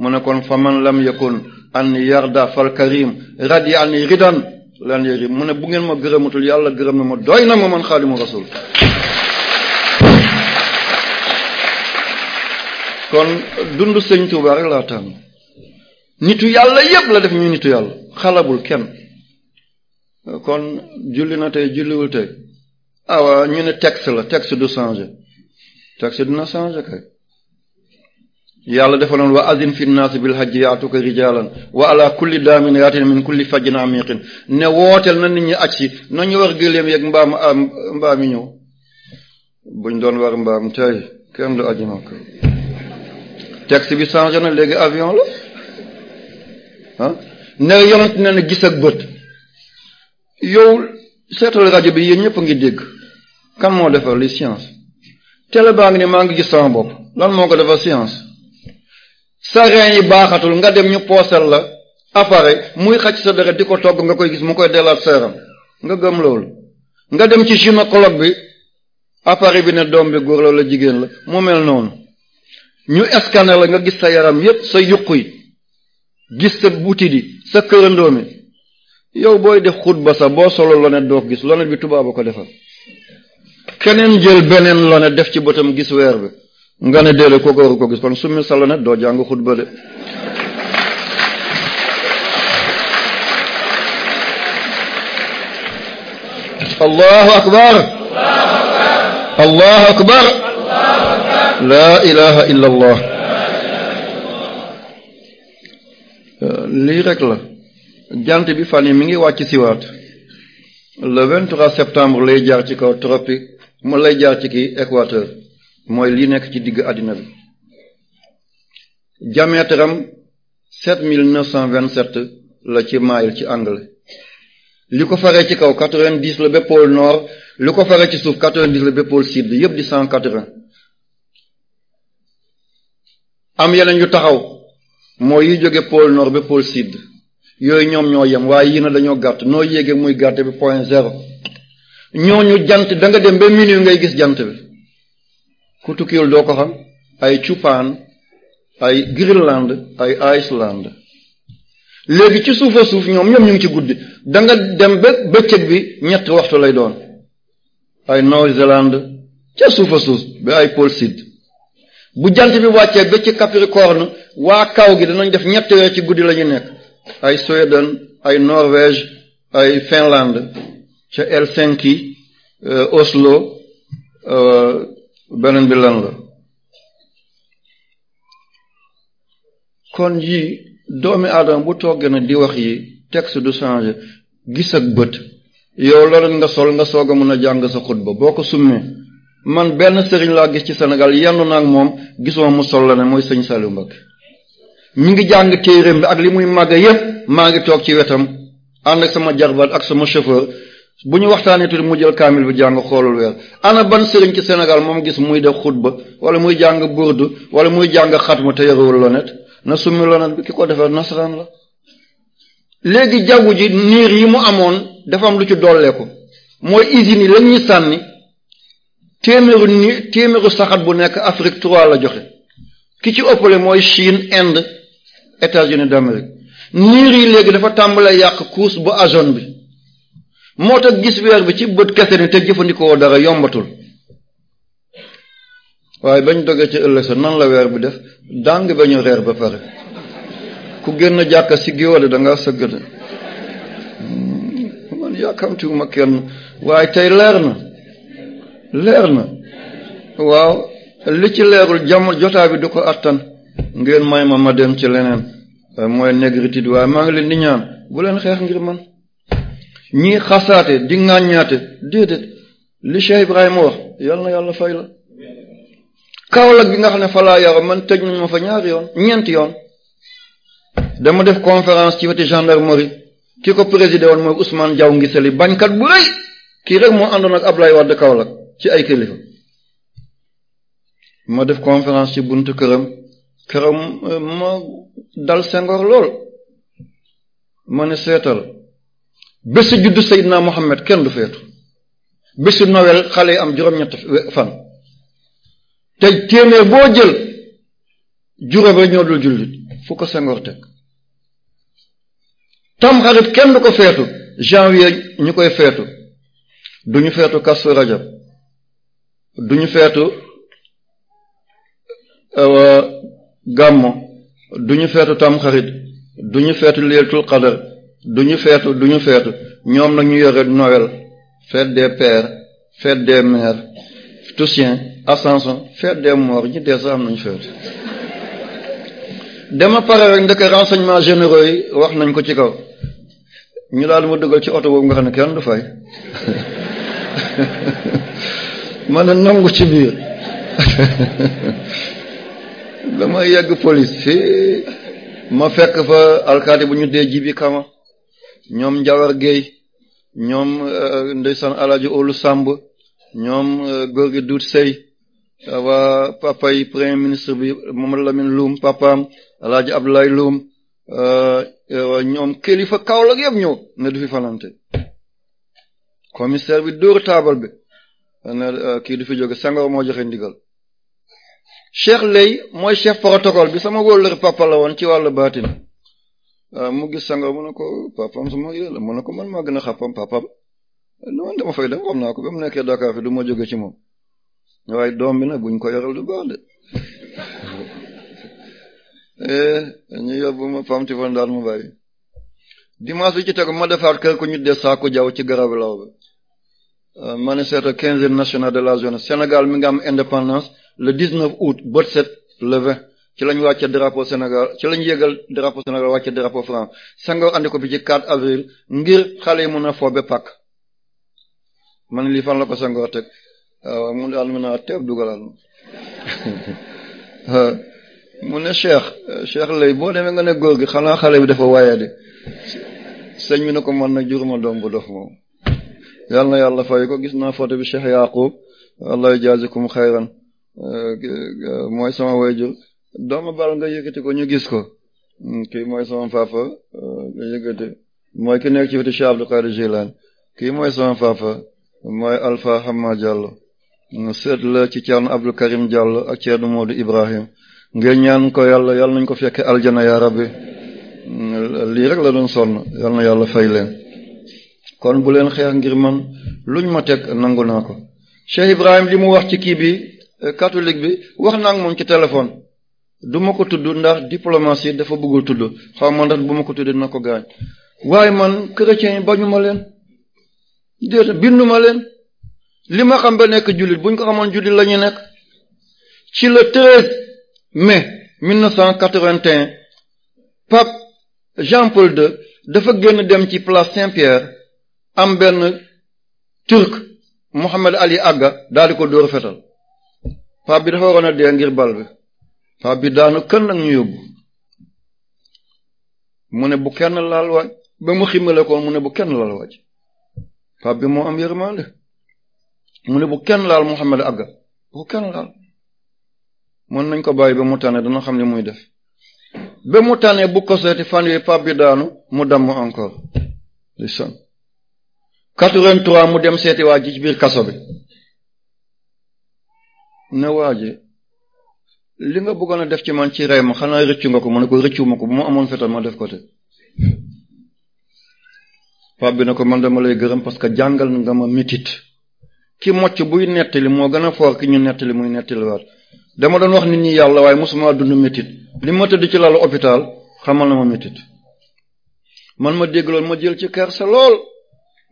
mu ne fa man lam yakun an yarda fal karim radi an ridan lan yërim mu ne bu ngeen ma gërëmatul yàlla gërëm na ma doy na ma man xaadimu rasul kon dund sëñ Tuuba rek laa tànn nitu yàlla yépp la def ñu nitu yàlla xalabul kenn kon julli na tey julliwul tey awa ñu ne texte la texte du changer taksi dina changer kay yàlla defaloon wa azin fi naas bil hajji yaatuka rijalan wa ala kulli daamin yaatin min kulli fajjin amiqin ne wooteel na nit ñi aj si ñu war gëléem yeeg mbaam mbaam yi ñëw buñ doon war mbaam tey kenn du aji Makka taksi bi changer na léegi avion la ah ne yonent na gis ak bët yow seetal rajo bi yéen ñëpp ngi dégg kan moo defar li science télé baa ngi ne maa ngi gis sama bopp lan moo ko dafa science sa reen yi baaxatul nga dem ñu poosal la appareil muy xaj sa deret di ko togg nga koy gis mu koy dellaat seeram nga gëm loolu nga dem ci gynécologue bi appareil bi ne doom bi góor la wala jigéen la mu mel noonu ñu scanner la nga gis sa yaram yépp sa yuq gis sa butit yi sa kërandoo mi yow booy def xutba sa boo solo lonet doo gis lonet bi tubaaba ko defal keneen jël beneen lonet def ci bëtam gis weer bi nga ne déedéet kooku waru ko gis kon summi sa lonet doo jàng xutba de allahu akbar allahu akbar laa ilaha illa euh, lii rek la jant bi fan yi mi ngi wàcc siwaat le 23 septembre lay jaar ci kaw tropique mu lay jaar ci kii équateur mooy li nekk ci digg àddina bi diamètre am sept mille neuf cent vingt sept la ci mile ci angle li ko faree ci kaw quatre vingt dix la ba pôle nord li ko faree ci suuf quatre vingt dix la ba pôle sud yëpp di cent quatre am yeneen yu taxaw mooy yi jóge pôle nord ba pôle sud yooyu ñoom ñoo yem waaye yi na dañoo gàtt noo yéege muy gàtte bi point zéro ñooñu jant da nga dem ba minuit ngay gis jant bi ku tukkiwul doo ko xam ay Japan ay Greenland ay Iceland léegi ci suufa suuf ñoom ñoom ñu ngi ci guddi danga dem ba bëccëg bi ñett waxtu lay doon ay Nouvelle-Zélande ca suufa suuf ba ay pôle sud bu jant bi wàccee ba ci Capricorne waa kaw gi danañ def ñett weer ci guddi la ñu nekk ay Suède ay Norvège ay Finlande ca Helsinki euh, Oslo euh, beneen bi lan la kon ji doomi aadama bu toggee na di wax yi texte du changer gis ak bët yow loolu nga sol nga soog a mën a jàng sa xutba boo ko summee man benn sëriñ laa gis ci senegal yendu naag moom gisuma mu sol la ne mooy sëñ Saliou mbag mu ngi jàng téeréem bi ak li muy màgg yépp maa ngi toog ci wetam ànd ak sama jarbaat ak sama chauffeur bu ñu waxtaanee tuuti mu jël kaamil bi jàng xoolul weer ana ban sëriñ ci Sénégal moom gis muy def xutba wala muy jàng burdu wala muy jàng xatma te yorewul lonet na summi lonet bi ki ko defee nasaraan la léegi jaww ji niir yi mu amoon dafa am lu ci dolleeku mooy usines yi lañ ñu sànni téeméeru ni téeméeru saxat bu nekk Afrique trois la joxe ki ci ëppale mooy Chine Inde États-Unis d'Amérique niir yi léegi dafa tàmbalee yàq course bu ozone bi moo te gis weer bi ci bët kese ni te jëfandikoo dara yombatul waaye bañ dogee ci ëllëg sa nan la weer bi def dàng ba ñu reer ba pare ku génn jàkka si giwale danga ngaa sëggate hmm, man yàkkamtiwuma kenn waaye tey leer na leer na waaw li ci leerul jam jotaa bi du ko attan ngeen may ma ma dem ci leneen mooy négritude waaye maa ngi leen di ñaan bu leen xeex ngir man ñii xasaate di ŋàññaate déedéet li Cheikh Ibrahima wax yal yàlla fay la Kaolack gi nga xam ne falaa yaro man tëj nañ ma fa ñaari yoon ñeenti yoon dama def conférence ci weti gendarmerie ki ko présidé woon mooy Ousmane Diaw Ngisali bañkat bu rëy kii rek moo àndoon ak Ablaye Wade Kaolack ci ay kilifa ma def conférence ci bunt këram këram euh, ma dal Senghor lool ma ne seetal bésu juddu Seydina Mohamed kenn du feetu bésu Noël xale yi am juróom-ñett fan te téeméer boo jël juróom rek ñoo dul jullit fu ko sengoor teg tamxarit kenn du ko feetu janvier ñu koy feetu du ñu feetu kastu rajab du ñu feetu euh, gàmmo du ñu feetu tamxarit du ñu feetu leeltul qadar du ñu feetu du ñu feetu ñoom nag ñu yore Noël fête des pères fête des mères Toussaint Ascension fête des morts ñi dee sax am nañu feetu dama pare rek ndeke renseignements généraux yi wax nañ ko ci kaw ñu daal ma dugal ci oto boobu nga xam ne kenn du fay ma ne nangu ci biir dama yegg police fii ma fekk fa alkaati bu ñu dee jibi kama ñoom Njawar géey ñoom euh, ndeysaan Alaaji Olu Samb ñoom euh, góor gi Dut Sey euh, waa papa premier ministre bi Mamadou Lamine Loum papaam Alaaji Abdoulaye Loum ñoom kilifa Kaolack yëpp ñëw ne du fi fanante commissaire bi dóor taabal bi kii du fi jóge Senghor moo joxe ndigal Cheikh Ley mooy chef protocole bi sama wóllëre papa la woon ci wàllu baatin Ah, mu gis sango mu ne ko papam sama yële la mu ko man maa gën a xàppam papam eh, lu man dama fay dem xam naa ko ba mu nekkee Dakar fi du ma jóge ci moom waaye doom bi nag buñ ko yoral du baax de eh, ñu yóbbu ma pam ti fan mu bàyyi dimanche bi ci tegu ma defaat kër ku ñu dee saako jaw ci garabu law ba ah, ma ne seeta quinzaine nationale de la zone Sénégal mi nga am indépendance le 19 août bët set ci lañ wàcce drapeau Sénégal ci lañ yégal drapeau Sénégal wàcce drapeau France Senghor andi ko fi ci avril ngir xale yi mën a foobe pak man lii fan la ko Senghor teg ah, waaw daal mën a teeb dugalal ah, mu ne Cheikh Cheikh lay boo demee nga ne góor gi xanaa xale bi dafa waaye de sëñ bi ne ko man na juruma doom bu dof moom yàlla na yàlla fay ko gis naa photo bi Cheikh Yaqub allah yajaazikum xayran ah, mooy sama wayjur doomu bal nga yëkkati ko ñu gis ko hmm, mooy sama fafa euh, nga yëkkati mooy ki nekk ci wetu Cheikh Abdou Qadir mooy sama fafa mooy Alpha Hamma Diallo seet la ci Thierno Abdou Karim Diallo ak Thierno Modou Ibrahim ngeen ñaan ko yàlla yàlla nañ ko fekke aljana ya bi hmm, lii rek la doon sonn yàlla na yàlla fay leen kon bu leen xeex ngir man luñ ma teg nangu naa ko Cheikh Ibrahim li mu wax ci kii bi euh, catholique bi wax naa moom ci téléphone du ma ko tudd ndax diplomatie dafa bëggul tudd xaw ma ndax bu ma ko tudd na ko gaañ waaye man chrétien yi bañu ma leen déet bindu ma leen li ma xam ba nekk jullit buñ ko xamoon jullit lañu nekk ci le 13 mai 1981 pape Jean Paul de dafa génn dem ci place Saint-Pierre am benn turc Mohammed Ali Agha daal di ko dóor fetal pape bi dafa waroon a dee ngir bal bi paa bi daanu kën nag ñu yóbbu mu ne bu kenn laal waaj ba mu ximale ko mu ne bu kenn laal waaj paa bi moo am yërmande mu ne bu kenn laal Muhammad agga bu kenn laal mën nañ ko bàyyi ba mu tane dana xam ne muy def ba mu tane bu ko seeti fan yooyu paa bi daanu mu damm encore li son 83 mu dem seeti waa ji ci biir kaso bi ne waaje li nga bëggoon a def ci man ci rey ma xanaa rëccu nga ko mu ne ko rëccu ma ko bu ma amoon fetal ma def ko te pap na ko man dama lay gërëm parce que jàngal nga ma métit ki mocc buy nettali moo gën a foor ki ñu nettali muy nettaliwaat dama doon wax nit ñi yàlla waaye mosuma dund métit li ma tëdd ci lalu hôpital xamal na ma métit man ma dégg lool ma jël ci kerse lool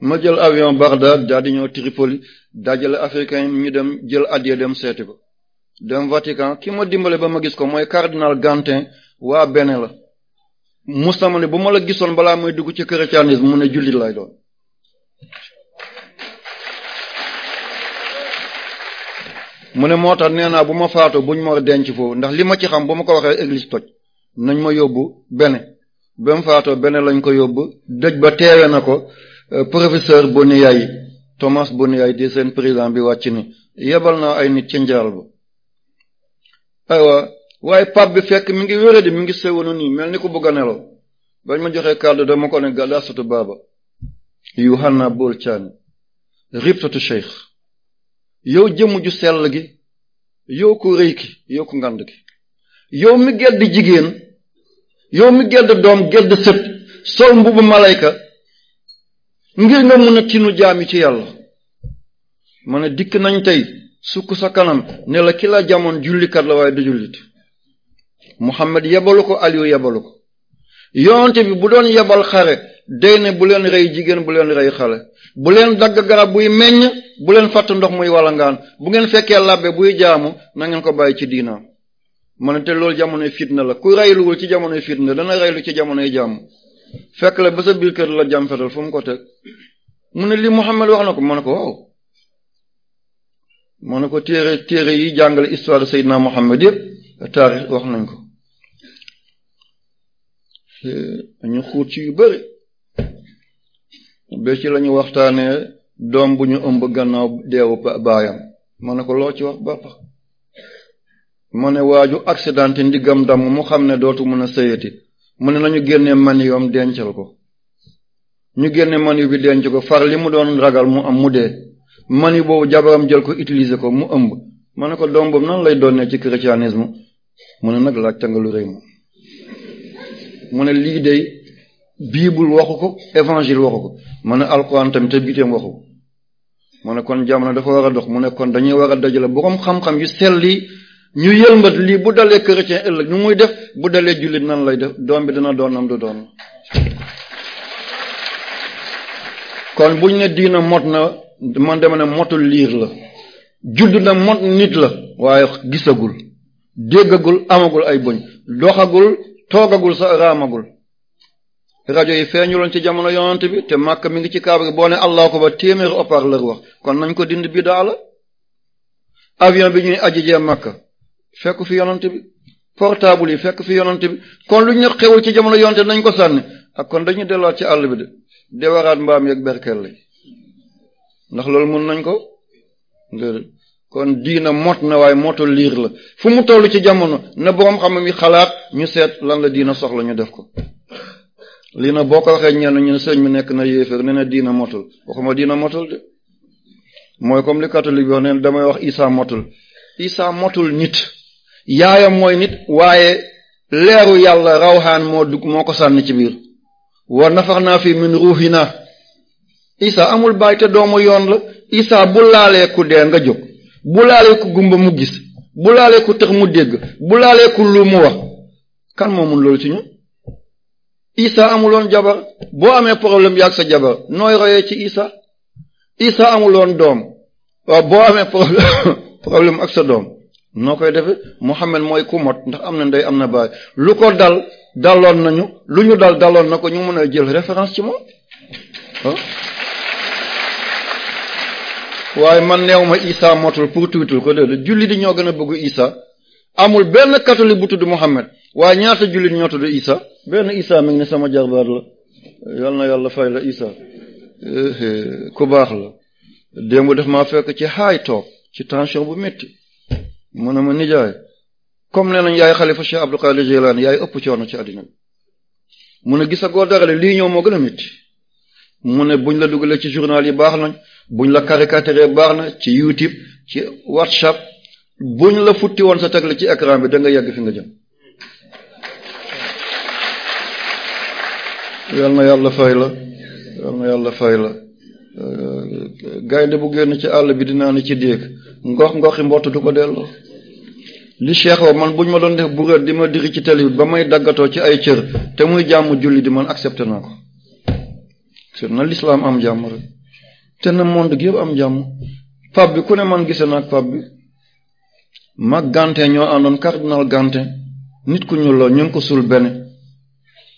ma jël avion Bagdad daal di ñëw Tripoli dajale africain ñu dem jël adiya dem seeti ko dem Vatican ki ma dimbale ba ma gis ko mooy cardinal Gantin waa Bénin la Moussa ne bu ma la gisoon balaa mooy dugg ci christianisme mu ne jullit lay doon mu ne moo tax nee naa bu ma faatoo buñ ma denc foofu ndax li ma ci xam bu ma ko waxee église toj nañ ma yóbbu Bénin ba mu faatoo Bénin lañ ko yóbbu dëj ba teewe na ko euh, professeur Boniayi Thomas Boniayi di seen président bi wàcc ni yebal naa ay nit ci njaal ba aywa waaye pap bi fekk mi ngi wéradi mi ngi sewanu nii mel ni ku bëgg a bañ ma joxe kàddu dama ko ne galasatu baaba yuhanna bol caani ribtatu cheikh yow jëmm ju sel gi yow ku rëy ki yow ku ngand gi yow mi gedd jigéen yow mi gedd doom gedd sët sol mbubu malayka ngir nga mën a tinu jaam yi ci yàlla ma ne dikk nañ tey sukk sa kanam ne la ki la jamoon jullikat la waaye du jullit Muhammad yebalu ko Aliou yebalu ko yonte bi bu doon yebal xare day ne bu leen rey jigéen bu leen rey xale bu leen dagg garab buy meññ bu leen fàtt ndox muy walangaan bu ngeen fekkee labbe buy jaamu na ngeen ko bàyyi ci diinaam ma ne te loolu jamonoy na la ku reyluwul ci jamonoy na dana reylu ci jamonoy jàmm fekk la ba sa biir kër la jàmm fetal fu mu ko teg mu ne li Muhammad wax na ko ma ne ko waaw moo ne ko téere téere yi jàngale histoire de Seydina Mohamed yëpp taarix wax nañ ko eh, ñu xuut ci yu bëri bés ci lañu waxtaanee doom bu ñu ëmb gannaaw deewu baayam ma ne ko loo ci wax bàppa ma ne waaju accidenté ndiggam damm mu xam ne dootu mën a sëyati mu ne nañu génnee maniyoom dencal ko ñu génne maniyu bi denc ko far li mu doon ragal mu am mu dee mani boobu jabaram jël ko utiliser ko mu ëmb ma ne ko doom boobu nan lay doon ne ci christianisme mu ne nag laajte nga lu rëy moom mu ne lii de bible waxu ko évangile waxu ko ma ne alxuraan tamit te biteem waxu ko mu kon jamono dafa war a dox mu ne kon dañuy war a dajale borom xam-xam yu selli ñu yëlmbat lii bu dalee chrétien ëllëg nu muy def bu dalee jullit nan lay def doom bi dina doon am du doon kon buñ ne diina mot man dama ne motul liir la judd na mot nit la waaye gisagul déggagul amagul ay bëñ doxagul toogagul sa raamagul rajo yi feeñuloon ci jamono yonent bi te màkk mi ngi ci kaaba gi boo ne allah ko ba téeméeri haut-parleur wax kon nañ ko dind bi daala avion bi ñuy aji jee màkk fekk fi yonent bi portable yi fekk fi yonent bi kon lu ñu xewul ci jamono yonent nañ ko sànni a kon dañuy delluwaat ci àll bi de de waraat mbaam yeeg berkel ndax loolu mën nañ ko kon diina mot na waaye moto liir la fu mu toll ci jamono na boroom xam mi xalaat ñu seet lan la diina soxla ñu def ko lii na boo ko waxee ñenn ñu ne sëñ mi nekk na yéeféer ne diina motul waxuma diina motul de mooy comme li catholique bi wax ne damay wax Isa motul Isa motul nit yaayam mooy nit waaye leeru yàlla rawxaan moo dugg moo ko sànni ci biir wa nafax naa fi min ruuxi isa amul baay te doomu yoon la isa bu laalee ku dee nga jóg bu laalee ku gumba mu gis bu laalee ku tëx mu dégg bu laalee ku lu mu wax kan moo loolu ci ñu isa amuloon jabar boo amee problème ak sa jabar nooy royee ci isa isa amuloon doom waaw boo amee problème ak sa doom noo koy defe Muhammad mooy ku mot ndax am na ndey am na baay lu ko dal daloon nañu lu ñu dal daloon na ko ñu mën a jël référence ci moom waaye man neew ma Isa motul pour tuutul ko déedéet julli di ñoo gën a bëgg Isa amul benn catholique bu tudd Muhammad waaye ñaata jullit ñoo tudd Isa benn Isa mi sama jarbaat la yal na yàlla fay la Isa ku baax la démb daf maa fekk ci haay toog ci tension bu metti mu ne ma nijaay comme nee nañ yaay xalifa Cheikh Abdul Qadir Jilani yaay ëpp coono ci àddina bi mu ne gis a goo dara lii ñëw moo gën a métti mu ne buñ la dugalee ci journal yi baax nañ buñ la caricaturé baax na ci YouTube ci WhatsApp buñ la futti woon sa tegle ci écran bi da nga yegg fi nga jëm yal na yàlla fay la yal na yàlla fay la euh, gaynde bu génn ci àll bi di naan ci déeg ngox ngoxi mbott du ko delloo li cheikh man buñ ma doon def bureet di ma diri ci télé ba may daggatoo ci ay cër te muy jàmm julli di man accepté naa ko te na lislaam am jàmm rek te na monde gi yëpp am jàmm pape bi ku ne man gisee naag pape bi mag Gantin ñoo àndoon cardinal Gantin nit ku ñuul la ñu ko suul benn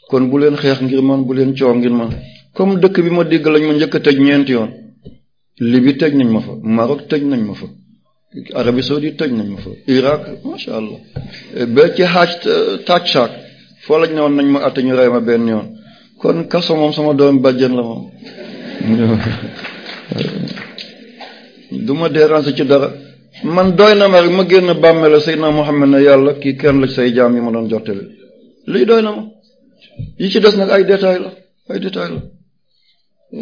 kon bu leen xeex ngir man bu leen coow ngir man comme dëkk bi ma dégg lañ ma njëkk a tëj ñeenti yoon Libye tëj nañ ma fa Maroc tëj nañ ma fa Arabie saoudite tëj nañ ma fa Irak macha allah ba ci xaaj tàcc saak foo lañ ne woon nañ ma àtte ñu rey ma benn yoon. kon kaso moom sama doom bàjjen la moom du ma ci dara man doy na ma rek ma génn bàmmeel Seydina Muhammad na yàlla kii kenn la say jaam yi ma doon jottali lii doy na ma yi ci des nag ay détail la ay détail la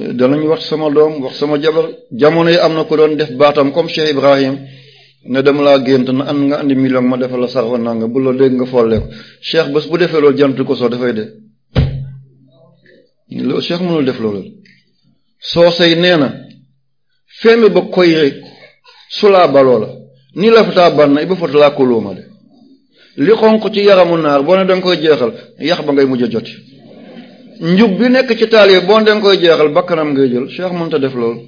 eh, danañ wax sama doom wax sama jabar jamono yi am na ko doon def baatam comme Cheikh Ibrahim ne dama laa gént na and nga andi million ma defal la sarwa nanga bu la dégg nga follee ko Cheikh bés bu defee loolu jant ko soo dafay de loolu Cheikh def loolu soosey nee na femi ba koyre sulaa la ni lafataa banna i ba fota laa koluuma de li xonq ci yaramu naar boo ne danga koy jeexal yax ba ngay mujj a joti njub bi nekk ci taal yi boo ne danga koy jeexal bakkanam ngay jël Cheikh mënta def loolu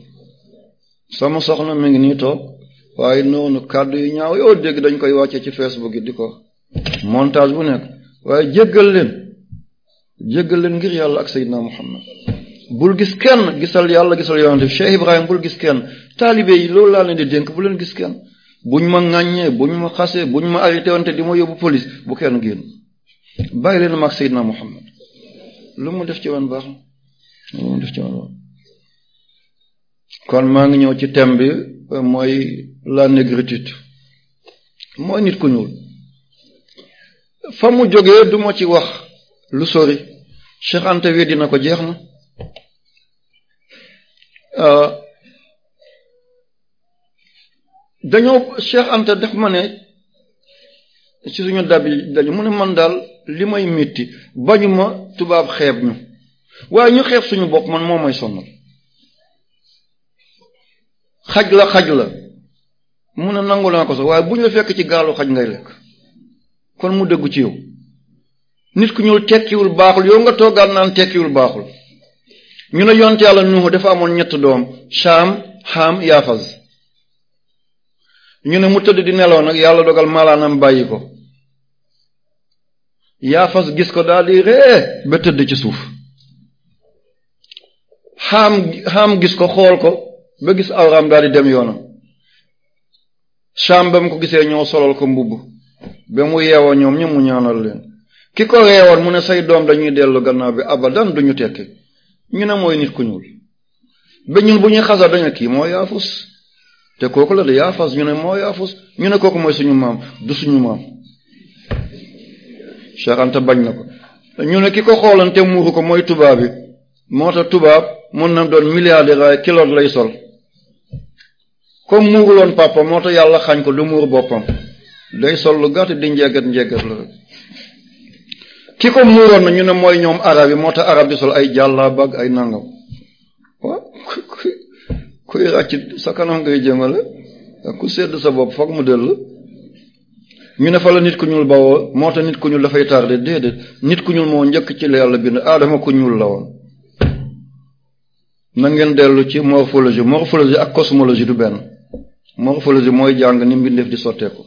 sama soxna mi ngi nii toog waaye noonu kàddu yi ñaaw yoo dégg dañ koy wàcce ci Facebook yi di ko montage bu nekk waaye jéggal leen jéggal leen ngir yàlla ak Seydina Muhammad bul gis kenn gisal yàlla gisal yonente bi Cheikh Ibrahima bul gis kenn taalibe yi loolu laa leen di dénk bu leen gis kenn buñ ma ŋàññee buñ ma xasee buñ ma arrêté wante di ma yóbbu police bu kenn génn bàyyi leen ma ak Seydina Muhammad lu mu def ci man baax lu mu def ci man kon maa ngi ñëw ci thème bi euh, mooy la négritude mooy nit ku ñuul fa mu jógee duma ci wax lu sori Cheikh Anta weddi na ko jeex na euh, dañoo Cheikh Anta def ma ne si suñu dab yi dañu mu ne man daal li may métti bañu ma tubaab xeeb ñu waaye ñu xeeb suñu bopp man moo may sonal xaj la xaj la mu ne nangu naa ko sax waaye bu ñu la fekk ci gaalu xaj ngay lekk kon mu dëggu ci yow nit ku ñuul tekkiwul baaxul yow nga toogaat naan tekkiwul baaxul ñu ne yonte yàlla nuuhu dafa amoon ñett doom Shaam Haam Yaafaz ñu ne mu tëdd di nelaw nag yàlla dogal maalaanam bàyyi ko Yaafas gis ko daal di ree ba tëdd ci suuf Haam Haam gis ko xool ko ba gis awraam daal di dem yoonam Shaam ba mu ko gisee ñoo solol ko mbubb ba mu yewoo ñoom ñu mu ñaanal leen ki ko reewoon mu ne say doom dañuy dellu gannaaw bi abadan duñu tekki ñu ne mooy nit ku ñuul ba ñun bu ñuy xasal dañu kii moo yaafus te kooku la de yaafas ñu ne moo yaafus ñu ne kooku mooy suñu maam du suñu maam Cheikh bañ na ko ñu ne ki ko xoolan te muuru ko mooy tubaab bi moo tax tubaab mën na doon milliardaire ay kiloot lay sol comme muuruloon papa moo tax yàlla xañ ko du muur boppam day sol lu gàtt di njegat njegat la rek ki ko muuroon na ñu ne mooy ñoom arab yi moo tax arab di sol ay jàllaabag ay nangam waaw kuy ràcc sa kanam ngay jëmale ku sedd sa bopp foog mu dellu ñu ne fa nit ku ñuul bawoo moo tax nit ku ñuul dafay tardé déedéet nit ku ñuul moo njëkk ci la yàlla bind aadama ku ñuul la woon na ngeen dellu ci morphologie morphologie ak cosmologie du benn morphologie mooy jàng ni mbindeef di sotteeku